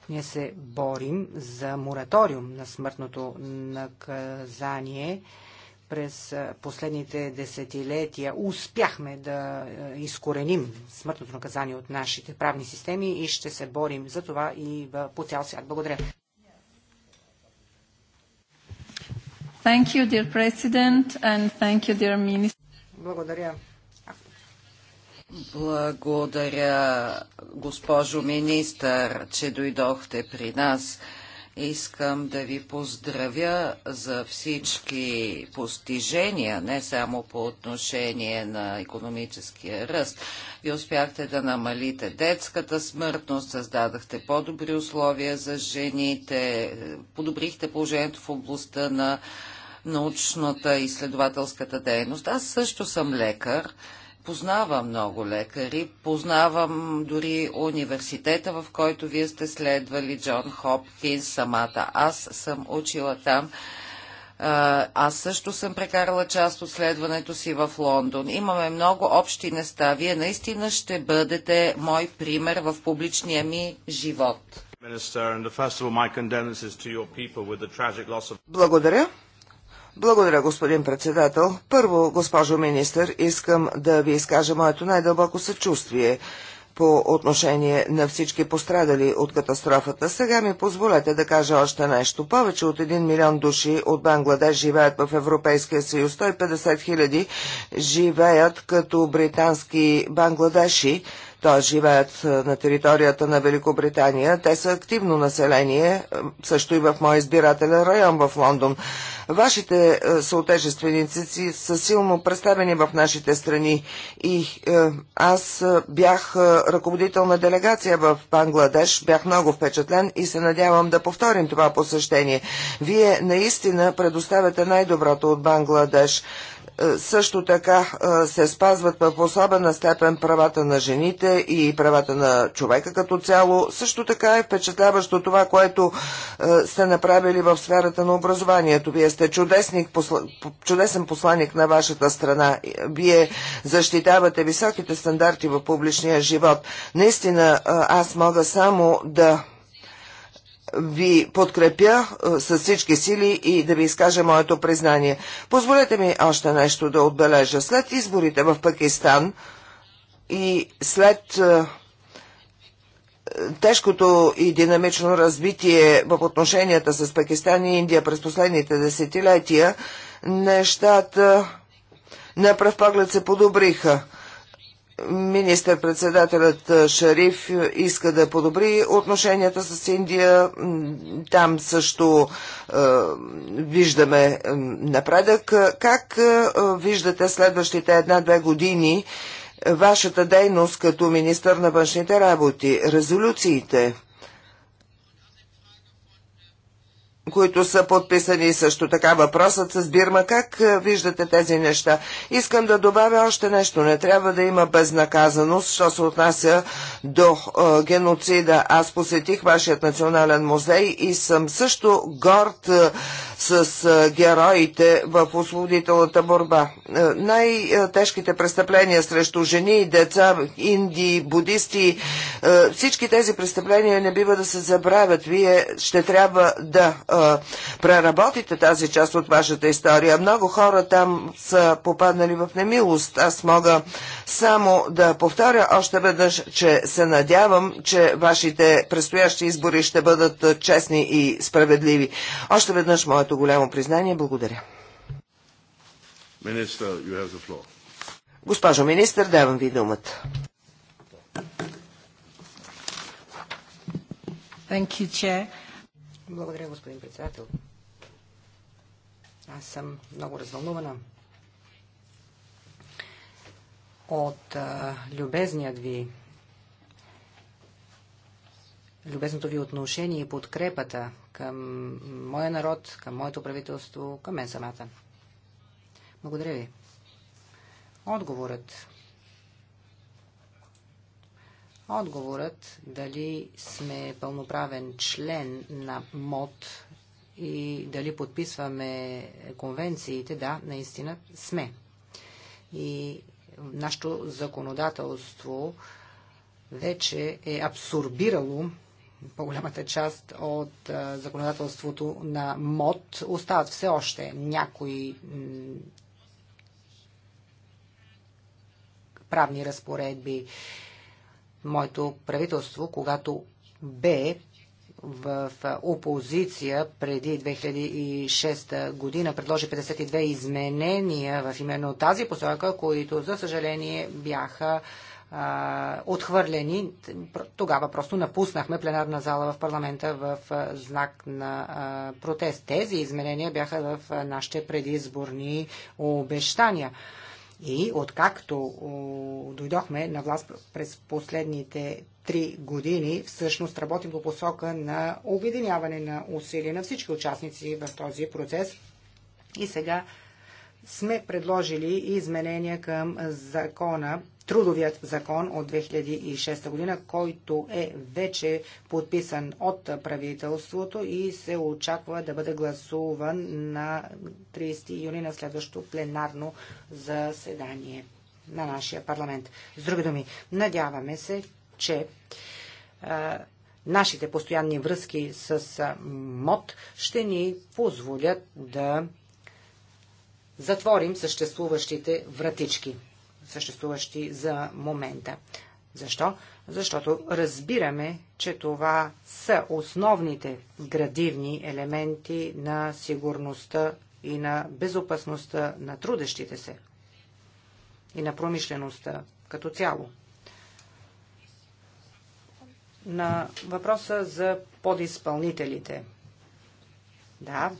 C: Ние се борим за мораториум на смъртното наказание. През последните десетилетия успяхме да изкореним смъртното наказание от нашите правни системи и ще се борим за това и по цял свят. Благодаря.
B: Thank you, dear President, and thank you, dear Minister. Благодаря, благодаря, госпожо министър, че дойдохте при нас. Искам да ви поздравя за всички постижения, не само по отношение на економическия ръст. Ви успяхте да намалите детската смъртност, създадахте по-добри условия за жените, подобрихте положението в областта на научната и изследователската дейност. Аз също съм лекар Познавам много лекари, познавам дори университета, в който вие сте следвали, Джон Хопкинс, самата. Аз съм учила там. Аз също съм прекарала част от следването си в Лондон. Имаме много общи неща. Вие наистина ще бъдете мой пример в публичния ми
A: живот. Благодаря.
D: Благодаря, господин председател. Първо, госпожо министър, искам да ви изкажа моето най-дълбоко съчувствие по отношение на всички пострадали от катастрофата. Сега ми позволете да кажа още нещо. Повече от 1 милион души от Бангладеш живеят в Европейския съюз. 150 хиляди живеят като британски бангладеши т.е. живеят на територията на Великобритания. Те са активно население, също и в моя избирателен район в Лондон. Вашите съотечественици са силно представени в нашите страни и аз бях ръководител на делегация в Бангладеш, бях много впечатлен и се надявам да повторим това посещение. Вие наистина предоставяте най-доброто от Бангладеш. Е, също така е, се спазват в особена степен правата на жените и правата на човека като цяло. Също така е впечатляващо това, което е, сте направили в сферата на образованието. Вие сте чудесник, посла... чудесен посланник на вашата страна. Вие защитавате високите стандарти в публичния живот. Наистина аз мога само да ви подкрепя е, с всички сили и да ви изкажа моето признание. Позволете ми още нещо да отбележа. След изборите в Пакистан и след е, е, тежкото и динамично развитие в отношенията с Пакистан и Индия през последните десетилетия, нещата на пръв поглед се подобриха. Министър-председателят Шариф иска да подобри отношенията с Индия. Там също е, виждаме напредък. Как е, виждате следващите една-две години вашата дейност като министър на външните работи? Резолюциите? които са подписани също така въпросът с Бирма. Как е, виждате тези неща? Искам да добавя още нещо. Не трябва да има безнаказаност, що се отнася до е, геноцида. Аз посетих вашият национален музей и съм също горд е, с е, героите в освободителната борба. Е, най-тежките престъпления срещу жени, деца, инди, будисти, е, всички тези престъпления не бива да се забравят. Вие ще трябва да е, а, преработите тази част от вашата история. Много хора там са попаднали в немилост. Аз мога само да повторя още веднъж, че се надявам, че вашите предстоящи избори ще бъдат честни и справедливи. Още веднъж моето голямо признание. Благодаря.
A: Министър, you have the floor.
D: Госпожо министър, давам ви думата.
C: Thank you, Chair. Благодаря, господин председател. Аз съм много развълнувана от а, любезният ви любезното ви отношение и подкрепата към моя народ, към моето правителство, към мен самата. Благодаря ви. Отговорът Отговорът дали сме пълноправен член на МОД и дали подписваме конвенциите, да, наистина сме. И нашето законодателство вече е абсорбирало по-голямата част от законодателството на МОД. Остават все още някои правни разпоредби моето правителство, когато бе в опозиция преди 2006 година предложи 52 изменения в именно тази посока, които за съжаление бяха отхвърлени. Тогава просто напуснахме пленарна зала в парламента в знак на протест. Тези изменения бяха в нашите предизборни обещания. И откакто дойдохме на власт през последните три години, всъщност работим по посока на обединяване на усилия на всички участници в този процес. И сега сме предложили изменения към закона трудовият закон от 2006 година, който е вече подписан от правителството и се очаква да бъде гласуван на 30 юни на следващото пленарно заседание на нашия парламент. С други думи, надяваме се, че нашите постоянни връзки с МОД ще ни позволят да затворим съществуващите вратички съществуващи за момента. Защо? Защото разбираме, че това са основните градивни елементи на сигурността и на безопасността на трудещите се и на промишлеността като цяло. На въпроса за подизпълнителите. Да,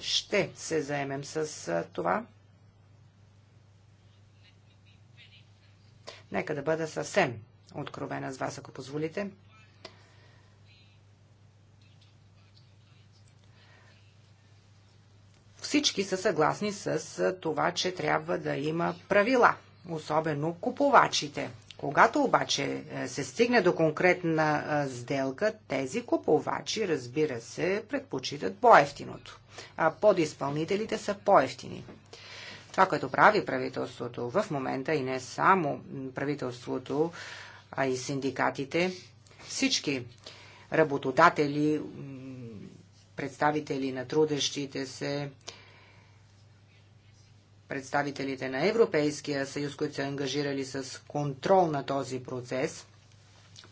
C: ще се заемем с това Нека да бъда съвсем откровена с вас, ако позволите. Всички са съгласни с това, че трябва да има правила, особено купувачите. Когато обаче е, се стигне до конкретна сделка, тези купувачи, разбира се, предпочитат по-ефтиното, а подизпълнителите са по-ефтини. Това, което прави правителството в момента и не само правителството, а и синдикатите, всички работодатели, представители на трудещите се, представителите на Европейския съюз, които са ангажирали с контрол на този процес –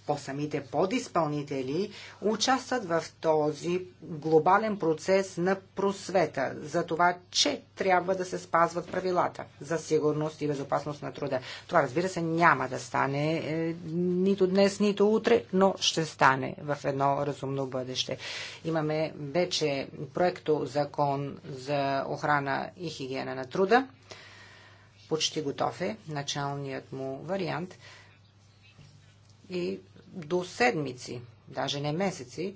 C: по самите подизпълнители участват в този глобален процес на просвета за това, че трябва да се спазват правилата за сигурност и безопасност на труда. Това, разбира се, няма да стане е, нито днес, нито утре, но ще стане в едно разумно бъдеще. Имаме вече проекто закон за охрана и хигиена на труда. Почти готов е началният му вариант – и до седмици, даже не месеци,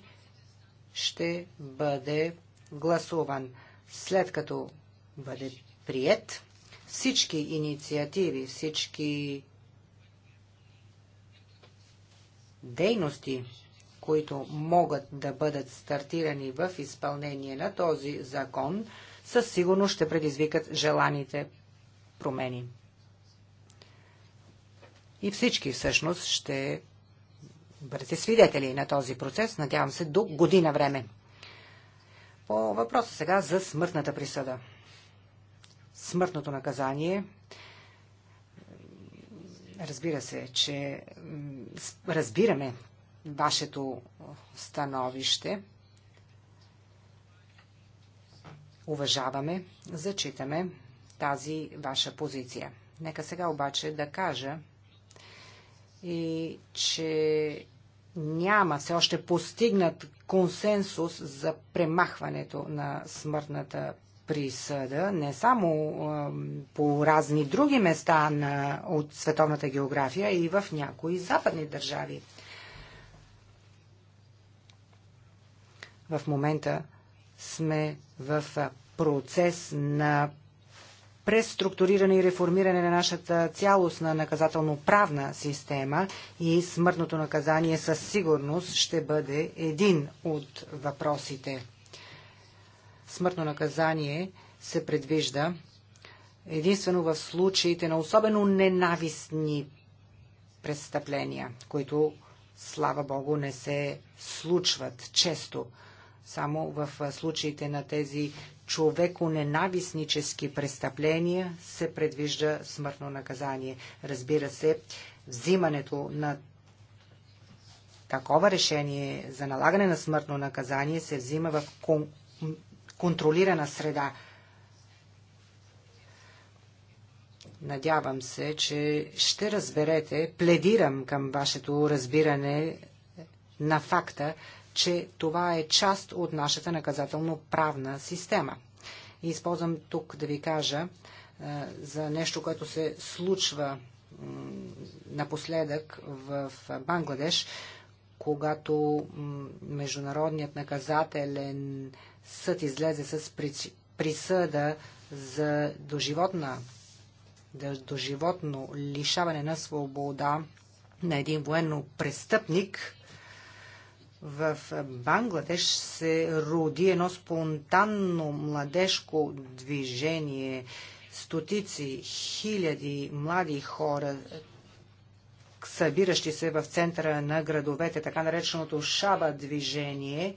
C: ще бъде гласуван. След като бъде прият, всички инициативи, всички дейности, които могат да бъдат стартирани в изпълнение на този закон, със сигурност ще предизвикат желаните промени. И всички всъщност ще бъдете свидетели на този процес, надявам се, до година време. По въпроса сега за смъртната присъда. Смъртното наказание Разбира се, че разбираме вашето становище. Уважаваме, зачитаме тази ваша позиция. Нека сега обаче да кажа, и че няма все още постигнат консенсус за премахването на смъртната присъда, не само по разни други места на, от световната география и в някои западни държави. В момента сме в процес на преструктуриране и реформиране на нашата цялостна наказателно-правна система и смъртното наказание със сигурност ще бъде един от въпросите. Смъртно наказание се предвижда единствено в случаите на особено ненавистни престъпления, които, слава Богу, не се случват често. Само в случаите на тези човеконенавистнически престъпления се предвижда смъртно наказание. Разбира се, взимането на такова решение за налагане на смъртно наказание се взима в кон- контролирана среда. Надявам се, че ще разберете, пледирам към вашето разбиране на факта, че това е част от нашата наказателно-правна система. И използвам тук да ви кажа е, за нещо, което се случва напоследък в Бангладеш, когато Международният наказателен съд излезе с присъда за доживотна, доживотно лишаване на свобода на един военно престъпник, в Бангладеш се роди едно спонтанно младежко движение. Стотици, хиляди млади хора, събиращи се в центъра на градовете, така нареченото Шаба движение,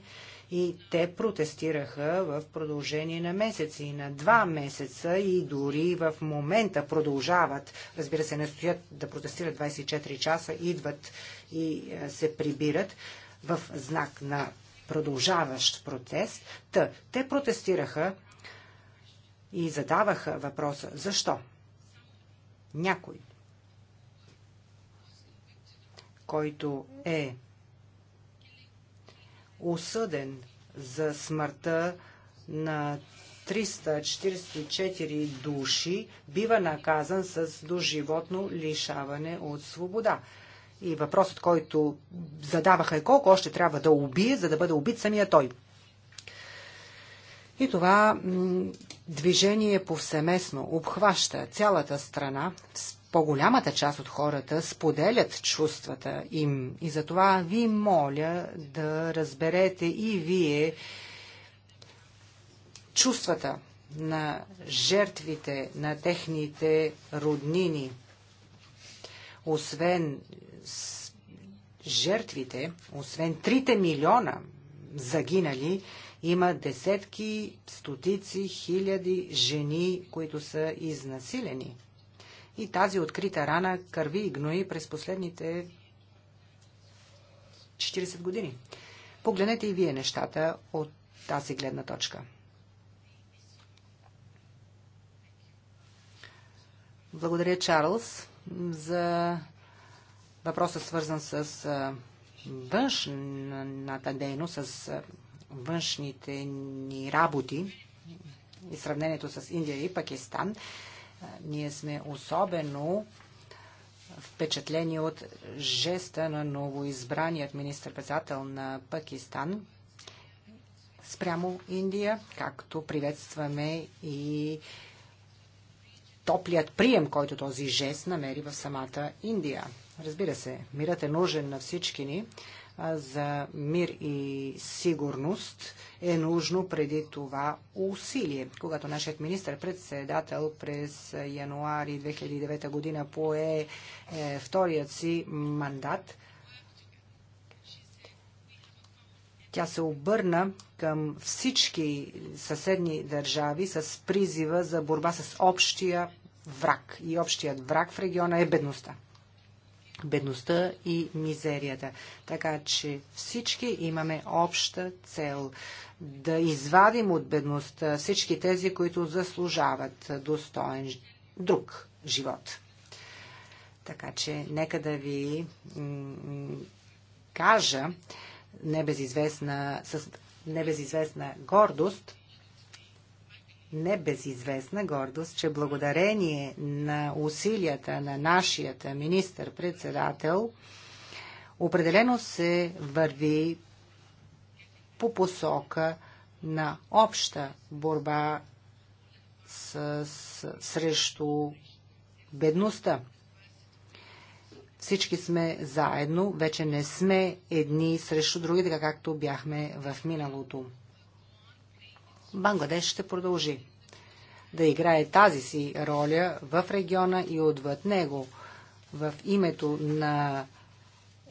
C: и те протестираха в продължение на месеци, на два месеца и дори в момента продължават. Разбира се, не стоят да протестират 24 часа, идват и е, се прибират в знак на продължаващ протест, Та, те протестираха и задаваха въпроса защо някой, който е осъден за смъртта на 344 души, бива наказан с доживотно лишаване от свобода. И въпросът, който задаваха е колко още трябва да убие, за да бъде убит самия той. И това движение повсеместно обхваща цялата страна. По-голямата част от хората споделят чувствата им. И затова ви моля да разберете и вие чувствата на жертвите, на техните роднини. Освен жертвите, освен 3 милиона загинали, има десетки, стотици, хиляди жени, които са изнасилени. И тази открита рана кърви и гнои през последните 40 години. Погледнете и вие нещата от тази гледна точка. Благодаря, Чарлз, за въпросът свързан с външната дейност, с външните ни работи и сравнението с Индия и Пакистан, ние сме особено впечатлени от жеста на новоизбраният министр-председател на Пакистан спрямо Индия, както приветстваме и топлият прием, който този жест намери в самата Индия. Разбира се, мирът е нужен на всички ни. А за мир и сигурност е нужно преди това усилие. Когато нашият министр-председател през януари 2009 година пое е, вторият си мандат, тя се обърна към всички съседни държави с призива за борба с общия враг. И общият враг в региона е бедността бедността и мизерията. Така че всички имаме обща цел да извадим от бедността всички тези, които заслужават достоен друг живот. Така че нека да ви кажа небезизвестна, с небезизвестна гордост, небезизвестна гордост, че благодарение на усилията на нашията министър-председател, определено се върви по посока на обща борба с, с, срещу бедността. Всички сме заедно, вече не сме едни срещу други, така както бяхме в миналото. Бангладеш ще продължи да играе тази си роля в региона и отвъд него, в името на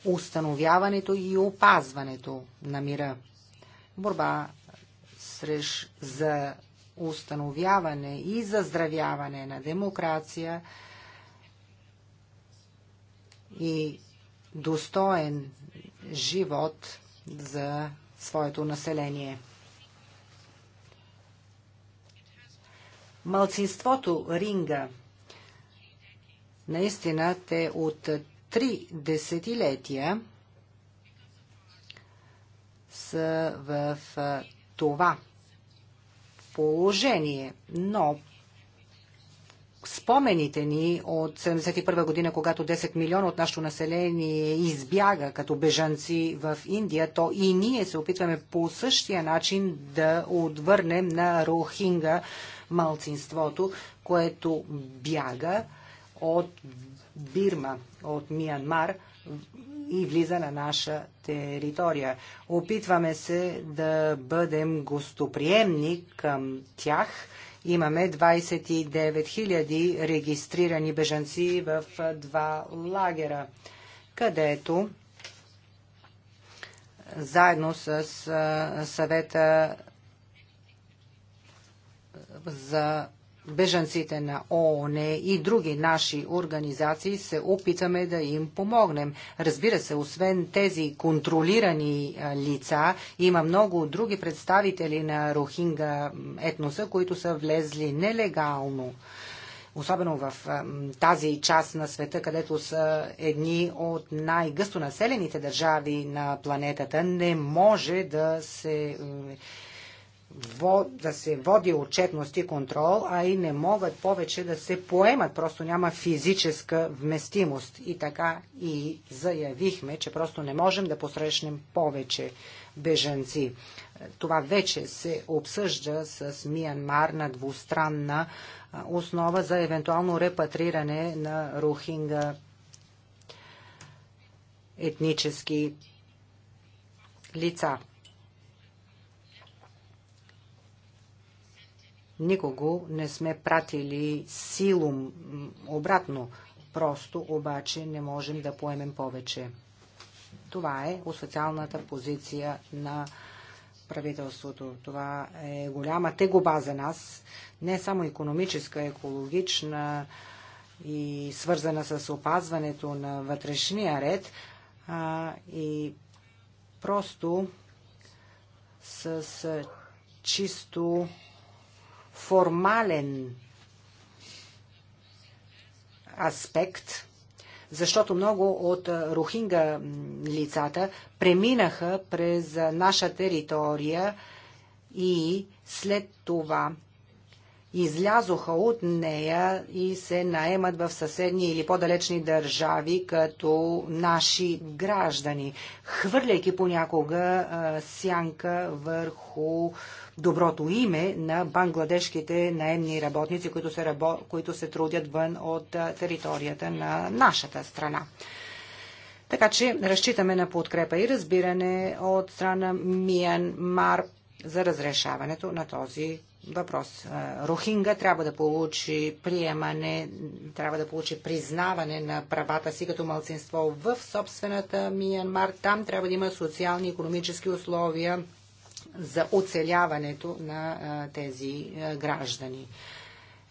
C: установяването и опазването на мира. Борба срещ за установяване и заздравяване на демокрация и достоен живот за своето население. Малцинството Ринга, наистина те от три десетилетия са в това положение, но спомените ни от 1971 година, когато 10 милиона от нашето население избяга като бежанци в Индия, то и ние се опитваме по същия начин да отвърнем на Рохинга малцинството, което бяга от Бирма, от Миянмар и влиза на наша територия. Опитваме се да бъдем гостоприемни към тях. Имаме 29 000 регистрирани бежанци в два лагера, където заедно с съвета за бежанците на ООН и други наши организации се опитаме да им помогнем. Разбира се, освен тези контролирани лица, има много други представители на Рохинга етноса, които са влезли нелегално. Особено в тази част на света, където са едни от най-гъсто населените държави на планетата, не може да се е, да се води отчетност и контрол, а и не могат повече да се поемат. Просто няма физическа вместимост. И така и заявихме, че просто не можем да посрещнем повече бежанци. Това вече се обсъжда с Миянмар на двустранна основа за евентуално репатриране на рухинга етнически лица. Никого не сме пратили силом обратно. Просто обаче не можем да поемем повече. Това е официалната позиция на правителството. Това е голяма тегоба за нас, не само економическа, екологична и свързана с опазването на вътрешния ред, а и просто с чисто формален аспект, защото много от рухинга лицата преминаха през наша територия и след това излязоха от нея и се наемат в съседни или по-далечни държави като наши граждани, хвърляйки понякога а, сянка върху доброто име на бангладешките наемни работници, които се, рабо... които се трудят вън от територията на нашата страна. Така че разчитаме на подкрепа и разбиране от страна Миянмар за разрешаването на този въпрос. Е, Рохинга трябва да получи приемане, трябва да получи признаване на правата си като малцинство в собствената Миянмар. Там трябва да има социални и економически условия за оцеляването на е, тези е, граждани.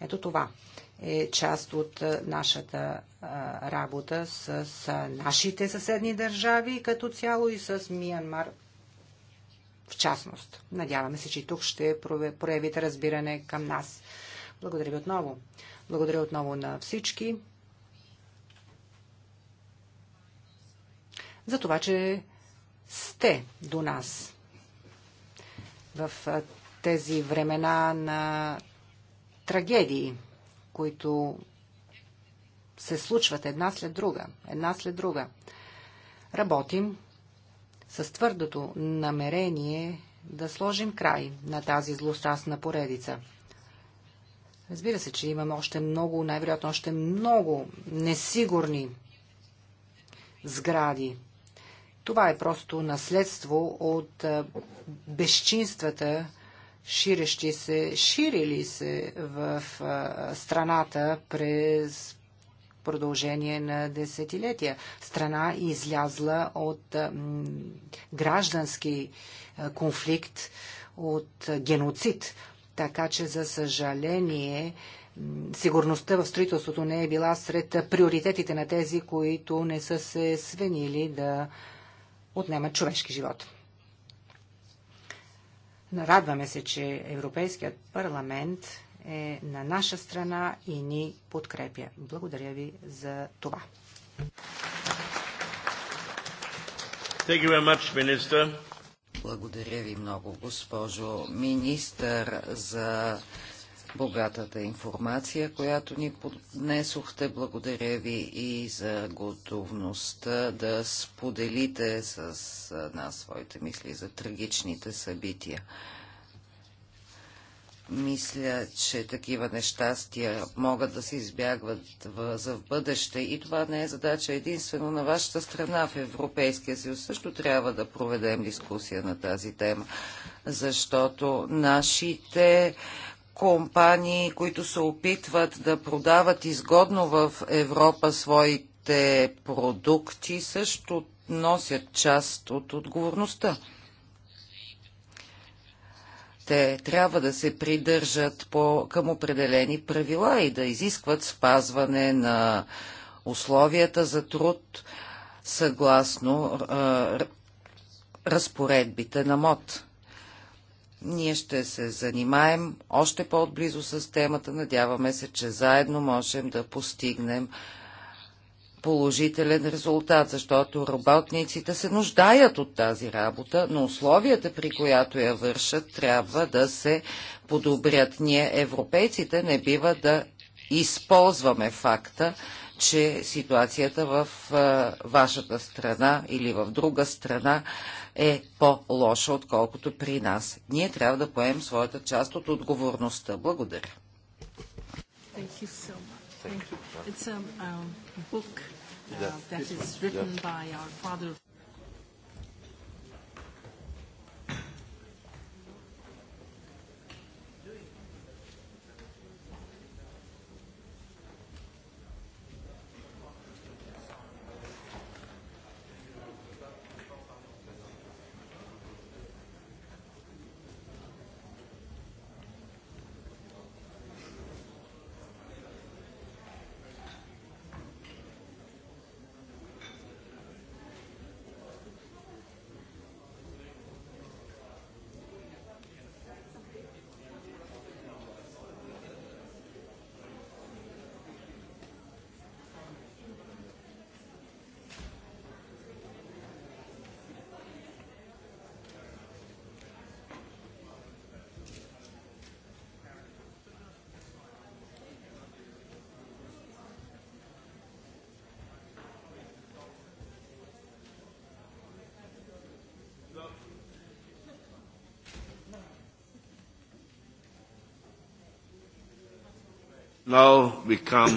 C: Ето това е част от нашата работа с нашите съседни държави като цяло и с Миянмар в частност. Надяваме се, че и тук ще проявите разбиране към нас. Благодаря ви отново. Благодаря отново на всички. За това, че сте до нас в тези времена на трагедии, които се случват една след друга, една след друга. Работим с твърдото намерение да сложим край на тази злостасна поредица. Разбира се, че имаме още много, най-вероятно още много несигурни сгради. Това е просто наследство от безчинствата, ширещи се, ширили се в страната през продължение на десетилетия. Страна излязла от граждански е, конфликт, от е, геноцид. Така че, за съжаление, сигурността в строителството не е била сред приоритетите на тези, които не са се свенили да отнемат човешки живот. Радваме се, че Европейският парламент е на наша страна и ни подкрепя. Благодаря ви за това.
B: Thank you very much, Minister. Благодаря ви много, госпожо министър, за богатата информация, която ни поднесохте. Благодаря ви и за готовността да споделите с нас своите мисли за трагичните събития. Мисля, че такива нещастия могат да се избягват в, за в бъдеще и това не е задача единствено на вашата страна в Европейския съюз. Също трябва да проведем дискусия на тази тема, защото нашите компании, които се опитват да продават изгодно в Европа своите продукти, също носят част от отговорността те трябва да се придържат по, към определени правила и да изискват спазване на условията за труд съгласно е, разпоредбите на МОД. Ние ще се занимаем още по-отблизо с темата. Надяваме се, че заедно можем да постигнем положителен резултат, защото работниците се нуждаят от тази работа, но условията, при която я вършат, трябва да се подобрят. Ние, европейците, не бива да използваме факта, че ситуацията в вашата страна или в друга страна е по-лоша, отколкото при нас. Ние трябва да поемем своята част от отговорността. Благодаря.
C: Thank you so much. Thank you. It's a um, um, book that is written by our father.
A: Now we come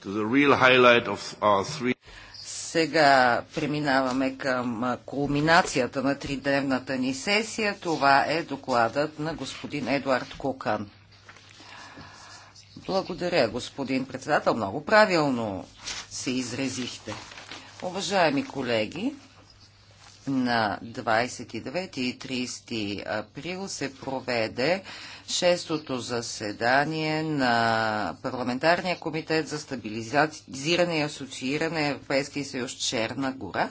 A: to the real highlight of our three
B: сега преминаваме към кулминацията на тридневната ни сесия. Това е докладът на господин Едуард Кукан. Благодаря, господин председател. Много правилно се изразихте. Уважаеми колеги, на 29 и 30 април се проведе шестото заседание на Парламентарния комитет за стабилизиране и асоцииране Европейския съюз Черна гора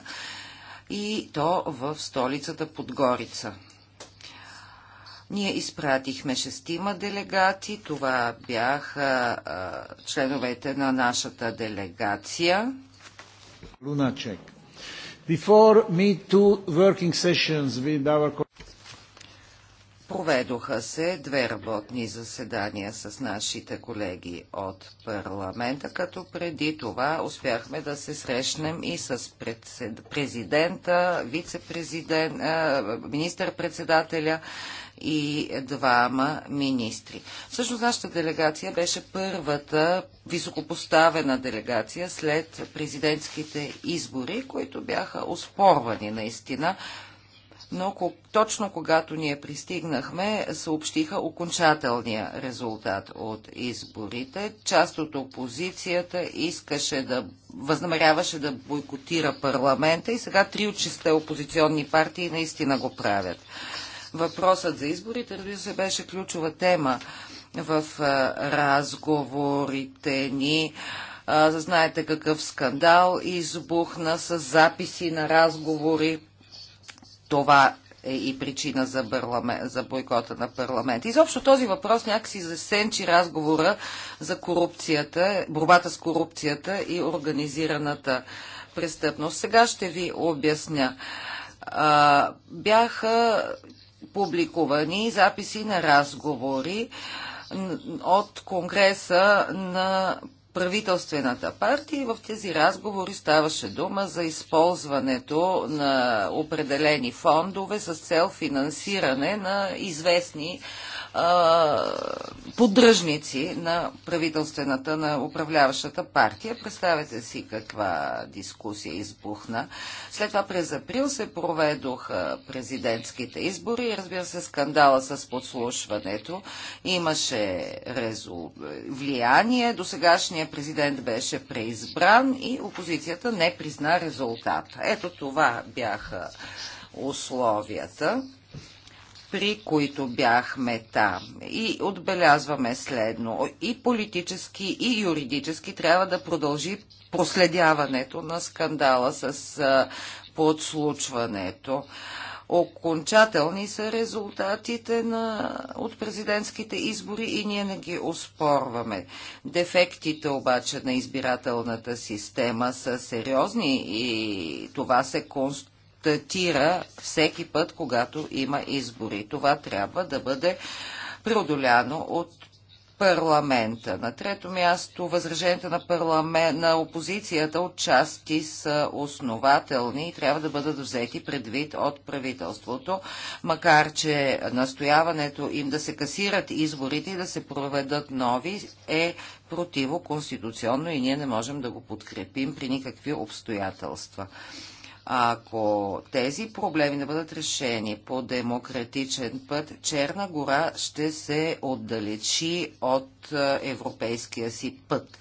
B: и то в столицата Подгорица. Ние изпратихме шестима делегати, това бяха а, членовете на нашата делегация.
A: Луначек. Before me two working sessions with our...
B: Проведоха се две работни заседания с нашите колеги от парламента, като преди това успяхме да се срещнем и с президента, вице-президент, министър-председателя и двама министри. Всъщност нашата делегация беше първата високопоставена делегация след президентските избори, които бяха оспорвани наистина но точно когато ние пристигнахме, съобщиха окончателния резултат от изборите. Част от опозицията искаше да, възнамеряваше да бойкотира парламента и сега три от шесте опозиционни партии наистина го правят. Въпросът за изборите, разбира се, беше ключова тема в разговорите ни. Знаете какъв скандал избухна с записи на разговори. Това е и причина за, парламент, за бойкота на парламент. Изобщо този въпрос някакси засенчи разговора за корупцията, борбата с корупцията и организираната престъпност. Сега ще ви обясня. А, бяха публикувани записи на разговори от Конгреса на правителствената партия в тези разговори ставаше дума за използването на определени фондове с цел финансиране на известни поддръжници на правителствената, на управляващата партия. Представете си каква дискусия избухна. След това през април се проведоха президентските избори и разбира се скандала с подслушването. Имаше влияние. До сегашния президент беше преизбран и опозицията не призна резултата. Ето това бяха условията при които бяхме там. И отбелязваме следно. И политически, и юридически трябва да продължи проследяването на скандала с подслучването. Окончателни са резултатите на, от президентските избори и ние не ги оспорваме. Дефектите обаче на избирателната система са сериозни и това се конструира констатира всеки път, когато има избори. Това трябва да бъде преодоляно от парламента. На трето място възраженията на, парламент, на опозицията от части са основателни и трябва да бъдат взети предвид от правителството, макар че настояването им да се касират изборите и да се проведат нови е противоконституционно и ние не можем да го подкрепим при никакви обстоятелства. Ако тези проблеми не бъдат решени по демократичен път, Черна гора ще се отдалечи от е, европейския си път.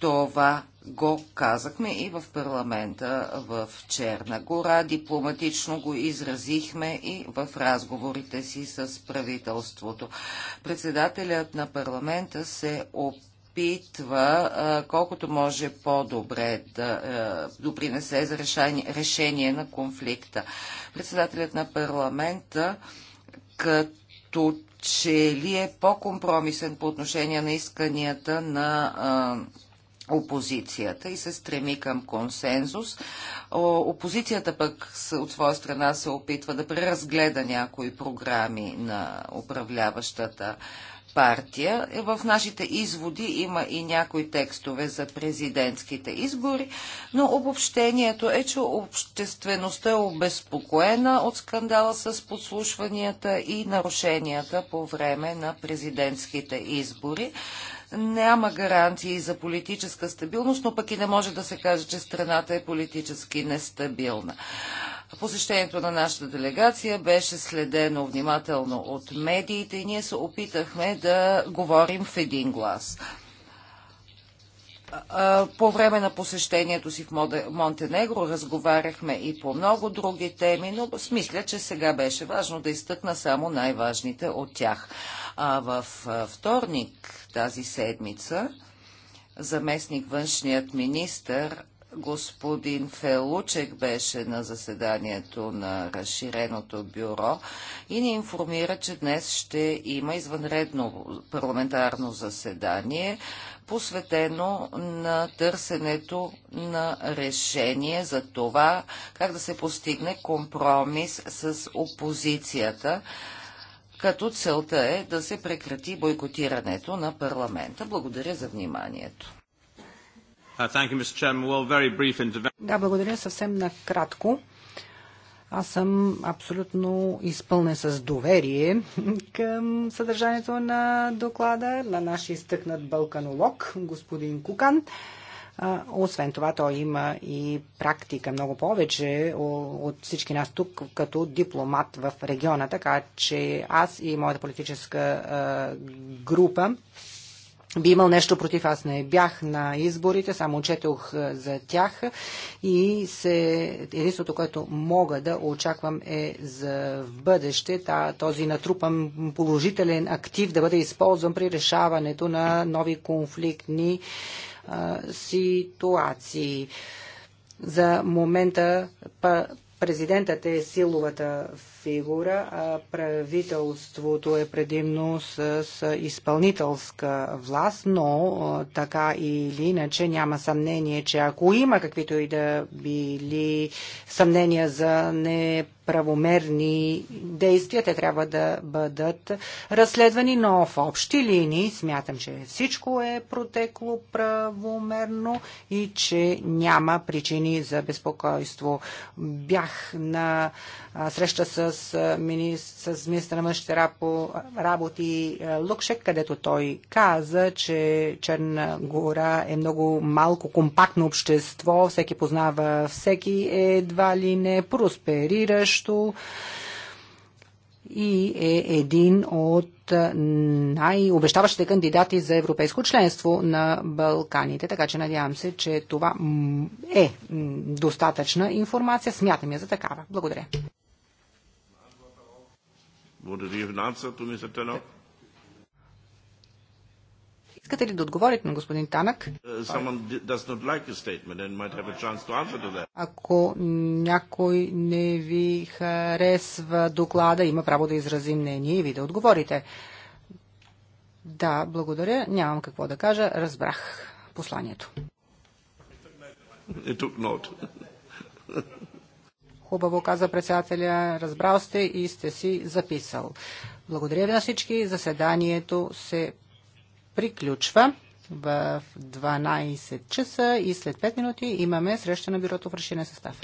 B: Това го казахме и в парламента в Черна гора. Дипломатично го изразихме и в разговорите си с правителството. Председателят на парламента се опита опитва а, колкото може по-добре да а, допринесе за решение, решение на конфликта. Председателят на парламента като че ли е по-компромисен по отношение на исканията на а, опозицията и се стреми към консенсус. Опозицията пък от своя страна се опитва да преразгледа някои програми на управляващата партия. Е, в нашите изводи има и някои текстове за президентските избори, но обобщението е, че обществеността е обезпокоена от скандала с подслушванията и нарушенията по време на президентските избори. Няма гарантии за политическа стабилност, но пък и не може да се каже, че страната е политически нестабилна. Посещението на нашата делегация беше следено внимателно от медиите и ние се опитахме да говорим в един глас. По време на посещението си в Монтенегро разговаряхме и по много други теми, но смисля, че сега беше важно да изтъкна само най-важните от тях. А в вторник тази седмица заместник външният министр господин Фелучек беше на заседанието на разширеното бюро и ни информира, че днес ще има извънредно парламентарно заседание, посветено на търсенето на решение за това как да се постигне компромис с опозицията като целта е да се прекрати бойкотирането на парламента. Благодаря за вниманието.
C: Uh, да, благодаря съвсем накратко. Аз съм абсолютно изпълнен с доверие към съдържанието на доклада на нашия изтъкнат балканолог, господин Кукан. Освен това, той има и практика много повече от всички нас тук като дипломат в региона, така че аз и моята политическа група би имал нещо против. Аз не бях на изборите, само четох е, за тях и се... единството, което мога да очаквам е за в бъдеще та, този натрупан положителен актив да бъде използван при решаването на нови конфликтни а, е, ситуации. За момента па, Президентът е силовата фигура, а правителството е предимно с, с изпълнителска власт, но така или иначе няма съмнение, че ако има каквито и да били съмнения за не правомерни действия. Те трябва да бъдат разследвани, но в общи линии смятам, че всичко е протекло правомерно и че няма причини за безпокойство. Бях на среща с, мини, с министра на външните работи Лукшек, където той каза, че Черна гора е много малко компактно общество, всеки познава всеки, едва ли не проспериращо и е един от най-обещаващите кандидати за европейско членство на Балканите. Така че надявам се, че това е достатъчна информация. Смятам я за такава. Благодаря.
A: Wurde die even answer to Mr. Tannock?
C: Искате ли да отговорите на господин Танък?
A: Uh,
C: Ако някой не ви харесва доклада, има право да изрази мнение и ви да отговорите. Да, благодаря. Нямам какво да кажа. Разбрах посланието.
A: It took note.
C: Хубаво, каза председателя. Разбрал сте и сте си записал. Благодаря ви на всички. Заседанието се приключва в 12 часа и след 5 минути имаме среща на бюрото в решение състав.